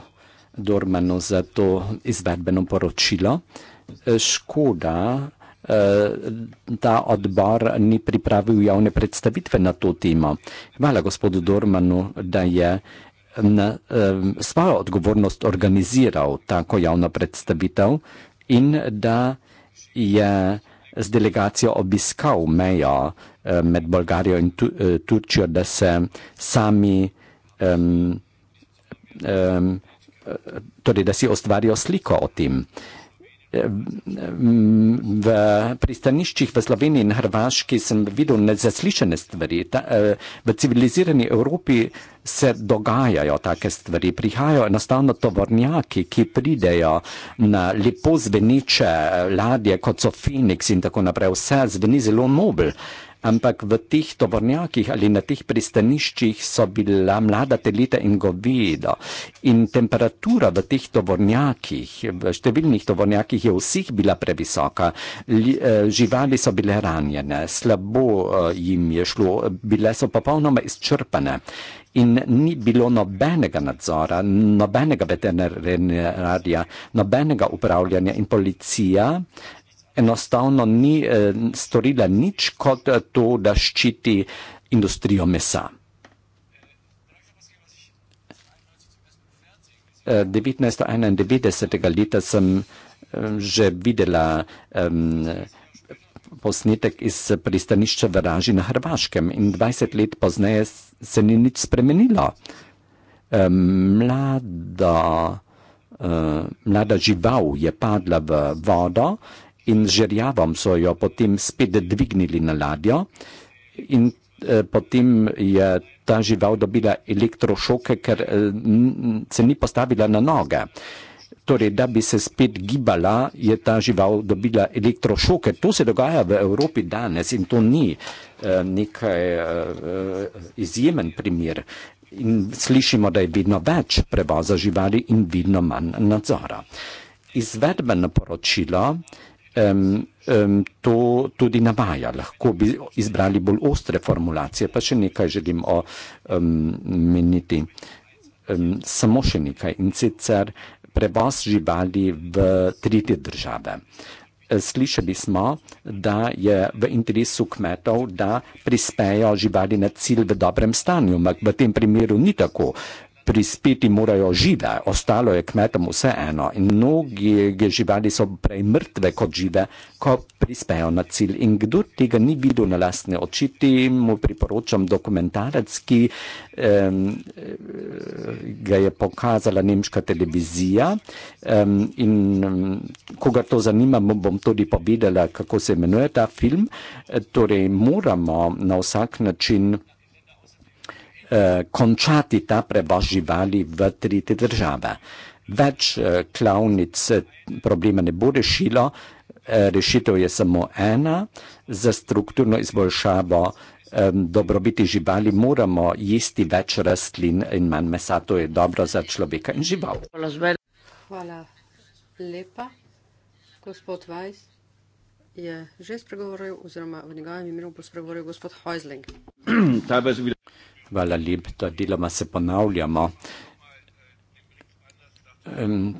Dormanu za to izvedbeno poročilo. Škoda, da eh, odbor ni pripravil javne predstavitve na to temo. Hvala gospodu Dormanu, da je eh, eh, svojo odgovornost organiziral tako javno predstavitev in da je z delegacijo obiskal mejo eh, med Bolgarijo in eh, Turčijo, da se sami, um, um, torej da si ustvarijo sliko o tem v pristaniščih v Sloveniji in Hrvaški sem videl nezaslišene stvari. Ta, eh, v civilizirani Evropi se dogajajo take stvari. Prihajajo enostavno tovornjaki, ki pridejo na lepo zveniče eh, ladje, kot so Phoenix in tako naprej. Vse zveni zelo nobel ampak v teh tovornjakih ali na teh pristaniščih so bila mlada telita in govedo. In temperatura v teh tovornjakih, v številnih tovornjakih je vseh bila previsoka. Eh, živali so bile ranjene, slabo eh, jim je šlo, bile so popolnoma izčrpane. In ni bilo nobenega nadzora, nobenega veterinarja, nobenega upravljanja in policija enostavno ni eh, storila nič kot eh, to, da ščiti industrijo mesa. 1991. Eh, leta sem eh, že videla um, posnetek iz pristanišča v Raži na Hrvaškem in 20 let pozneje se ni nič spremenilo. Um, mlada, um, mlada žival je padla v vodo in z žerjavom so jo potem spet dvignili na ladjo in eh, potem je ta žival dobila elektrošoke, ker eh, se ni postavila na noge. Torej, da bi se spet gibala, je ta žival dobila elektrošoke. To se dogaja v Evropi danes in to ni eh, nekaj eh, eh izjemen primer. In slišimo, da je vedno več prevoza živali in vedno manj nadzora. Izvedbeno poročilo um, um, to tudi navaja. Lahko bi izbrali bolj ostre formulacije, pa še nekaj želim omeniti. Um, um, samo še nekaj in sicer prevoz živali v tretje države. Slišali smo, da je v interesu kmetov, da prispejo živali na cilj v dobrem stanju, ampak v tem primeru ni tako prispeti morajo žive, ostalo je kmetom vse eno in mnogi živali so prej mrtve kot žive, ko prispejo na cilj. In kdo tega ni videl na lastne oči, ti mu priporočam dokumentarec, ki um, ga je pokazala nemška televizija um, in um, koga to zanima, bom tudi povedala, kako se imenuje ta film. Torej, moramo na vsak način eh, končati ta prevoz živali v tretje države. Več eh, klavnic eh, problema ne bo rešilo, eh, rešitev je samo ena, za strukturno izboljšavo eh, dobrobiti živali moramo jesti več rastlin in manj mesa, to je dobro za človeka in žival. Hvala lepa. Gospod Vajs je že spregovoril, oziroma v njegovem imenu bo spregovoril gospod Hojzling. Hvala lep, da deloma se ponavljamo.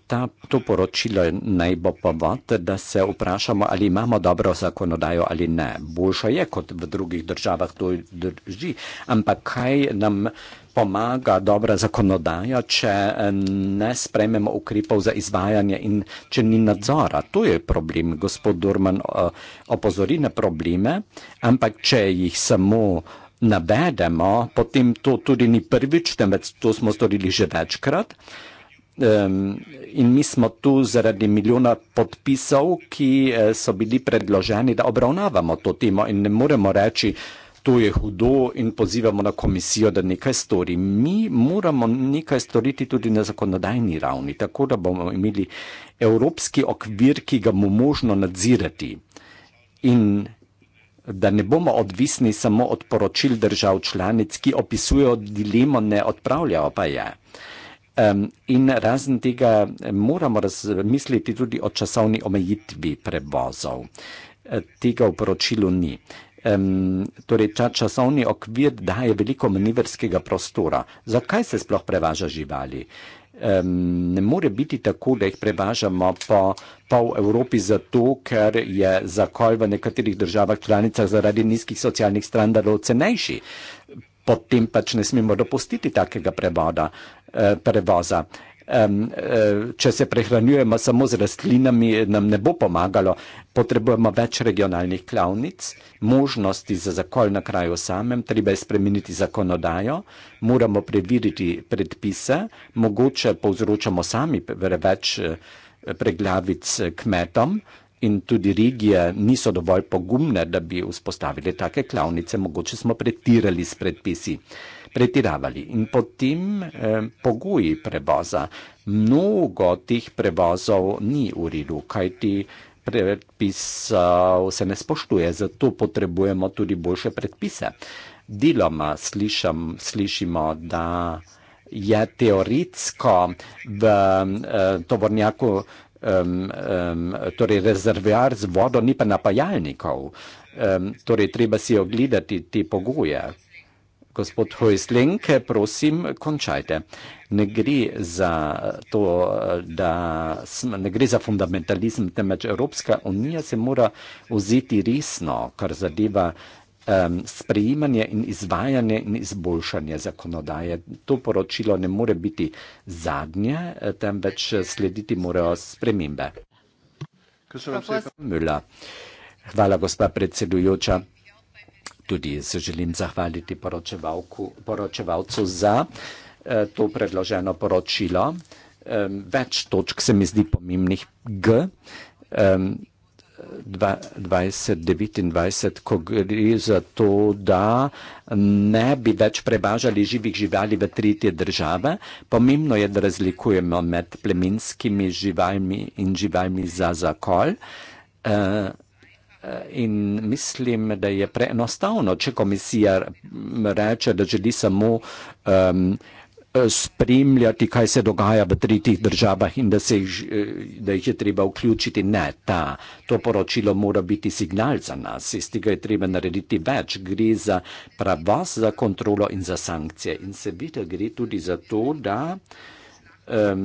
Ta, to poročilo naj bo povod, da se vprašamo, ali imamo dobro zakonodajo ali ne. Boljša je kot v drugih državah, to drži. Ampak kaj nam pomaga dobra zakonodaja, če ne sprememo ukrepov za izvajanje in če ni nadzora? To je problem. Gospod Durman opozori na probleme, ampak če jih samo navedemo, potem to tudi ni prvič, temveč to smo storili že večkrat. In mi smo tu zaradi milijona podpisov, ki eh, so bili predloženi, da obravnavamo to temo in ne moremo reči, to je hudo in pozivamo na komisijo, da nekaj stori. Mi moramo nekaj storiti tudi na zakonodajni ravni, tako da bomo imeli evropski okvir, ki ga bo možno nadzirati. In da ne bomo odvisni samo od poročil držav članic, ki opisujejo dilemo, ne odpravljajo pa je. Um, in razen tega moramo razmisliti tudi o časovni omejitvi prevozov. E, tega v poročilu ni. Um, torej, ta časovni okvir daje veliko manevrskega prostora. Zakaj se sploh prevaža živali? Uh, ne more biti tako, da jih prevažamo po pol Evropi zato, ker je zakolj v nekaterih državah članicah zaradi nizkih socialnih standardov cenejši. Potem pač ne smemo dopustiti takega prevoda, eh, prevoza. Eh, če se prehranjujemo samo z rastlinami, nam ne bo pomagalo. Potrebujemo več regionalnih klavnic, možnosti za zakol na kraju samem, treba je spremeniti zakonodajo, moramo previriti predpise, mogoče povzročamo sami več eh, preglavic eh, kmetom in tudi regije niso dovolj pogumne, da bi vzpostavili take klavnice, mogoče smo pretirali s predpisi. Pretiravali. In potem eh, pogoji prevoza. Mnogo teh prevozov ni v redu, kajti eh, predpis uh, se ne spoštuje, zato potrebujemo tudi boljše predpise. Deloma slišam, slišimo, da je teoretsko v uh, tovornjaku um, um, torej rezervoar z vodo, ni pa napajalnikov. Um, torej, treba si ogledati te pogoje, Gospod Hojslink, prosim, končajte. Ne gre za to, da ne gre za fundamentalizem, temveč Evropska unija se mora vzeti resno, kar zadeva um, sprejemanje in izvajanje in izboljšanje zakonodaje. To poročilo ne more biti zadnje, temveč slediti morajo spremembe. Hvala, gospa predsedujoča. Tudi jaz se želim zahvaliti poročevalcu za eh, to predloženo poročilo. Več točk se mi zdi pomembnih G. 29, ko gre za to, da ne bi več prebažali živih živali v tretje države. Pomembno je, da razlikujemo med plemenskimi živalmi in živalmi za zakol. Eh, Eh, in mislim, da je preenostavno, če komisija reče, da želi samo um, spremljati, kaj se dogaja v tretjih državah in da, se, eh, da jih je treba vključiti. Ne, ta, to poročilo mora biti signal za nas, iz tega je treba narediti več. Gre za pravos, za kontrolo in za sankcije. In seveda gre tudi za to, da um,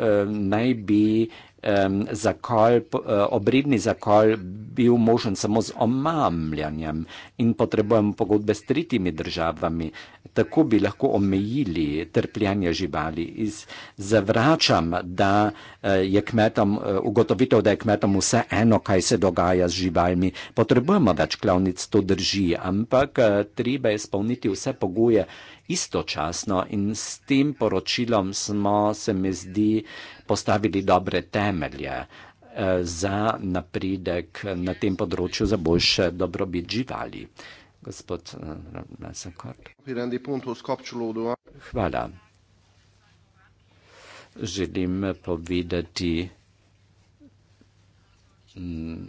uh, naj bi um, zakol, uh, obredni zakol bil možen samo z omamljanjem in potrebujemo pogodbe s tretjimi državami. Tako bi lahko omejili trpljanje živali. Iz, zavračam, da eh, je kmetom, ugotovitev, da je kmetom vse eno, kaj se dogaja z živalmi. Potrebujemo več klavnic, to drži, ampak treba je spolniti vse pogoje istočasno in s tem poročilom smo, se mi zdi, postavili dobre temelje eh, za napredek na tem področju, za boljše dobrobit živali. Gospod eh, Masakort. Hvala. Želim povedati mm,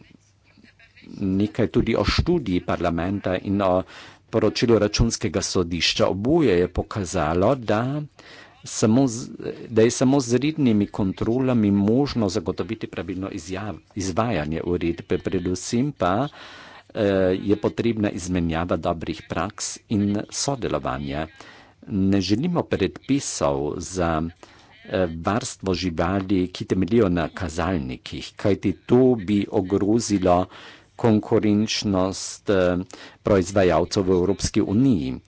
nekaj tudi o študiji parlamenta in o poročilo računskega sodišča oboje je pokazalo, da, samo z, da je samo z rednimi kontrolami možno zagotoviti pravilno izjav, izvajanje uredbe, predvsem pa eh, je potrebna izmenjava dobrih praks in sodelovanje. Ne želimo predpisov za eh, varstvo živali, ki temeljijo na kazalnikih, kajti to bi ogrozilo eh, konkurenčnost eh, proizvajalcev v Evropski uniji.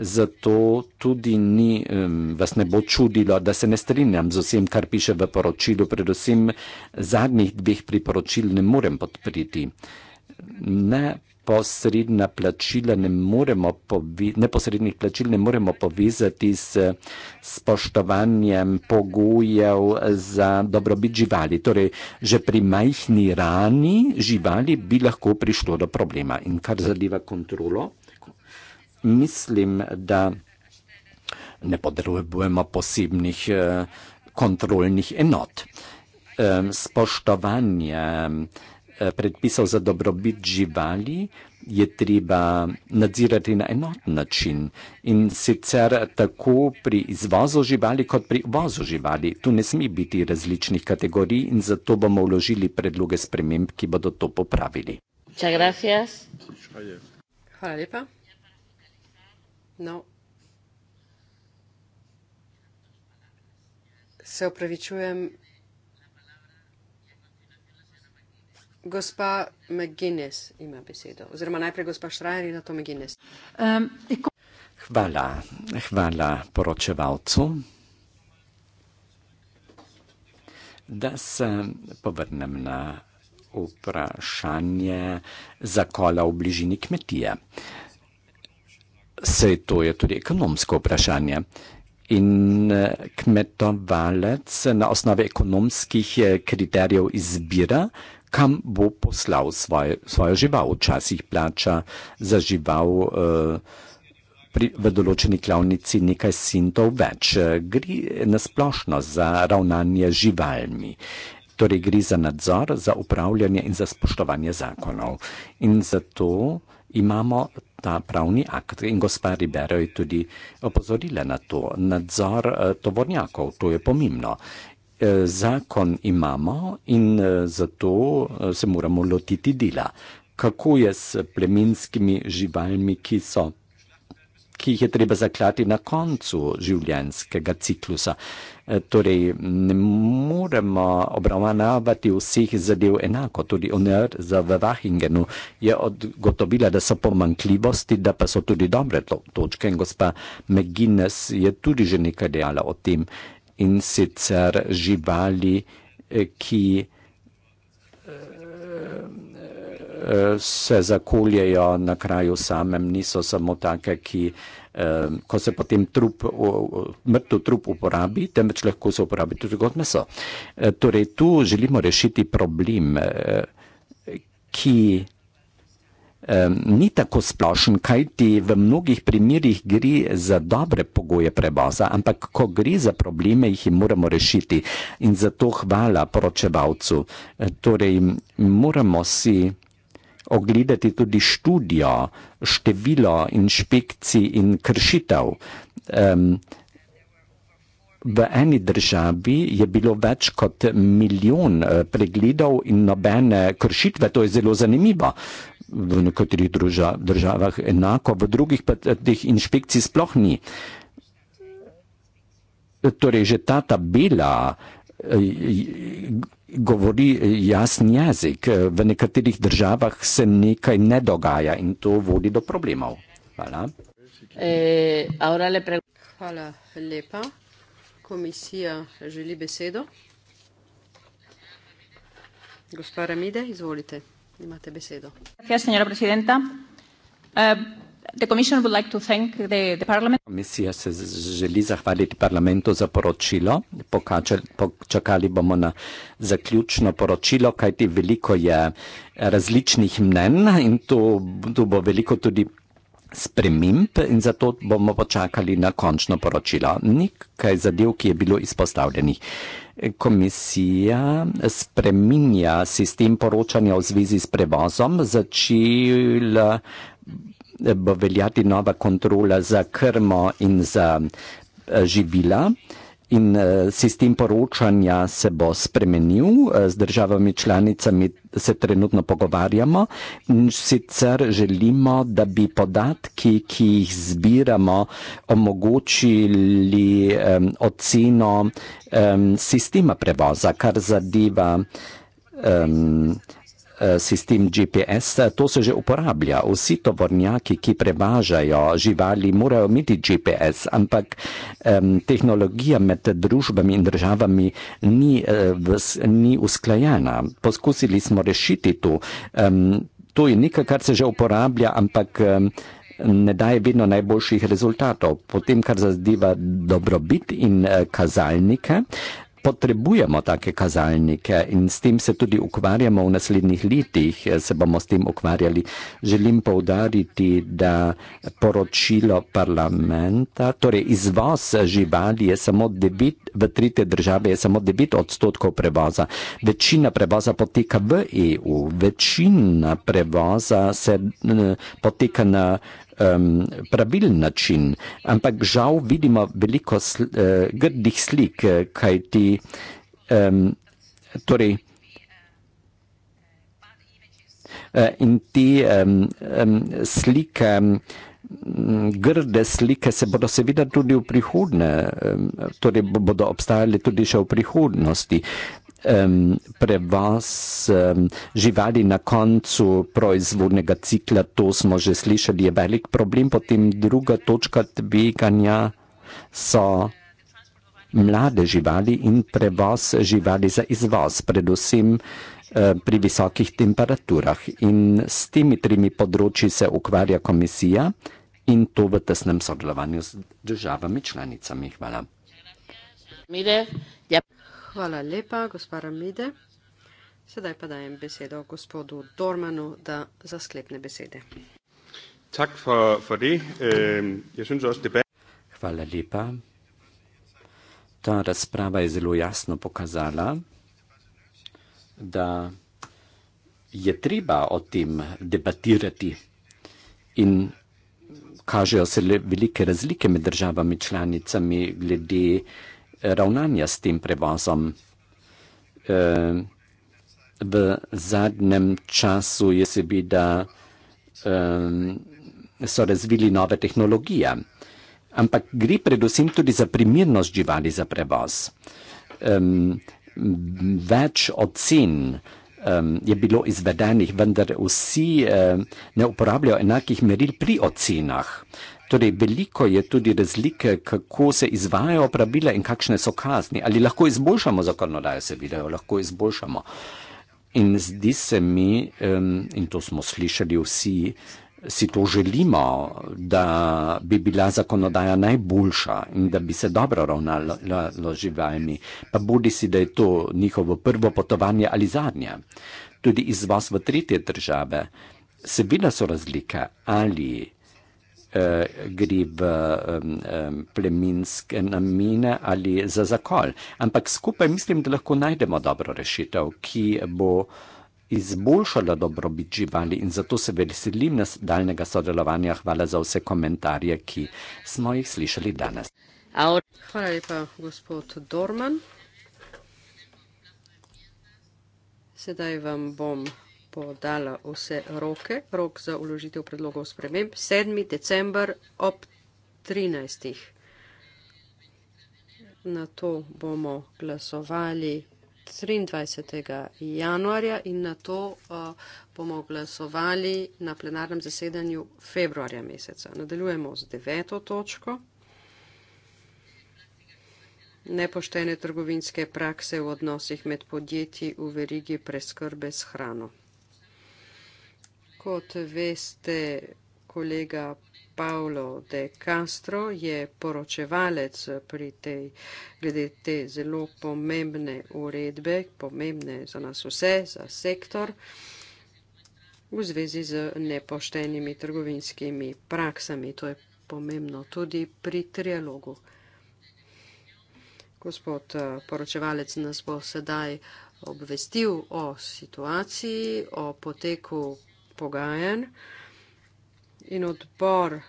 Zato tudi ni, um, vas ne bo čudilo, da se ne strinjam z vsem, kar piše v poročilu. Predvsem zadnjih dveh priporočil ne morem podpriti. Ne neposredna plačila ne moremo, povi, neposrednih plačil ne moremo povezati s spoštovanjem pogojev za dobrobit živali. Torej, že pri majhni rani živali bi lahko prišlo do problema. In kar zadeva kontrolo, mislim, da ne potrebujemo posebnih eh, kontrolnih enot. Eh, spoštovanje Eh, predpisov za dobrobit živali je treba nadzirati na enoten način in sicer tako pri izvozu živali kot pri uvozu živali. Tu ne smi biti različnih kategorij in zato bomo vložili predloge sprememb, ki bodo to popravili. Hvala lepa. No. Se opravičujem, Gospa McGuinness ima besedo, oziroma najprej gospa Šrajer in nato McGuinness. Um, hvala, hvala poročevalcu. Da se povrnem na vprašanje zakola v bližini kmetije. Se to je tudi ekonomsko vprašanje. In e, kmetovalec na osnovi ekonomskih e, kriterijev izbira, kam bo poslal svoje, svojo žival. Včasih plača za žival eh, pri, v določeni klavnici nekaj sintov več. Gre nasplošno za ravnanje živalmi. Torej gre za nadzor, za upravljanje in za spoštovanje zakonov. In zato imamo ta pravni akt in gospa Ribero je tudi opozorila na to. Nadzor eh, tovornjakov, to je pomembno. Eh, zakon imamo in eh, zato eh, se moramo lotiti dela. Kako je s plemenskimi živalmi, ki, so, ki jih je treba zaklati na koncu življenjskega ciklusa? Torej, ne moremo obravnavati vseh zadev enako. Tudi UNR za Vahingenu je odgotovila, da so pomankljivosti, da pa so tudi dobre točke. In gospa McGuinness je tudi že nekaj dejala o tem. Uh, in sicer živali, eh, ki eh, eh, se zakoljejo na kraju samem, niso samo take, ki, ko se potem trup, mrtv trup uporabi, temveč lahko se uporabi tudi kot meso. Torej, tu želimo rešiti problem, ki ni tako splošen, kajti v mnogih primerjih gre za dobre pogoje prevoza, ampak ko gre za probleme, jih moramo rešiti. In zato hvala poročevalcu. E, torej, moramo si ogledati tudi študijo, število inšpekcij in kršitev. Um, v eni državi je bilo več kot milijon e, pregledov in nobene kršitve, to je zelo zanimivo. Uh, v nekaterih druža, državah enako, v drugih pa teh inšpekcij sploh ni. Torej, že ta tabela eh, govori jasen jezik, v nekaterih državah se nekaj ne dogaja in to vodi do problemov. Hvala. Eh, Hvala lepa. Komisija želi besedo. Gospa Ramide, izvolite. Imate besedo. Gracias, señora presidenta. Uh, The Commission would like to thank the, the Parliament. Komisija se želi zahvaliti parlamentu za poročilo. Počakali bomo na zaključno poročilo, kajti veliko je različnih mnen in tu, tu bo veliko tudi sprememb in zato bomo počakali na končno poročilo. Nekaj zadev, ki je bilo izpostavljenih. Komisija spreminja sistem poročanja v zvezi s prevozom, začela bo veljati nova kontrola za krmo in za eh, živila in eh, sistem poročanja se bo spremenil, eh, z državami članicami se trenutno pogovarjamo in sicer želimo, da bi podatki, ki jih zbiramo, omogočili um, oceno um, sistema prevoza, kar zadeva um, Eh, sistem GPS, eh, to se že uporablja. Vsi tovornjaki, ki prevažajo živali, morajo imeti GPS, ampak um, tehnologija med družbami in državami ni, uh, eh, vs, ni usklajena. Poskusili smo rešiti to. Um, to je nekaj, kar se že uporablja, ampak. Um, ne daje vedno najboljših rezultatov. Potem, kar zazdiva dobrobit in kazalnike, potrebujemo take kazalnike in s tem se tudi ukvarjamo v naslednjih letih, eh, se bomo s tem ukvarjali. Želim povdariti, da poročilo parlamenta, torej izvoz živali je samo devet, v trite države je samo devet odstotkov prevoza. Večina prevoza poteka v EU, večina prevoza se eh, poteka na uh, um, pravilen način, ampak žal vidimo veliko sl, uh, grdih slik, eh, kaj ti. Um, ehm, torej, uh, in ti um, um, slike. Ehm, grde slike se bodo seveda tudi v prihodnje, torej bodo obstajale tudi še v prihodnosti um, prevoz um, živali na koncu proizvodnega cikla, to smo že slišali, je velik problem. Potem druga točka tveganja so mlade živali in prevoz živali za izvoz, predvsem eh, pri visokih temperaturah. In s temi trimi področji se ukvarja komisija in to v tesnem sodelovanju z državami članicami. Hvala. Mire, ja. Hvala lepa, gospa Ramide. Sedaj pa dajem besedo gospodu Dormanu, da za sklepne besede. Tak for, for det. Uh, jeg synes også, debat... Hvala lepa. Ta razprava je zelo jasno pokazala, da je treba o tem debatirati in kažejo se le, velike razlike med državami članicami glede uh, ravnanja s tem prevozom. Eh, v zadnjem času je seveda eh, so razvili nove tehnologije, ampak gre predvsem tudi za primernost živali za prevoz. Več ocen je bilo izvedenih, vendar vsi eh, ne uporabljajo enakih meril pri ocenah. Torej, veliko je tudi razlike, kako se izvajajo pravila in kakšne so kazni. Ali lahko izboljšamo zakonodajo, seveda jo lahko izboljšamo. In zdi se mi, in to smo slišali vsi, si to želimo, da bi bila zakonodaja najboljša in da bi se dobro ravnala z živalmi, pa bodi si, da je to njihovo prvo potovanje ali zadnje. Tudi izvoz v tretje države. Seveda so razlike ali eh, gre v eh, pleminske namene ali za zakol. Ampak skupaj mislim, da lahko najdemo dobro rešitev, ki bo izboljšala dobrobit živali in zato se veselim nas daljnega sodelovanja. Hvala za vse komentarje, ki smo jih slišali danes. Hvala lepa, gospod Dorman. Sedaj vam bom podala vse roke, rok za uložitev predlogov sprememb, 7. december ob 13. Na to bomo glasovali 23. januarja in na to uh, bomo glasovali na plenarnem zasedanju februarja meseca. Nadaljujemo z deveto točko. Nepoštene trgovinske prakse v odnosih med podjetji v verigi preskrbe s hrano kot veste, kolega Paolo de Castro je poročevalec pri tej, glede te zelo pomembne uredbe, pomembne za nas vse, za sektor, v zvezi z nepoštenimi trgovinskimi praksami. To je pomembno tudi pri trialogu. Gospod poročevalec nas bo sedaj obvestil o situaciji, o poteku pogajanj in odpor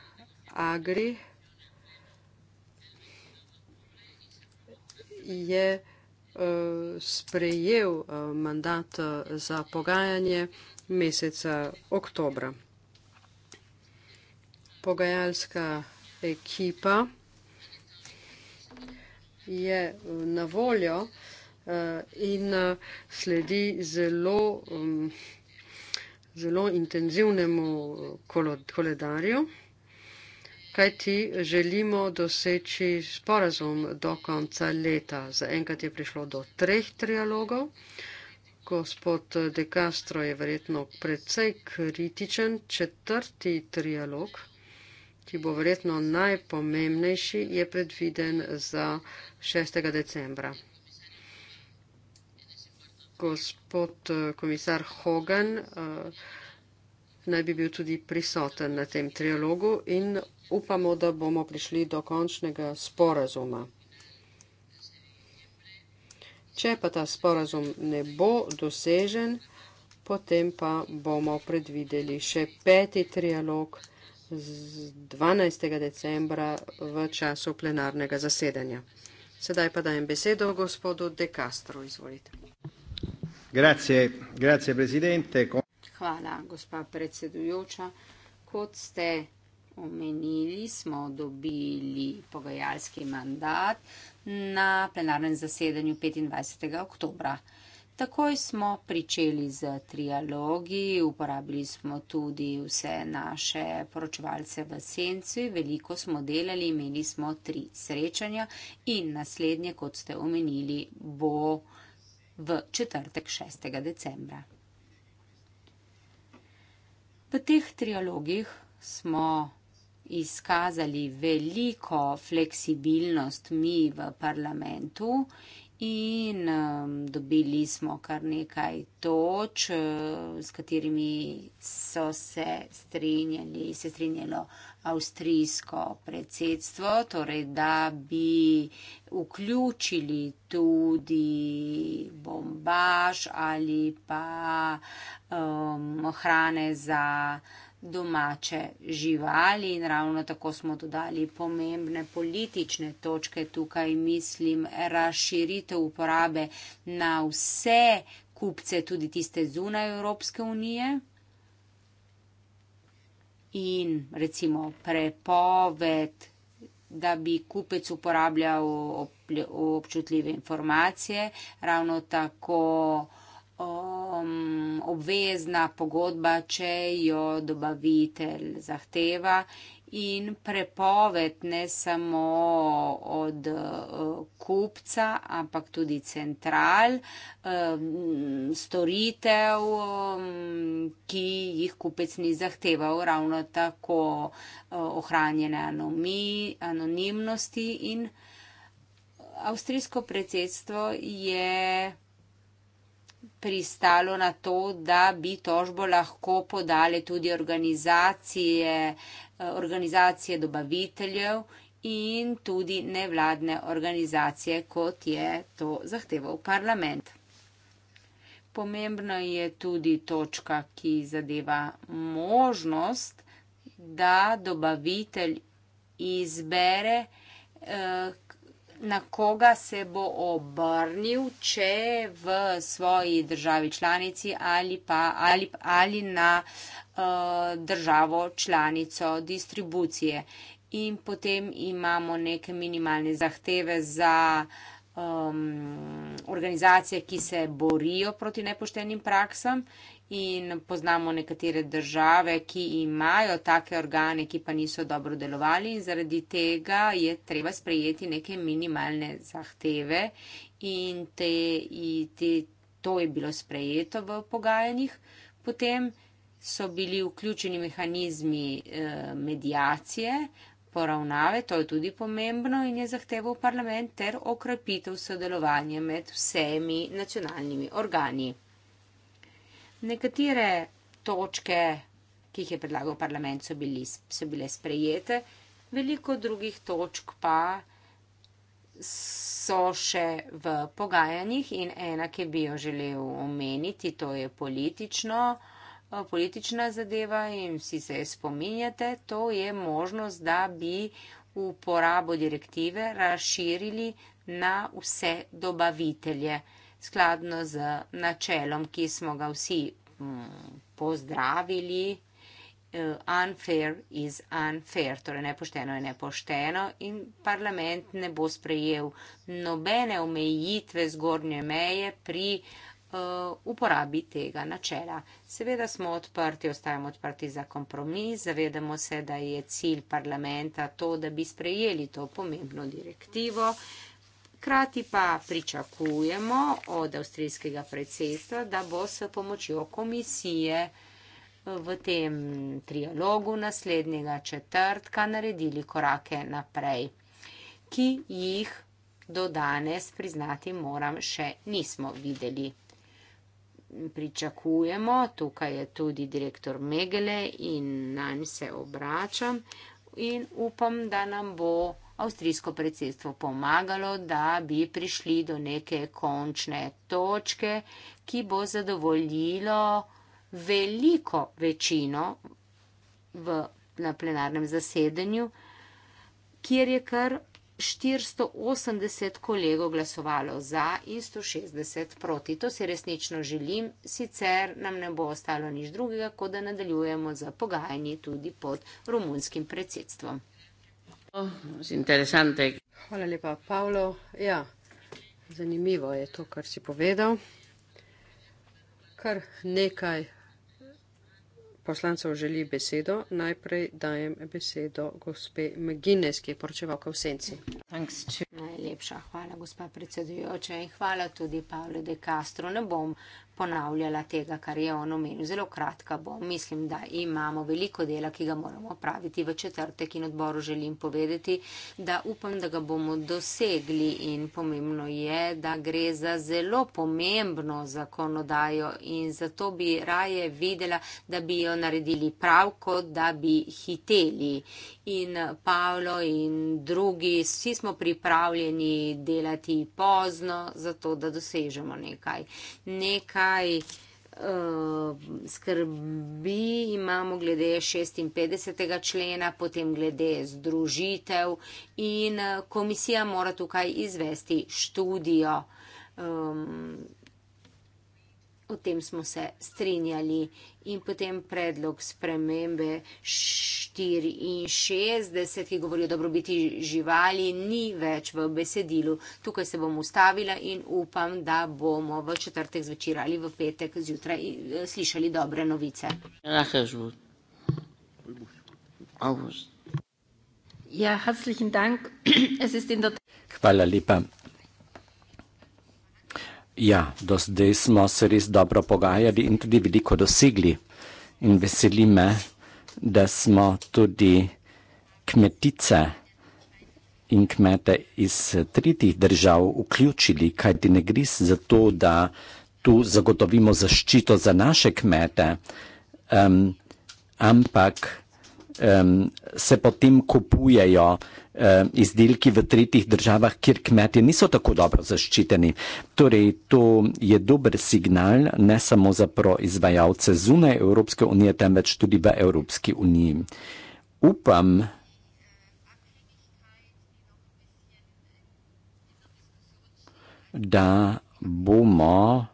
Agri je eh, sprejel eh, mandat eh, za pogajanje meseca oktobra. Pogajalska ekipa je na voljo in sledi zelo vsega, mm, zelo intenzivnemu koledarju, kaj ti želimo doseči sporazum do konca leta. Zaenkrat je prišlo do treh trialogov. Gospod De Castro je verjetno precej kritičen. Četrti trialog, ki bo verjetno najpomembnejši, je predviden za 6. decembra gospod eh, komisar Hogan eh, naj bi bil tudi prisoten na tem trialogu in upamo, da bomo prišli do končnega sporazuma. Če pa ta sporazum ne bo dosežen, potem pa bomo predvideli še peti trialog z 12. decembra v času plenarnega zasedanja. Sedaj pa dajem besedo gospodu De Castro. Izvolite. Hvala, gospa predsedujoča. Kot ste omenili, smo dobili pogajalski mandat na plenarnem zasedanju 25. oktobra. Takoj smo pričeli z trialogi, uporabili smo tudi vse naše poročevalce v senci, veliko smo delali, imeli smo tri srečanja in naslednje, kot ste omenili, bo v četrtek 6. decembra. V teh trialogih smo izkazali veliko fleksibilnost mi v parlamentu In um, dobili smo kar nekaj toč, uh, s katerimi so se strinjali, se strinjalo avstrijsko predsedstvo, torej da bi vključili tudi bombaž ali pa um, hrane za domače živali in ravno tako smo dodali pomembne politične točke. Tukaj mislim razširitev uporabe na vse kupce, tudi tiste zunaj Evropske unije. In recimo prepoved, da bi kupec uporabljal občutljive informacije, ravno tako um, obvezna pogodba, če jo dobavitelj zahteva in prepoved ne samo od uh, kupca, ampak tudi central um, storitev, um, ki jih kupec ni zahteval, ravno tako uh, ohranjene anomi, anonimnosti in uh, Avstrijsko predsedstvo je pristalo na to, da bi tožbo lahko podale tudi organizacije, eh, organizacije dobaviteljev in tudi nevladne organizacije, kot je to zahteval parlament. Pomembna je tudi točka, ki zadeva možnost, da dobavitelj izbere, eh, na koga se bo obrnil, če v svoji državi članici ali pa ali, ali na uh, državo članico distribucije. In potem imamo neke minimalne zahteve za um, organizacije, ki se borijo proti nepoštenim praksam in poznamo nekatere države, ki imajo take organe, ki pa niso dobro delovali in zaradi tega je treba sprejeti neke minimalne zahteve in te, te, to je bilo sprejeto v pogajanjih. Potem so bili vključeni mehanizmi eh, medijacije, poravnave, to je tudi pomembno in je zahteval parlament ter okrepitev sodelovanja med vsemi nacionalnimi organi. Nekatere točke, ki jih je predlagal parlament, so, bili, so bile sprejete, veliko drugih točk pa so še v pogajanjih in ena, ki bi jo želel omeniti, to je politično, eh, politična zadeva in vsi se je spominjate, to je možnost, da bi uporabo direktive razširili na vse dobavitelje skladno z načelom, ki smo ga vsi mm, pozdravili. Eh, unfair is unfair, torej nepošteno je nepošteno in parlament ne bo sprejel nobene omejitve zgornje meje pri eh, uporabi tega načela. Seveda smo odprti, ostajamo odprti za kompromis, zavedamo se, da je cilj parlamenta to, da bi sprejeli to pomembno direktivo hkrati pa pričakujemo od avstrijskega predsedstva, da bo s pomočjo komisije v tem trialogu naslednjega četrtka naredili korake naprej, ki jih do danes, priznati moram, še nismo videli. Pričakujemo, tukaj je tudi direktor Megele in na njim se obračam in upam, da nam bo avstrijsko predsedstvo pomagalo, da bi prišli do neke končne točke, ki bo zadovoljilo veliko večino v, na plenarnem zasedanju, kjer je kar 480 kolegov glasovalo za in 160 proti. To si resnično želim, sicer nam ne bo ostalo nič drugega, kot da nadaljujemo za pogajanje tudi pod rumunskim predsedstvom. Oh, interesante. Hvala lepa, Pavlo. Ja, zanimivo je to, kar si povedal. Kar nekaj poslancev želi besedo. Najprej dajem besedo gospe Mginez, ki je poročevalka v Senci. Najlepša hvala, gospa predsedujoča, in hvala tudi Pavlu de Castro. Ne bom ponavljala tega, kar je on omenil. Zelo kratka bom. Mislim, da imamo veliko dela, ki ga moramo praviti v četrtek in odboru želim povedati, da upam, da ga bomo dosegli in pomembno je, da gre za zelo pomembno zakonodajo in zato bi raje videla, da bi jo naredili prav, kot da bi hiteli in eh, Pavlo in drugi, vsi smo pripravljeni delati pozno, zato da dosežemo nekaj. Nekaj uh, skrbi imamo glede 56. člena, potem glede združitev in eh, komisija mora tukaj izvesti študijo. Um, O tem smo se strinjali in potem predlog spremembe 64, ki govori o dobrobiti živali, ni več v besedilu. Tukaj se bom ustavila in upam, da bomo v četrtek zvečer ali v petek zjutraj eh, slišali dobre novice. Ja, Hvala lepa. Ja, do zdaj smo se res dobro pogajali in tudi veliko dosegli. In veseli me, da smo tudi kmetice in kmete iz tretjih držav vključili, kajti ne gre za to, da tu zagotovimo zaščito za naše kmete, um, ampak um, se potem kupujejo um, izdelki v tretjih državah, kjer kmetje niso tako dobro zaščiteni. Torej, to je dober signal ne samo za proizvajalce zunaj Evropske unije, temveč tudi v Evropski uniji. Upam, da bomo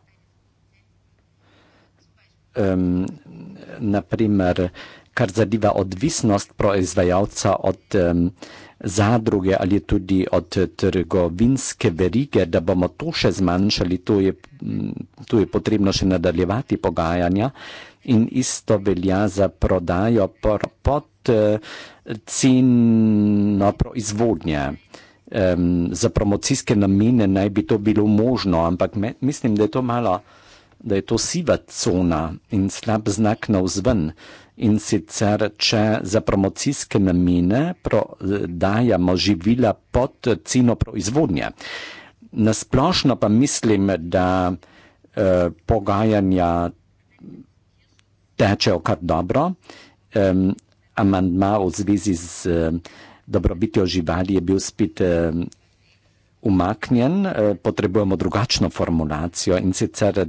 um, naprimer kar zadeva odvisnost proizvajalca od um, zadruge ali tudi od eh, trgovinske verige, da bomo to še zmanjšali, tu je, mm, tu je potrebno še nadaljevati pogajanja in isto velja za prodajo por, pod uh, ceno proizvodnje. Um, za promocijske namene naj bi to bilo možno, ampak me, mislim, da je to malo da je to siva cona in slab znak na vzven. In sicer, če za promocijske namene prodajamo živila pod ceno proizvodnje. Nasplošno pa mislim, da eh, pogajanja tečejo kar dobro. Eh, amandma v zvezi z eh, dobrobitjo živali je bil spet eh, umaknjen, eh, potrebujemo drugačno formulacijo in sicer.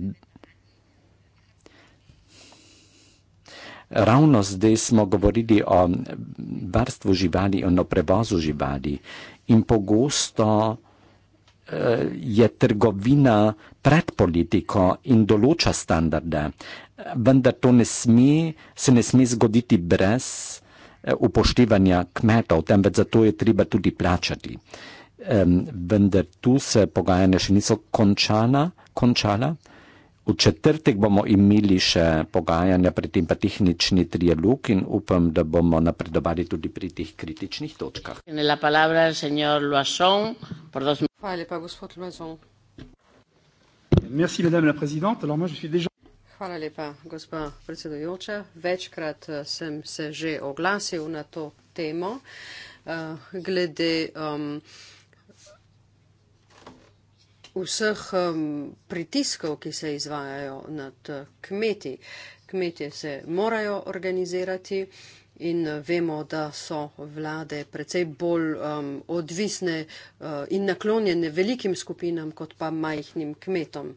Ravno zdaj smo govorili o varstvu živali in o prevozu živali in pogosto eh, je trgovina pred politiko in določa standarde, vendar to ne sme, se ne sme zgoditi brez eh, upoštevanja kmetov, temveč zato je treba tudi plačati. Vendar tu se pogajanja še niso končana, končala. končala. V četrtek bomo imeli še pogajanja, predtem pa tehnični trialog in upam, da bomo napredovali tudi pri teh kritičnih točkah. Hvala lepa, gospod Loison. Hvala lepa, gospa predsedujoča. Večkrat eh, sem se že oglasil na to temo. Uh, glede. Um, vseh um, pritiskov, ki se izvajajo nad eh, kmeti. Kmetje se morajo organizirati in eh, vemo, da so vlade precej bolj um, odvisne uh, in naklonjene velikim skupinam kot pa majhnim kmetom.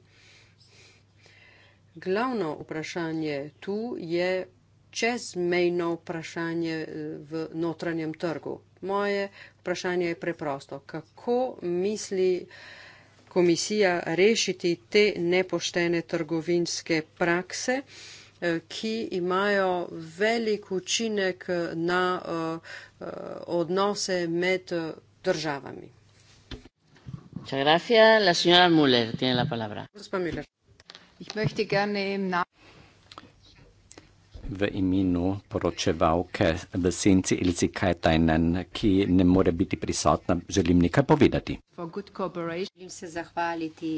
Glavno vprašanje tu je čezmejno vprašanje v notranjem trgu. Moje vprašanje je preprosto. Kako misli komisija rešiti te nepoštene trgovinske prakse, eh, ki imajo velik učinek na eh, eh, odnose med državami. Gracias, la señora Müller tiene la palabra. Ich möchte gerne im Namen v imenu poročevalke v senci Ilzi Kajtajnen, ki ne more biti prisotna, želim nekaj povedati. Želim se zahvaliti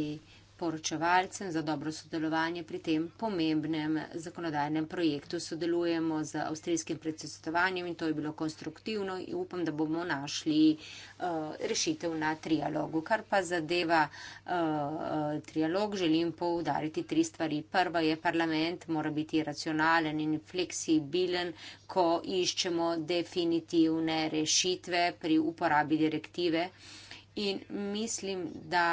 poročevalcem za dobro sodelovanje pri tem pomembnem zakonodajnem projektu. Sodelujemo z avstrijskim predsedstvovanjem in to je bilo konstruktivno in upam, da bomo našli uh, rešitev na trialogu. Kar pa zadeva uh, trialog, želim poudariti tri stvari. Prva je, parlament mora biti racionalen in fleksibilen, ko iščemo definitivne rešitve pri uporabi direktive. In mislim, da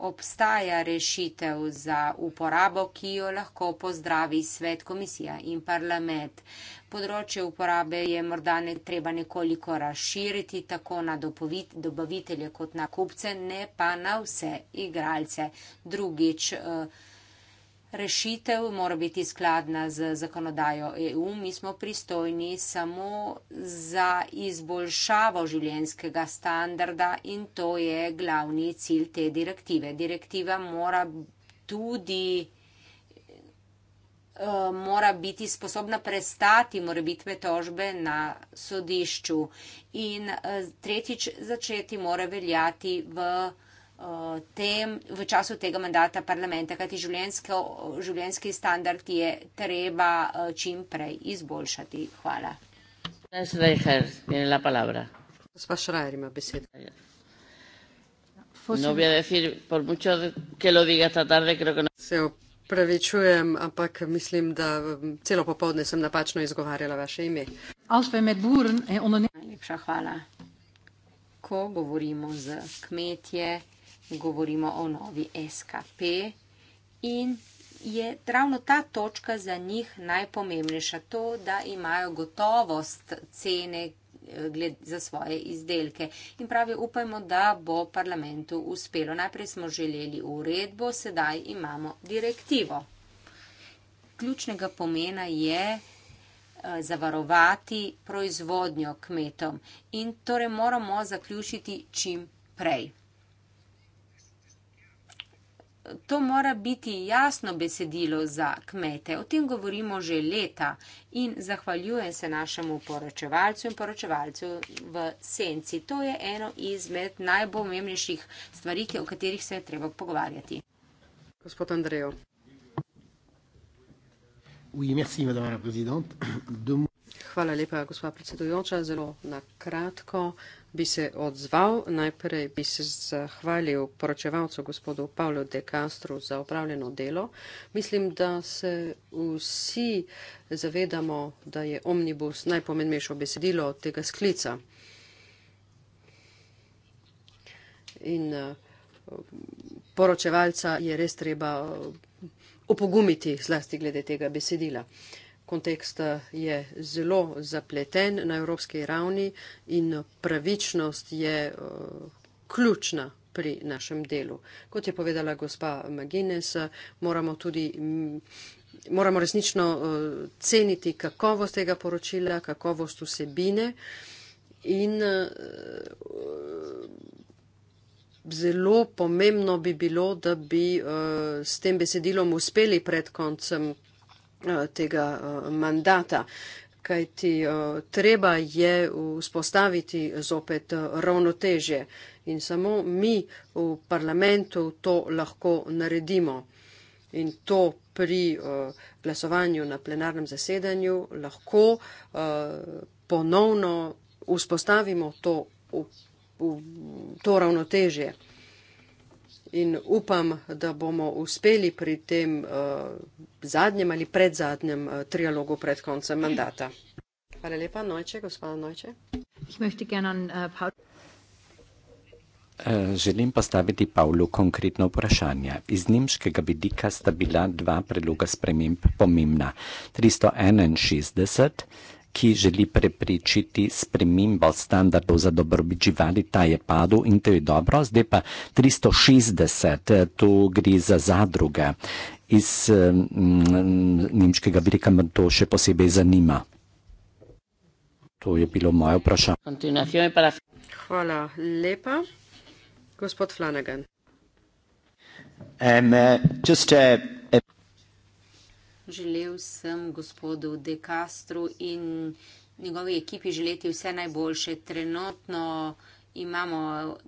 obstaja rešitev za uporabo, ki jo lahko pozdravi svet komisija in parlament. Področje uporabe je morda ne treba nekoliko razširiti tako na dobavitelje kot na kupce, ne pa na vse igralce. Drugič, uh, rešitev mora biti skladna z zakonodajo EU. Mi smo pristojni samo za izboljšavo življenskega standarda in to je glavni cilj te direktive. Direktiva mora tudi eh, mora biti sposobna prestati morebitne tožbe na sodišču. In eh, tretjič, začeti mora veljati v tem, v času tega mandata parlamenta, kajti življenjski standard je treba eh, čim prej izboljšati. Hvala. Gospa Šrajer ima besedo. No voy a decir, por mucho que lo diga esta tarde, creo que no. Se opravičujem, ampak mislim, da mm, celo popovdne sem napačno izgovarjala vaše ime. Najlepša hvala. Ko govorimo z kmetje, govorimo o novi SKP in je ravno ta točka za njih najpomembnejša, to, da imajo gotovost cene eh, gled, za svoje izdelke. In pravi, upajmo, da bo parlamentu uspelo. Najprej smo želeli uredbo, sedaj imamo direktivo. Ključnega pomena je eh, zavarovati proizvodnjo kmetom in torej moramo zaključiti čim prej. To mora biti jasno besedilo za kmete. O tem govorimo že leta in zahvaljujem se našemu poročevalcu in poročevalcu v senci. To je eno izmed najpomembnejših stvari, o katerih se je treba pogovarjati. Gospod Andrejo. Hvala lepa, gospod predsedujoča. Zelo na kratko bi se odzval, najprej bi se zahvalil poročevalcu gospodu Pavlu de Castro za opravljeno delo. Mislim, da se vsi zavedamo, da je omnibus najpomembnejše besedilo tega sklica. In eh, poročevalca je res treba eh, opogumiti zlasti glede tega besedila kontekst eh, je zelo zapleten na evropski ravni in pravičnost je eh, ključna pri našem delu. Kot je povedala gospa Magines, eh, moramo tudi. Mm, moramo resnično ceniti kakovost tega poročila, kakovost vsebine in zelo pomembno bi bilo, da bi s tem besedilom uspeli pred koncem Eh, tega eh, mandata. Kaj ti eh, treba je vzpostaviti zopet ravnotežje in samo mi v parlamentu to lahko naredimo. In to pri glasovanju na plenarnem zasedanju lahko ponovno vzpostavimo to, to ravnotežje in upam, da bomo uspeli pri tem uh, zadnjem ali predzadnjem uh, trialogu pred koncem mandata. Hvala lepa, Nojče, gospod Nojče. Äh, eh, želim postaviti Pavlu konkretno vprašanje. Iz nemškega vidika sta bila dva predloga sprememb pomembna. 361 ki želi prepričiti spremembo standardov za dobrobit živali, ta je padel in to je dobro. Zdaj pa 360, tu gre za zadruge iz nemškega vidika, me to še posebej zanima. To je bilo moje vprašanje. Hvala lepa. Gospod Flanagan. Um, uh, just, uh, uh, Želel sem gospodu De Castro in njegovi ekipi želeti vse najboljše. Trenutno imamo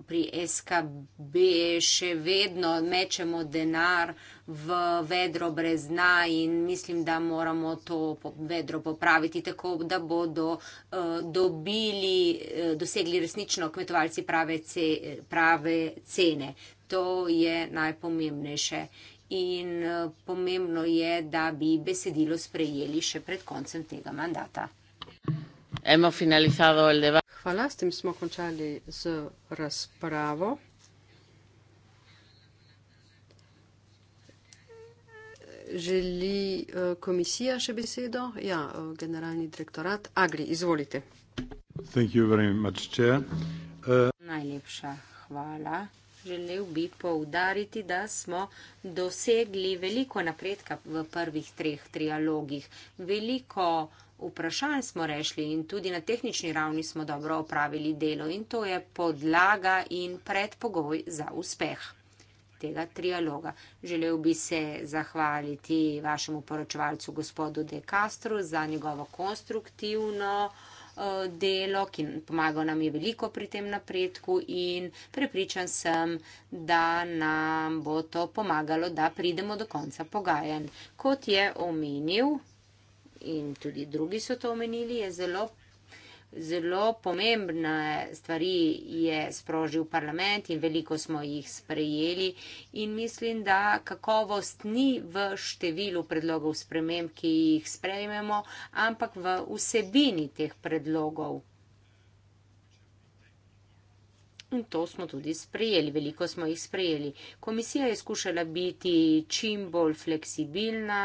pri SKB še vedno mečemo denar v vedro brez dna in mislim, da moramo to vedro popraviti tako, da bodo eh, dobili, eh, dosegli resnično kmetovalci prave, ce, prave cene. To je najpomembnejše in eh, pomembno je, da bi besedilo sprejeli še pred koncem tega mandata. Hvala, s tem smo končali z razpravo. Želi eh, komisija še besedo? Ja, eh, generalni direktorat Agri, izvolite. Najlepša hvala. Želel bi poudariti, da smo dosegli veliko napredka v prvih treh trialogih. Veliko vprašanj smo rešili in tudi na tehnični ravni smo dobro opravili delo in to je podlaga in predpogoj za uspeh tega trialoga. Želel bi se zahvaliti vašemu poročevalcu gospodu De Castro za njegovo konstruktivno. Eh, delo, ki pomaga nam je veliko pri tem napredku in prepričan sem, da nam bo to pomagalo, da pridemo do konca pogajanj. Kot je omenil in tudi drugi so to omenili, je zelo zelo pomembne stvari je sprožil parlament in veliko smo jih sprejeli in mislim, da kakovost ni v številu predlogov sprememb, ki jih sprejmemo, ampak v vsebini teh predlogov. In to smo tudi sprejeli, veliko smo jih sprejeli. Komisija je skušala biti čim bolj fleksibilna.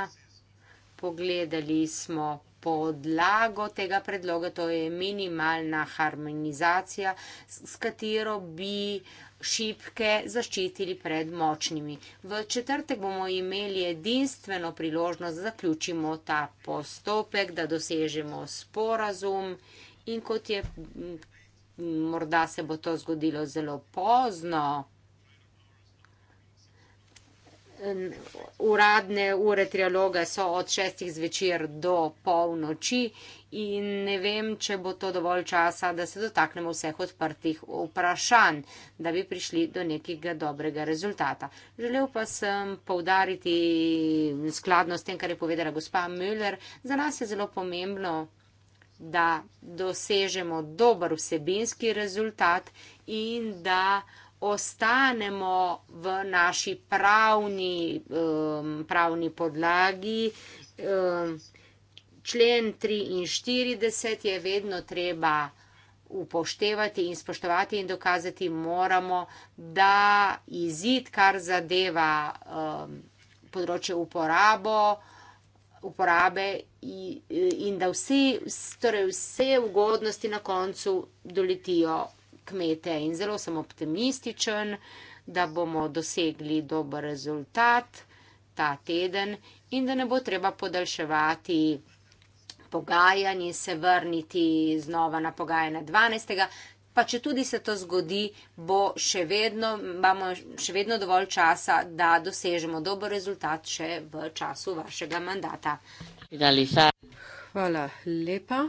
Pogledali smo podlago tega predloga, to je minimalna harmonizacija, s katero bi šipke zaščitili pred močnimi. V četrtek bomo imeli edinstveno priložnost, zaključimo ta postopek, da dosežemo sporazum in kot je, morda se bo to zgodilo zelo pozno, uradne ure trialoga so od šestih zvečer do polnoči in ne vem, če bo to dovolj časa, da se dotaknemo vseh odprtih vprašanj, da bi prišli do nekega dobrega rezultata. Želel pa sem povdariti skladno s tem, kar je povedala gospa Müller, za nas je zelo pomembno, da dosežemo dober vsebinski rezultat in da ostanemo v naši pravni, um, pravni podlagi. Um, člen 43 je vedno treba upoštevati in spoštovati in dokazati moramo, da izid, kar zadeva um, področje uporabo, uporabe in, in da vsi, torej vse ugodnosti na koncu doletijo kmete in zelo sem optimističen, da bomo dosegli dober rezultat ta teden in da ne bo treba podaljševati pogajanj in se vrniti znova na pogajanja 12. Pa če tudi se to zgodi, bo še vedno, imamo še vedno dovolj časa, da dosežemo dober rezultat še v času vašega mandata. Hvala lepa.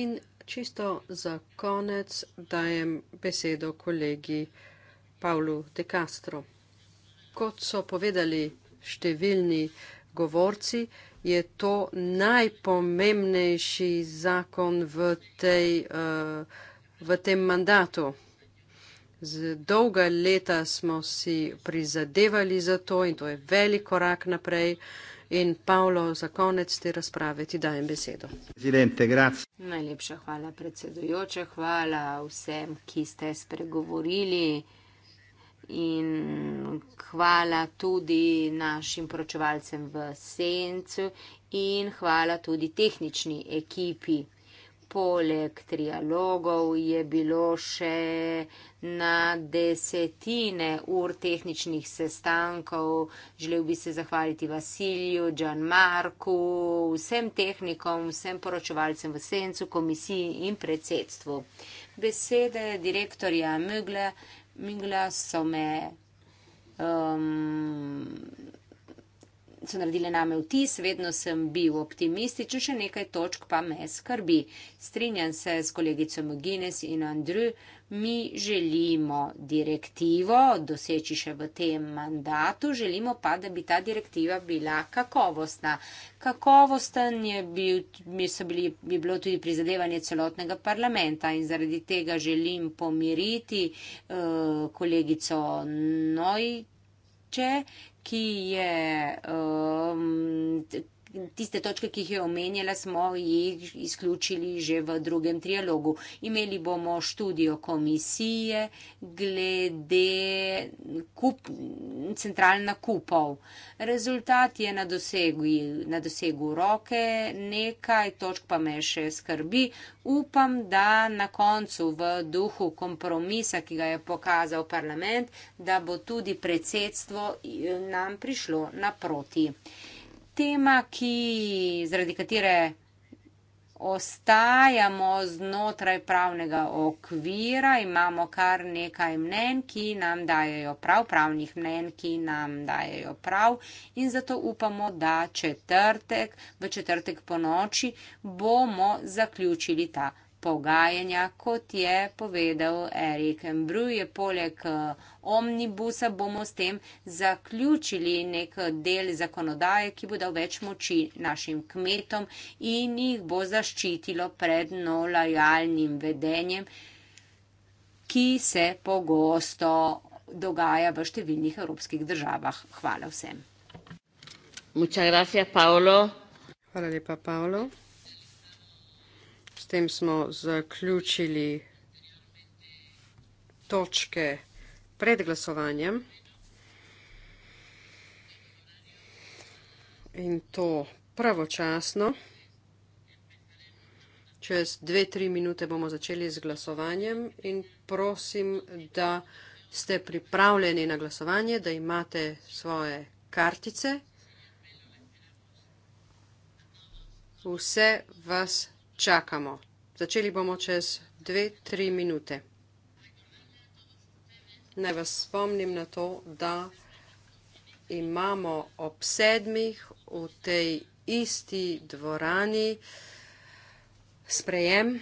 In čisto za konec dajem besedo kolegi Pavlu De Castro. Kot so povedali številni govorci, je to najpomembnejši zakon v, tej, eh, v tem mandatu. Z dolga leta smo si prizadevali za to in to je velik korak naprej. In Paolo, za konec te razprave ti dajem besedo. Najlepša hvala predsedujoče, hvala vsem, ki ste spregovorili. In hvala tudi našim pročevalcem v Sencu in hvala tudi tehnični ekipi. Poleg trialogov je bilo še na desetine ur tehničnih sestankov. Želel bi se zahvaliti Vasilju, Džan Marku, vsem tehnikom, vsem poročevalcem v Sencu, komisiji in predsedstvu. Besede direktorja Mugla so me. Um, so naredile name vtis, vedno sem bil optimističen, še nekaj točk pa me skrbi. Strinjam se s kolegico Mugines in Andrew, mi želimo direktivo doseči še v tem mandatu, želimo pa, da bi ta direktiva bila kakovostna. Kakovosten je, bil, so bili, je bilo tudi prizadevanje celotnega parlamenta in zaradi tega želim pomiriti uh, kolegico Noj ki je um, tiste točke, ki jih je omenjala, smo jih izključili že v drugem trialogu. Imeli bomo študijo komisije glede kup, centralna kupov. Rezultat je na dosegu, na dosegu roke, nekaj točk pa me še skrbi. Upam, da na koncu v duhu kompromisa, ki ga je pokazal parlament, da bo tudi predsedstvo eh, nam prišlo naproti tema, ki, zaradi katere ostajamo znotraj pravnega okvira, imamo kar nekaj mnen, ki nam dajo prav, pravnih mnen, ki nam dajo prav in zato upamo, da četrtek, v četrtek po noči bomo zaključili ta pogajanja, kot je povedal Erik Embru, je poleg eh, omnibusa bomo s tem zaključili nek del zakonodaje, ki bo dal več moči našim kmetom in jih bo zaščitilo pred nolajalnim vedenjem, ki se pogosto dogaja v številnih evropskih državah. Hvala vsem. Muchas gracias, Paolo. Hvala lepa, Paolo tem smo zaključili točke pred glasovanjem. In to pravočasno. Čez dve, tri minute bomo začeli z glasovanjem in prosim, da ste pripravljeni na glasovanje, da imate svoje kartice. Vse vas čakamo. Začeli bomo čez dve, tri minute. Naj vas spomnim na to, da imamo ob sedmih v tej isti dvorani sprejem,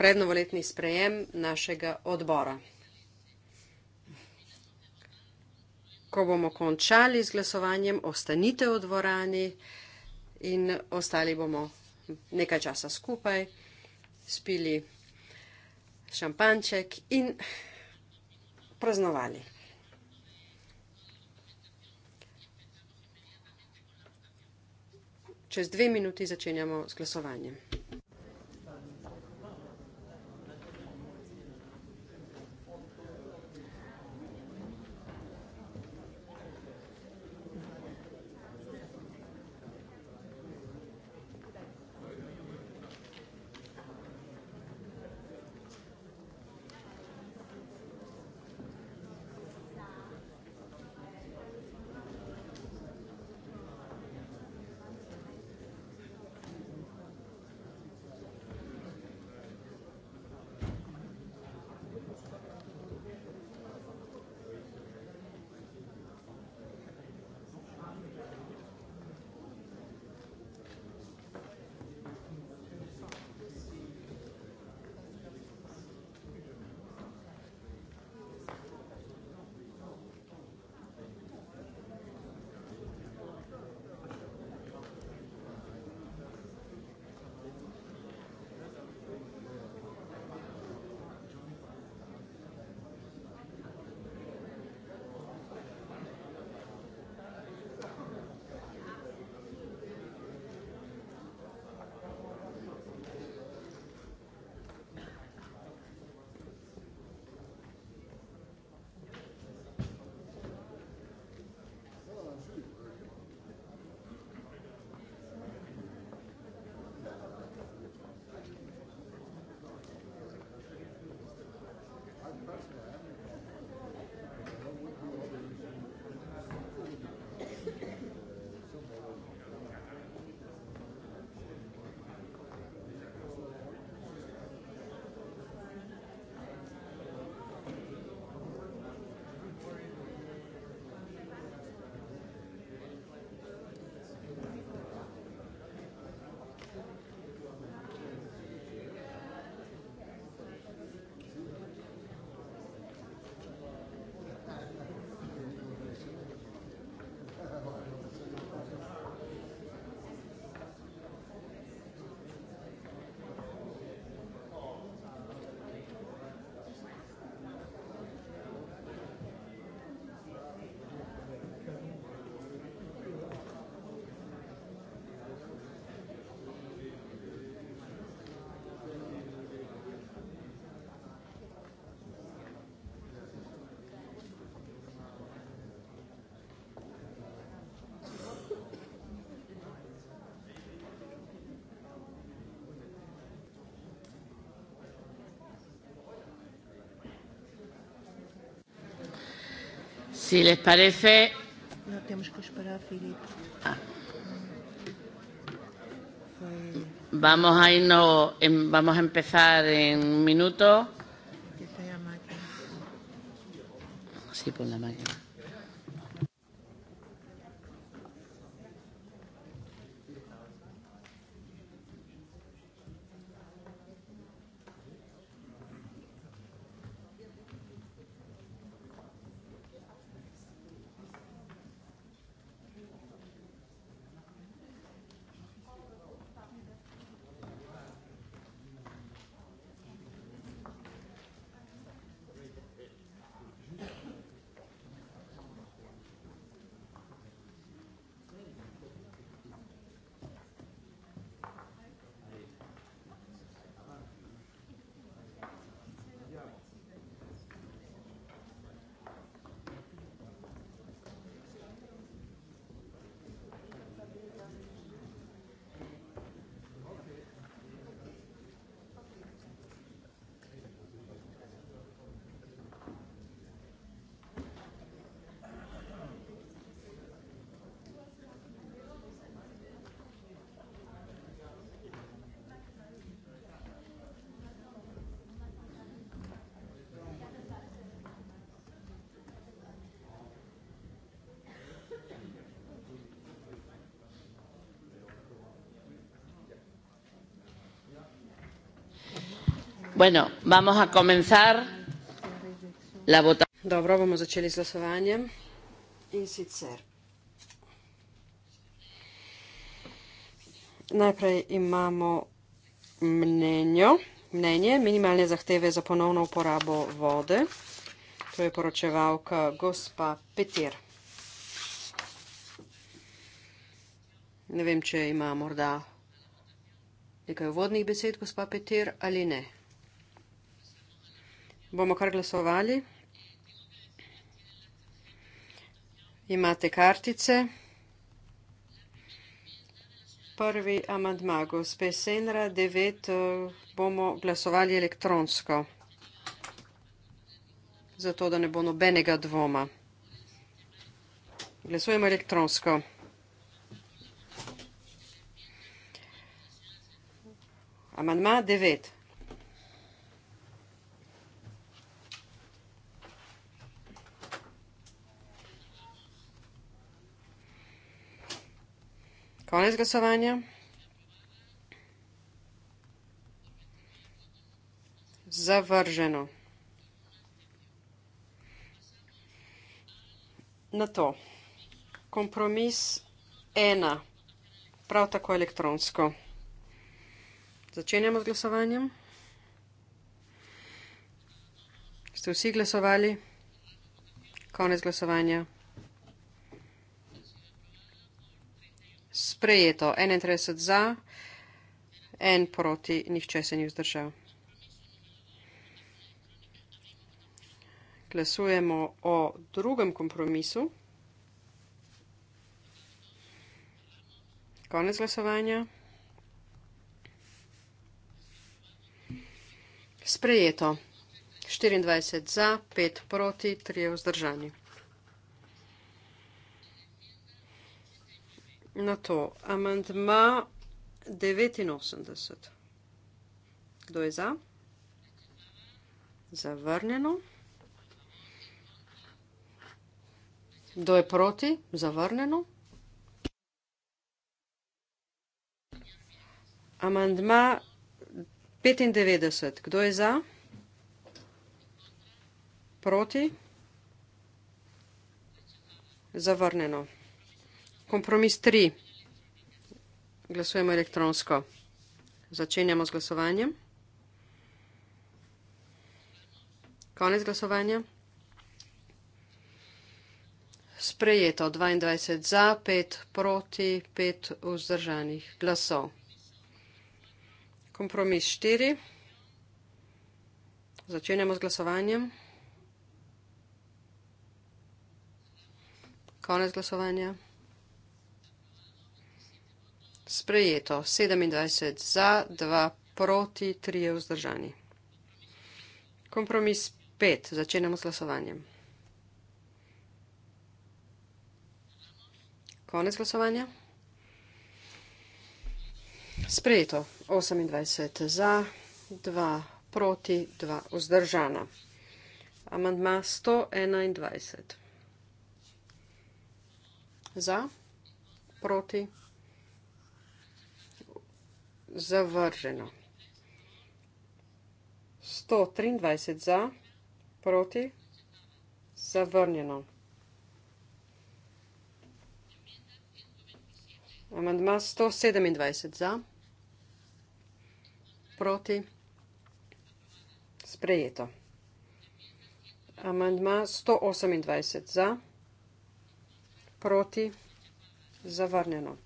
prednovoletni sprejem našega odbora. Ko bomo končali z glasovanjem, ostanite v dvorani in ostali bomo nekaj časa skupaj, spili šampanček in praznovali. Čez dve minuti začenjamo z glasovanjem. si les parece no tenemos que esperar a Filip ah. vamos a irnos en, vamos a empezar en un minuto Bueno, vamos a comenzar la votación. Dobro, bomo začeli z glasovanjem. In sicer. Najprej imamo mnenjo, mnenje minimalne zahteve za ponovno uporabo vode. To je poročevalka gospa Petir. Ne vem, če ima morda nekaj vodnih besed gospa Petir ali ne bomo kar glasovali. Imate kartice. Prvi amandma, gospe Senra, devet eh, bomo glasovali elektronsko, zato da ne bo nobenega dvoma. Glasujemo elektronsko. Amandma devet. Konec glasovanja. Zavrženo. Na to. Kompromis ena, prav tako elektronsko. Začenjamo z glasovanjem. Ste vsi glasovali? Konec glasovanja. sprejeto. 31 za, en proti, nihče se ni vzdržal. Glasujemo o drugem kompromisu. Konec glasovanja. Sprejeto. 24 za, 5 proti, 3 vzdržani. na to amantma 89. Kdo je za? Zavrnjeno. Kdo je proti? Zavrnjeno. Amantma 95. Kdo je za? Proti? Zavrnjeno kompromis 3. Glasujemo elektronsko. Začenjamo z glasovanjem. Konec glasovanja. Sprejeto 22 za, 5 proti, 5 vzdržanih glasov. Kompromis 4. Začenjamo z glasovanjem. Konec glasovanja sprejeto 27 za, 2 proti, 3 vzdržani. Kompromis 5. Začenjamo s glasovanjem. Konec glasovanja. Sprejeto 28 za, 2 proti, 2 vzdržana. Amandma 121. Za, proti, 2 zavrženo. 123 za, proti, zavrnjeno. Amandma 127 za, proti, sprejeto. Amandma 128 za, proti, zavrnjeno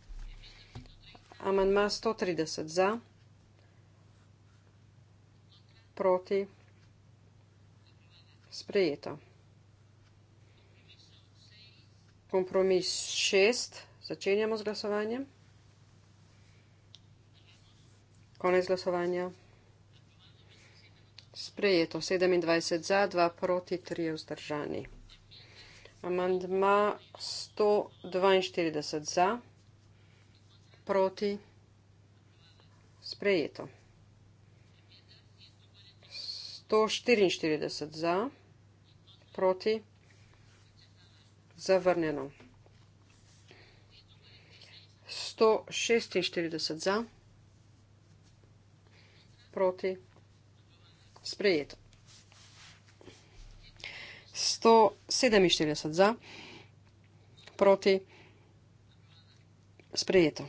amandma 130 za, proti, sprejeto. Kompromis 6, začenjamo z glasovanjem. Konec glasovanja. Sprejeto 27 za, 2 proti, 3 vzdržani. Amandma 142 za proti sprejeto. 144 za, proti zavrnjeno. 146 za, proti sprejeto. 147 za, proti sprejeto.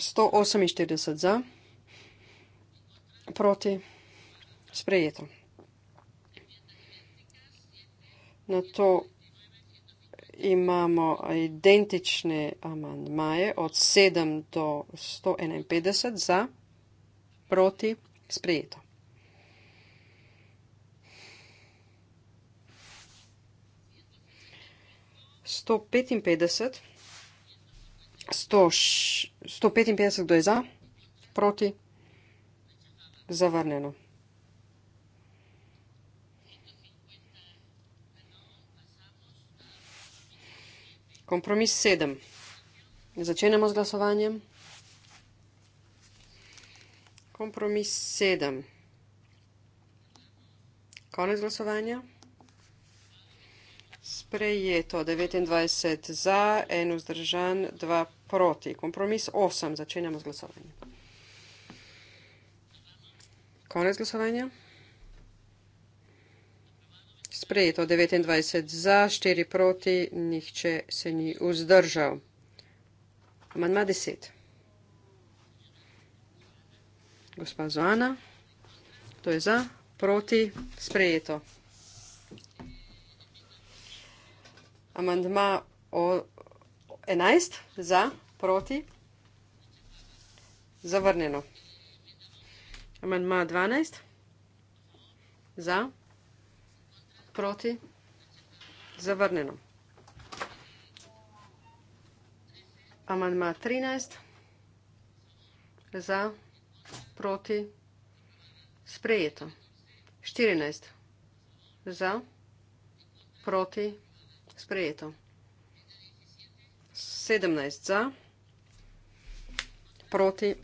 148 za, proti sprejeto. Na to imamo identične amandmaje od 7 do 151 za, proti sprejeto. Сто петим петдесет. 155 kdo je za, proti, zavrnjeno. Kompromis 7. Začenemo z glasovanjem. Kompromis 7. Konec glasovanja. Sprejeto 29 za, en vzdržan, 2 proti proti. Kompromis 8, začenjamo z glasovanjem. Konec glasovanja. Sprejeto 29 za, 4 proti, nihče se ni vzdržal. Amandma 10. Gospa Zoana, to je za, proti, sprejeto. Amandma o, 11 za, proti, zavrnjeno. Amandma 12 za, proti, zavrnjeno. Amandma 13 za, proti, sprejeto. 14 za, proti, sprejeto. 17 za, proti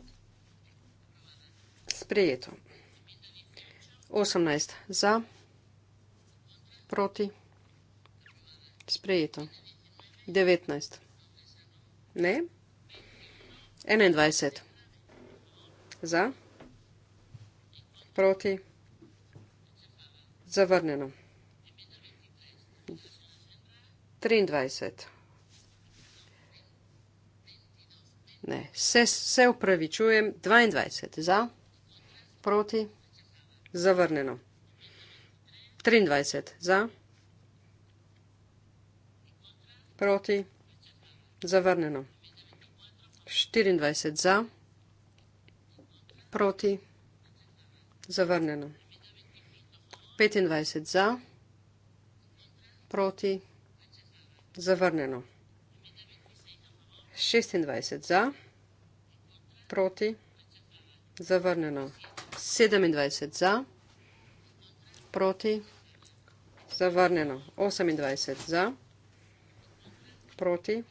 sprejeto. 18 za, proti sprejeto. 19 ne. 21 za, proti zavrnjeno. 23 za. Ne, se, se upravičujem, 22 za, proti, zavrnjeno. 23 za, proti, zavrnjeno. 24 za, proti, zavrnjeno. 25 za, proti, zavrnjeno. 25 za, proti, zavrnjeno. 26 za, proti, zavrnjeno. 27 za, proti, zavrnjeno. 28 za, proti,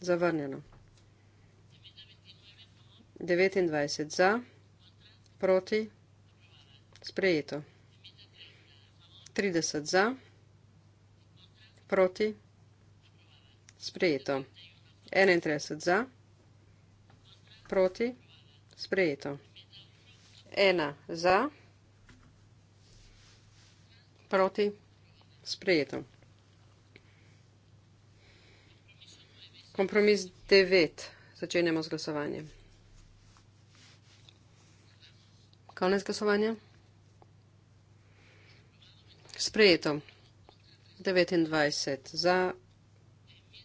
zavrnjeno. 29 za, proti, sprejeto. 30 za, proti, sprejeto. 31 za, proti, sprejeto. 1 za, proti, sprejeto. Kompromis 9. Začenjamo z glasovanjem. Konec glasovanja. Sprejeto. 29 za,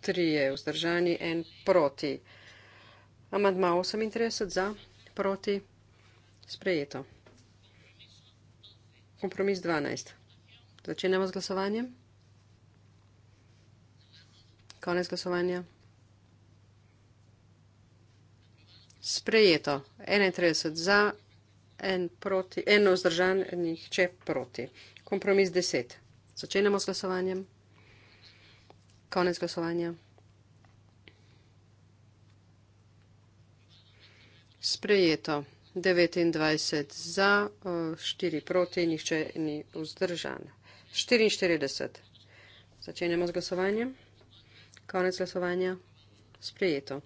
trije vzdržani, en proti. Amandma 38 za, proti, sprejeto. Kompromis 12. Začenjamo z glasovanjem. Konec glasovanja. Sprejeto. 31 za, en proti, en vzdržan, nihče proti. Kompromis 10. Začenjamo s glasovanjem konec glasovanja. Sprejeto 29 za, 4 proti, nihče ni vzdržan. 44. Začenjamo z glasovanjem. Konec glasovanja. Sprejeto.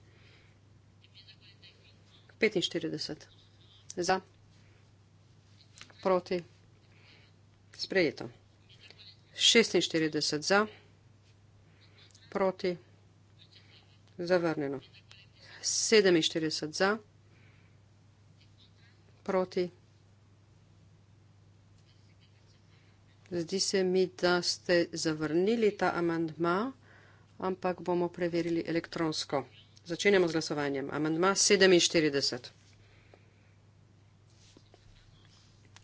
45 za, proti, sprejeto. 46 za proti, zavrnjeno. 47 za, proti. Zdi se mi, da ste zavrnili ta amandma, ampak bomo preverili elektronsko. Začenjamo z glasovanjem. Amandma 47.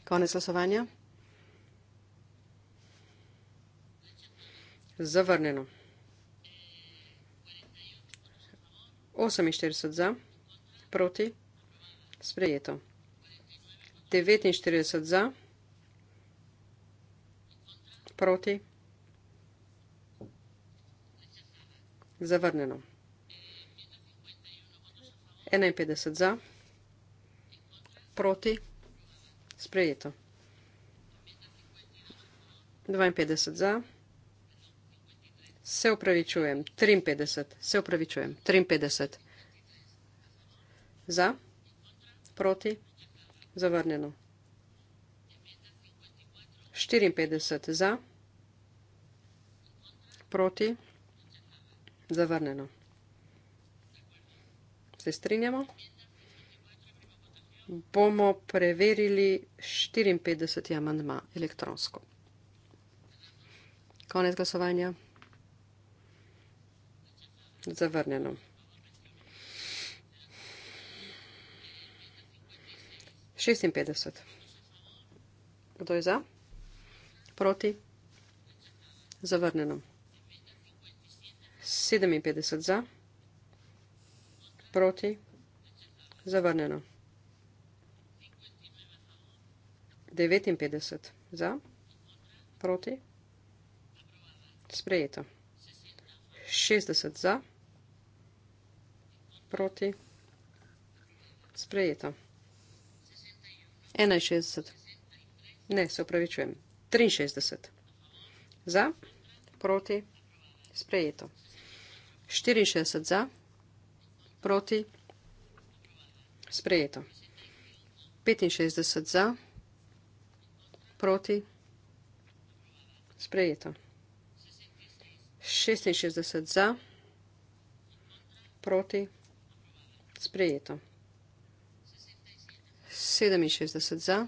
Konec glasovanja. Zavrnjeno. 48 za, proti, sprejeto. 49 za, proti, zavrnjeno. 51 za, proti, sprejeto. 52 za, proti. Se upravičujem, 53, se upravičujem, 53. Za, proti, zavrnjeno. 54 za, proti, zavrnjeno. Se strinjamo? Bomo preverili 54 amandma elektronsko. Konec glasovanja zavrnjeno. Šestinpetdeset. Kdo je za? Proti? Zavrnjeno. Sedeminpetdeset za? Proti? Zavrnjeno. Devetinpetdeset za? Proti? Sprejeto. Šestdeset za? Proti? proti sprejeto. 61. Ne, se upravičujem. 63. Za, proti, sprejeto. 64 za, proti, sprejeto. 65 za, proti, sprejeto. 66 za, proti, sprejeto sprejeto. 67 za,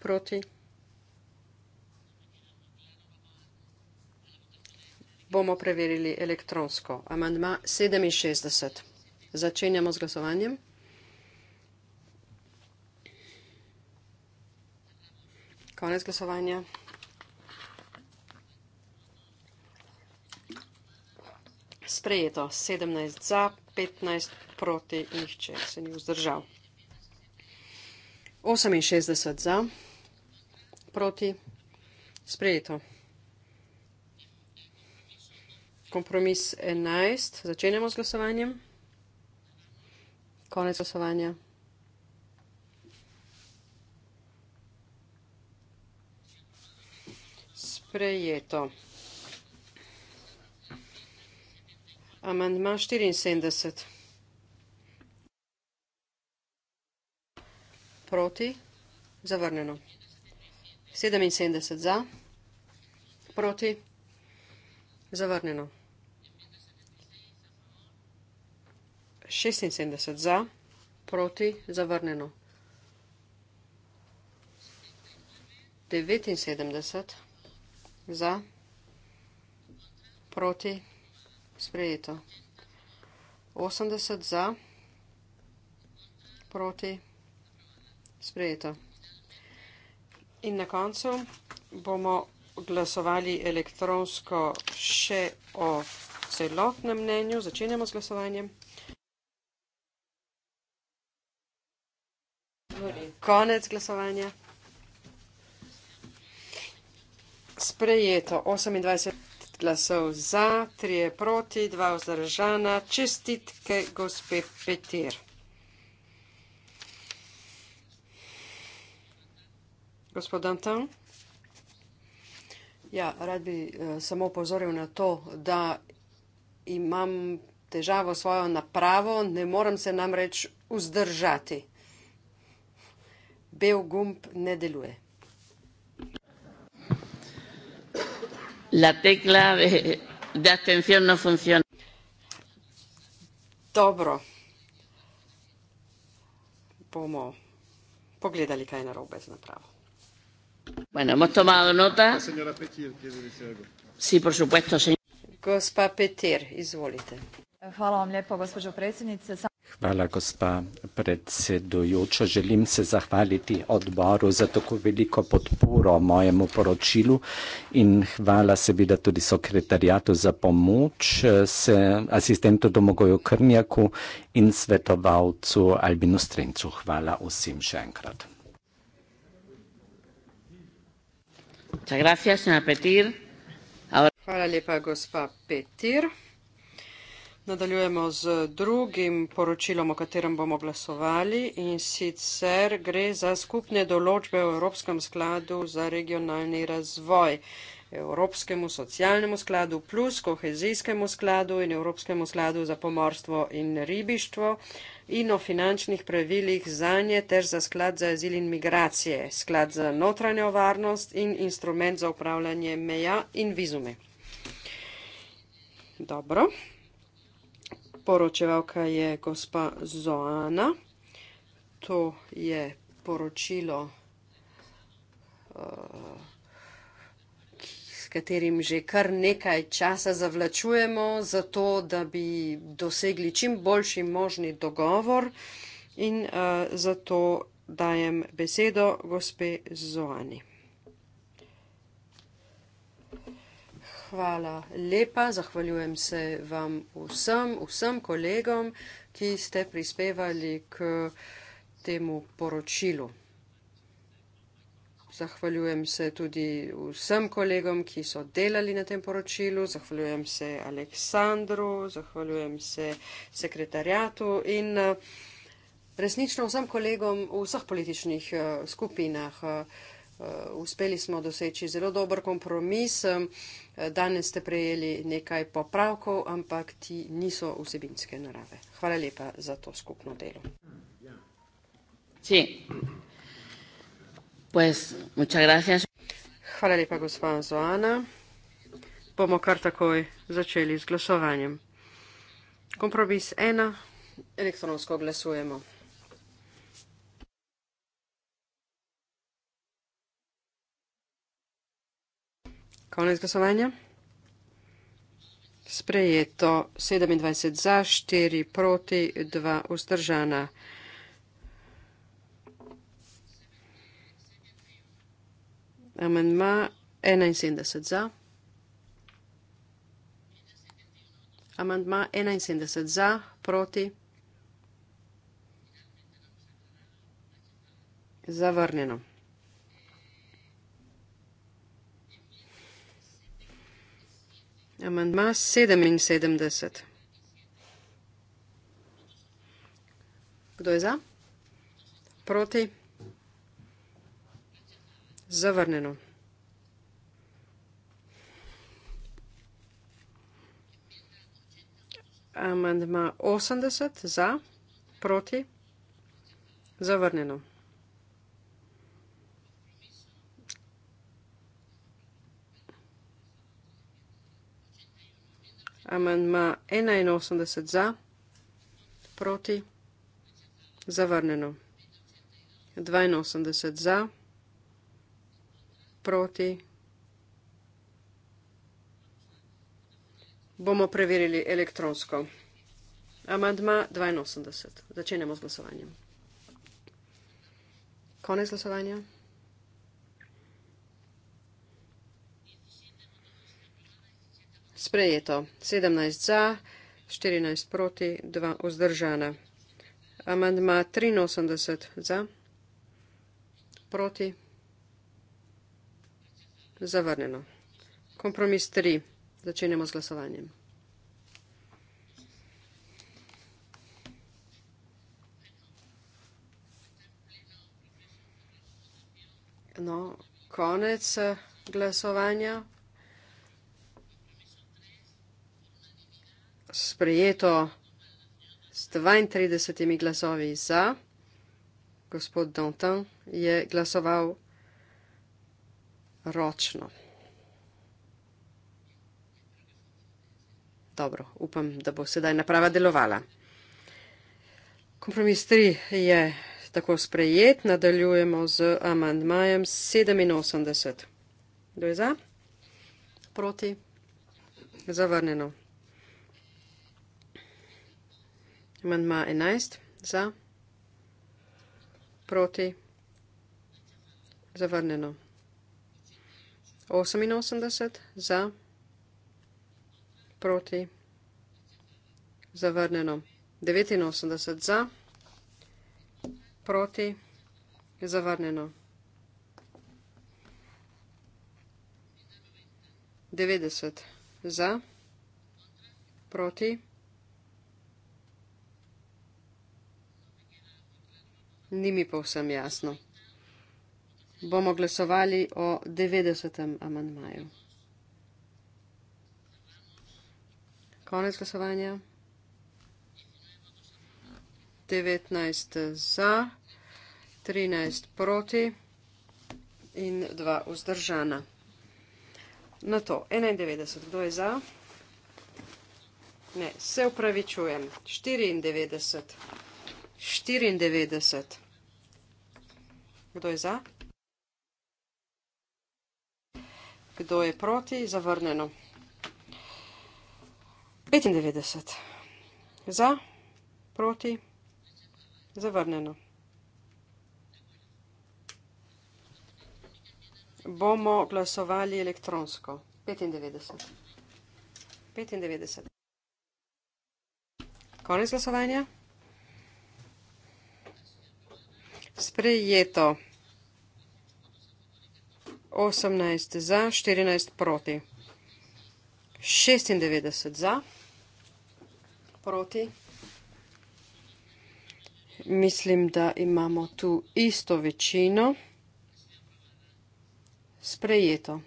proti. Bomo preverili elektronsko. Amandma 67. Začenjamo z glasovanjem. Konec glasovanja. sprejeto. 17 za, 15 proti, nihče se ni vzdržal. 68 za, proti, sprejeto. Kompromis 11, začenjamo z glasovanjem. Konec glasovanja. Sprejeto. Amandma štiriinsedemdeset. Proti? Zavrnjeno. Sedeminsedemdeset za. Proti? Zavrnjeno. Šestinsedemdeset za. Proti? Zavrnjeno. Devetinsedemdeset za. Proti? Sprejeto. 80 za, proti, sprejeto. In na koncu bomo glasovali elektronsko še o celotnem mnenju. Začenjamo z glasovanjem. Konec glasovanja. Sprejeto. 28 glasov za, tri je proti, dva vzdržana. Čestitke, gospe Petir. Gospod Anton? Ja, rad bi uh, samo pozoril na to, da imam težavo svojo napravo, ne morem se namreč vzdržati. Bel gumb ne deluje. la tecla de, de abstención no funciona. Dobro. Bomo pogledali, kaj na robe se napravo. Bueno, hemos tomado nota. Señora Petir, quiere decir algo. Sí, por supuesto, señor. Gospa Petir, izvolite. Hvala vam lijepo, gospođo predsjednice. Hvala, gospa predsedujoča. Želim se zahvaliti odboru za tako veliko podporo mojemu poročilu in hvala seveda tudi sekretarjatu za pomoč, se asistentu Domogoju Krnjaku in svetovalcu Albinu Strencu. Hvala vsem še enkrat. Hvala lepa, gospa Petir. Nadaljujemo z drugim poročilom, o katerem bomo glasovali in sicer gre za skupne določbe v Evropskem skladu za regionalni razvoj, Evropskemu socialnemu skladu plus kohezijskemu skladu in Evropskemu skladu za pomorstvo in ribištvo in o finančnih pravilih za nje ter za sklad za azil in migracije, sklad za notranjo varnost in instrument za upravljanje meja in vizume. Dobro poročevalka je gospa Zoana. To je poročilo, eh, s katerim že kar nekaj časa zavlačujemo, zato da bi dosegli čim boljši možni dogovor in eh, zato dajem besedo gospe Zoani. Hvala lepa, zahvaljujem se vam vsem, vsem kolegom, ki ste prispevali k temu poročilu. Zahvaljujem se tudi vsem kolegom, ki so delali na tem poročilu, zahvaljujem se Aleksandru, zahvaljujem se sekretarjatu in eh, resnično vsem kolegom v vseh političnih eh, skupinah. Eh, uspeli smo doseči zelo dober kompromis. Danes ste prejeli nekaj popravkov, ampak ti niso vsebinske narave. Hvala lepa za to skupno delo. Sí. Pues, Hvala lepa, gospa Zoana. Bomo kar takoj začeli z glasovanjem. Kompromis ena. Elektronsko glasujemo. Konec glasovanja. Sprejeto 27 za, 4 proti, 2 vzdržana. Amendma 71 za. Amendma 71 za, proti. Zavrnjeno. Amandma 77. Kdo je za? Proti? Zavrneno. Amandma 80 za, proti, zavrneno. amandma 81 za, proti, zavrnjeno. 82 za, proti. Bomo preverili elektronsko. Amandma 82. Začenjamo z glasovanjem. Konec glasovanja. sprejeto. 17 za, 14 proti, 2 vzdržana. Amandma 83 za, proti, zavrnjeno. Kompromis 3. Začenjamo z glasovanjem. No, konec eh, glasovanja. sprejeto s 32 glasovi za. Gospod Danton je glasoval ročno. Dobro, upam, da bo sedaj naprava delovala. Kompromis 3 je tako sprejet, nadaljujemo z amandmajem 87. Kdo je za? Proti? Zavrnjeno. Amandma 11 za, proti, zavrnjeno. 88 za, proti, zavrnjeno. 89 za, proti, zavrnjeno. 90 za, proti, zavrnjeno. ni mi povsem jasno. Bomo glasovali o 90. amandmaju. Konec glasovanja. 19 za, 13 proti in 2 vzdržana. Na to 91, kdo je za? Ne, se upravičujem. 94. 94. Kdo je za? Kdo je proti? Zavrnjeno. 95. Za? Proti? Zavrnjeno. Bomo glasovali elektronsko. 95. 95. Konec glasovanja. sprejeto. 18 za, 14 proti. 96 za, proti. Mislim, da imamo tu isto večino. Sprejeto.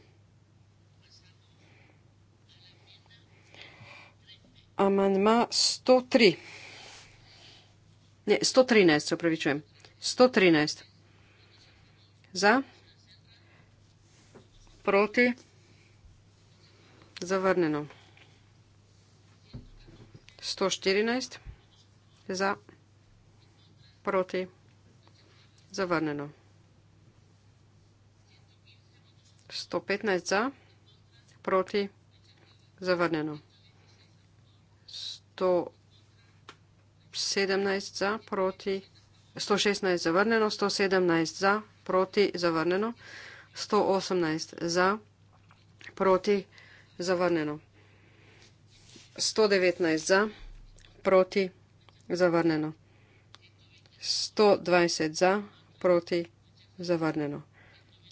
Amandma 103. Ne, 113, se upravičujem. 113. Za, proti, zavrnjeno. 114. Za, proti, zavrnjeno. 115 za, proti, zavrnjeno. 117 za, proti, zavrnjeno. 116 zavrnjeno, 117 za, proti zavrnjeno, 118 za, proti zavrnjeno, 119 za, proti zavrnjeno, 120 za, proti zavrnjeno,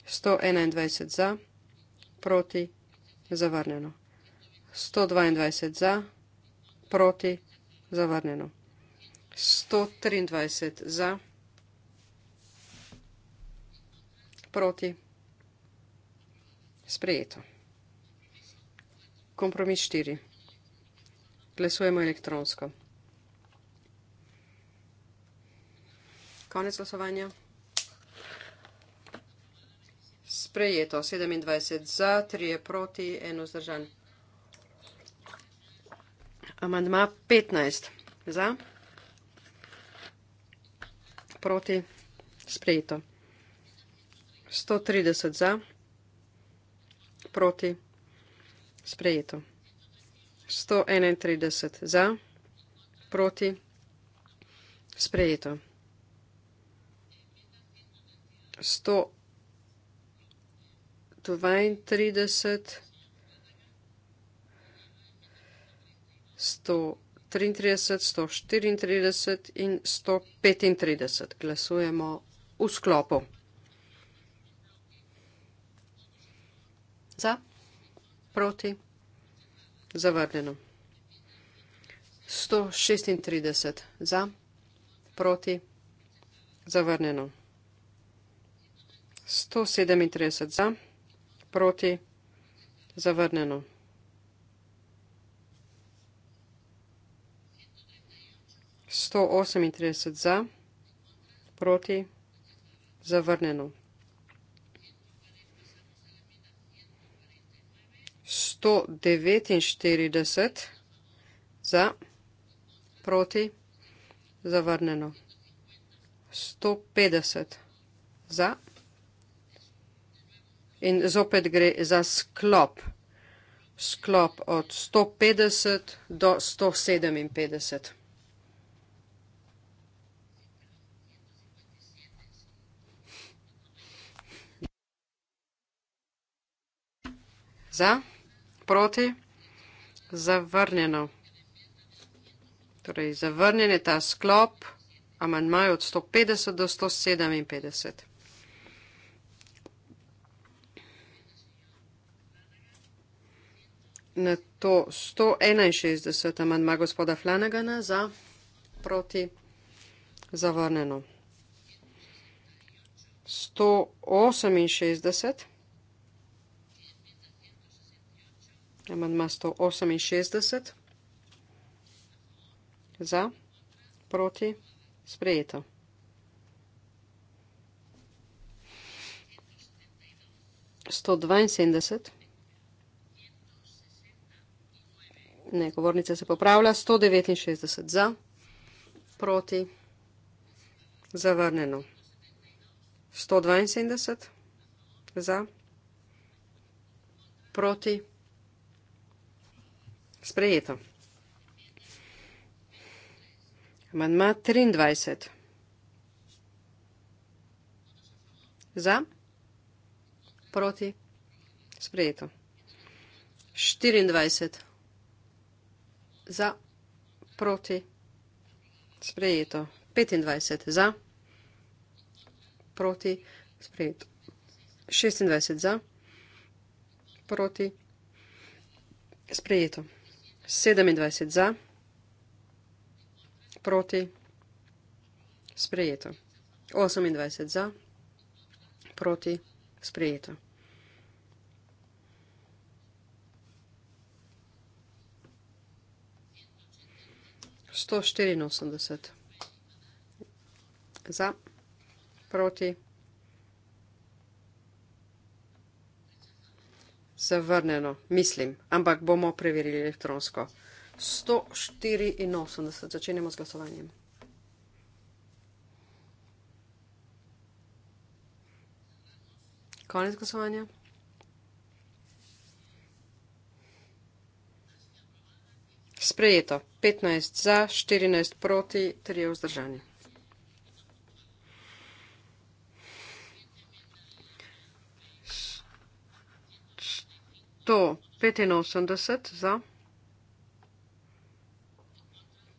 121 za, proti zavrnjeno, 122 za, proti zavrnjeno. 123 za, proti, sprejeto. Kompromis 4. Glasujemo elektronsko. Konec glasovanja. Sprejeto. 27 za, 3 proti, 1 zdržan. Amandma 15 za proti sprejeto. 130 za, proti sprejeto. 131 za, proti sprejeto. 132, 132. 133, 134 in 135. Glasujemo v sklopu. Za, proti, zavrnjeno. 136 za, proti, zavrnjeno. 137 za, proti, zavrnjeno. 138 za, proti, zavrnjeno. 149 za, proti, zavrnjeno. 150 za in zopet gre za sklop. Sklop od 150 do 157. Za, proti, zavrnjeno. Torej, zavrnjen je ta sklop, amanjmaj od 150 do 157. Na to 161 amanjma gospoda Flanagana za, proti, zavrnjeno. 168. Amandma 168. Za, proti, sprejeto. Sto dvainsedemdeset. Ne, govornica se popravlja. Sto devetinšestdeset za, proti, zavrnjeno. Sto dvainsedemdeset za, proti, zavrnjeno. Sprejeto. Amandma 23. Za. Proti. Sprejeto. 24. Za. Proti. Sprejeto. 25. Za. Proti. Sprejeto. 26. Za. Proti. Sprejeto. 27 za, proti, sprejeto. 28 za, proti, sprejeto. Sto štiriinosemdeset za, proti, sprejeto. Zavrnjeno, mislim, ampak bomo preverili elektronsko. 184, začenjamo z glasovanjem. Konec glasovanja. Sprejeto. 15 za, 14 proti, 3 vzdržani. 185 za,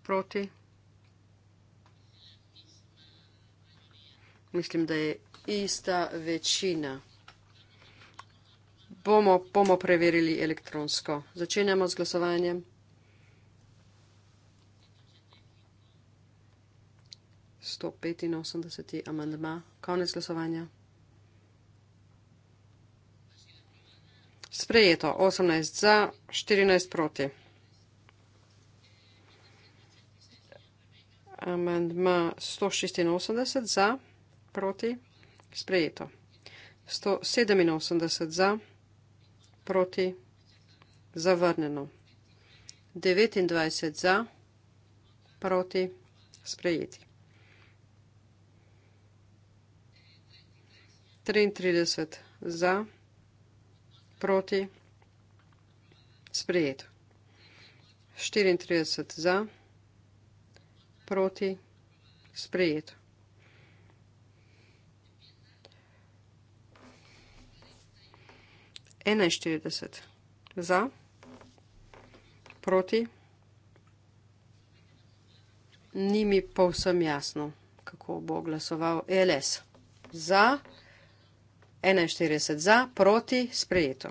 proti. Mislim, da je ista večina. Bomo, bomo preverili elektronsko. Začenjamo z glasovanjem. 185. amandma. Konec glasovanja. Sprejeto. 18 za, 14 proti. Amendma 186 za, proti. Sprejeto. 187 za, proti. Zavrneno. 29 za, proti. Sprejeti. 33 za, proti proti, sprejeto. 34 za, proti, sprejeto. Enajštirideset za, proti, ni mi povsem jasno, kako bo glasoval LS. Za, proti. 41 za, proti, sprejeto.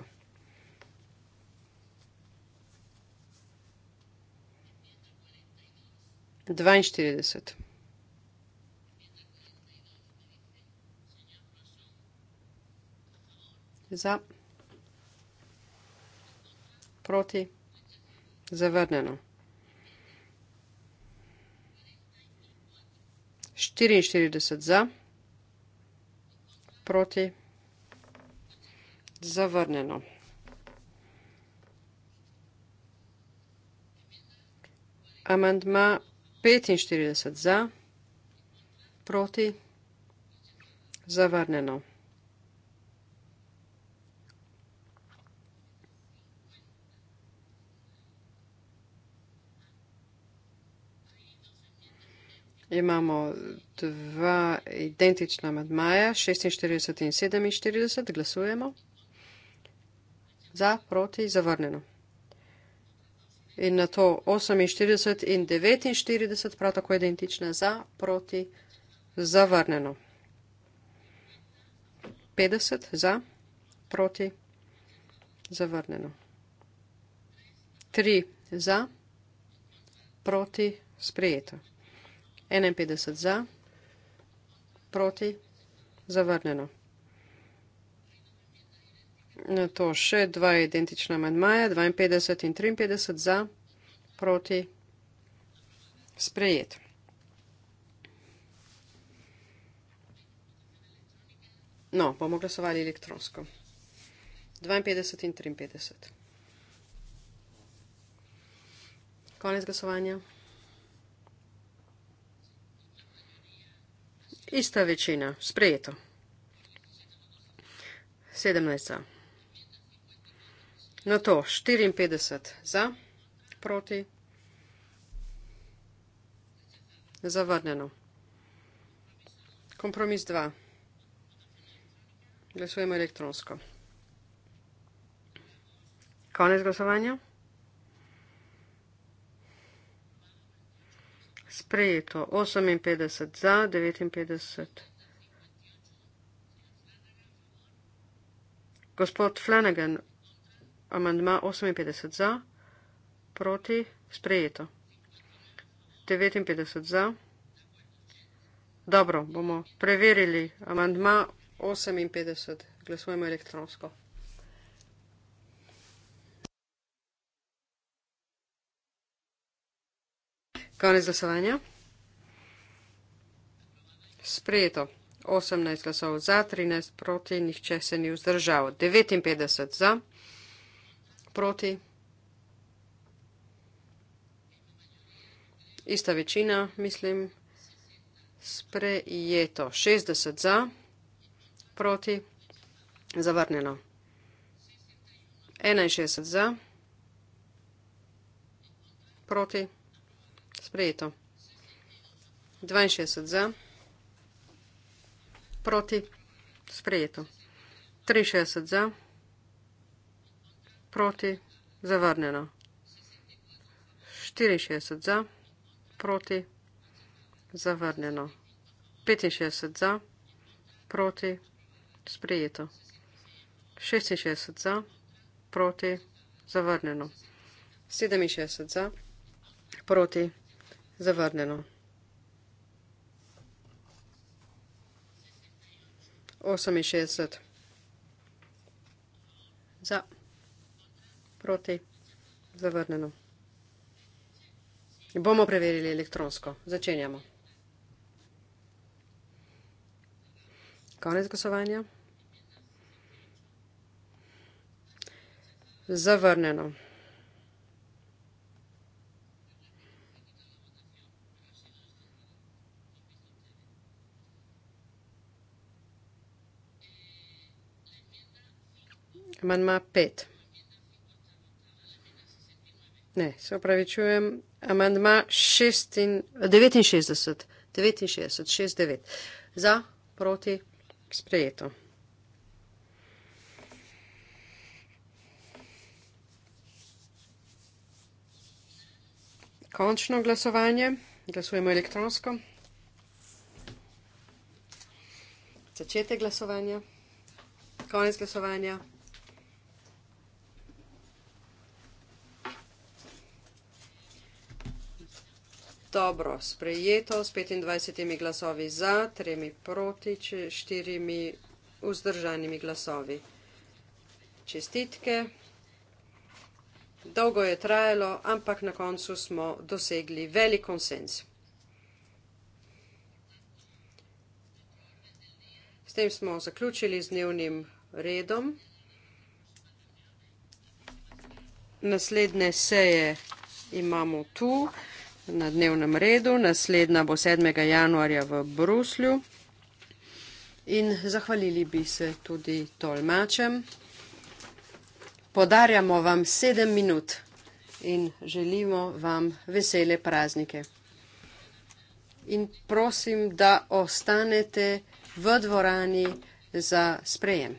Dvainštirideset. Za. Proti. Zavrnjeno. Štiriinštirideset za. Proti. Zavrnjeno. Amandma 45 za, proti, zavrnjeno. Imamo dva identična amandmaja, 46 in 47, glasujemo za, proti, zavrnjeno. In na to 48 in 49, prav tako identične za, proti, zavrnjeno. 50 za, proti, zavrnjeno. 3 za, proti, sprejeto. 51 za, proti, zavrnjeno na to še dva identična amandmaja, 52 in 53 za, proti, sprejet. No, bomo glasovali elektronsko. 52 in 53. Konec glasovanja. Ista večina, sprejeto. 17. Na to 54 za, proti. Zavrnjeno. Kompromis 2. Glasujemo elektronsko. Konec glasovanja. Sprejeto 58 za, 59. Gospod Flanagan, amandma 58 za, proti sprejeto. 59 za. Dobro, bomo preverili amandma 58. Glasujemo elektronsko. Konec glasovanja. Sprejeto. 18 glasov za, 13 proti, nihče se ni vzdržal. 59 za proti. Ista večina, mislim, sprejeto. 60 za, proti, zavrnjeno. 61 za, proti, sprejeto. 62 za, proti, sprejeto. 63 za, proti proti, zavrnjeno. 64 za, proti, zavrnjeno. 65 za, proti, sprejeto. 66 za, proti, zavrnjeno. 67 za, proti, zavrnjeno. 68 za proti, zavrnjeno. Bomo preverili elektronsko. Začenjamo. Konec glasovanja. Zavrnjeno. Manj ima pet. Ne, se upravičujem, amandma 69, 69, 69, za, proti, sprejeto. Končno glasovanje, glasujemo elektronsko. Začetek glasovanja, konec glasovanja. dobro sprejeto s 25 glasovi za, tremi proti, štirimi vzdržanimi glasovi. Čestitke. Dolgo je trajalo, ampak na koncu smo dosegli velik konsens. S tem smo zaključili z dnevnim redom. Naslednje seje imamo tu na dnevnem redu. Naslednja bo 7. januarja v Bruslju. In zahvalili bi se tudi tolmačem. Podarjamo vam sedem minut in želimo vam vesele praznike. In prosim, da ostanete v dvorani za sprejem.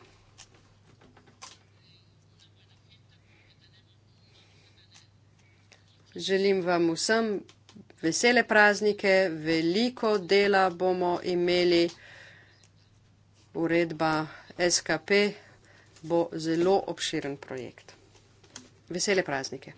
Želim vam vsem vesele praznike, veliko dela bomo imeli. Uredba SKP bo zelo obširen projekt. Vesele praznike.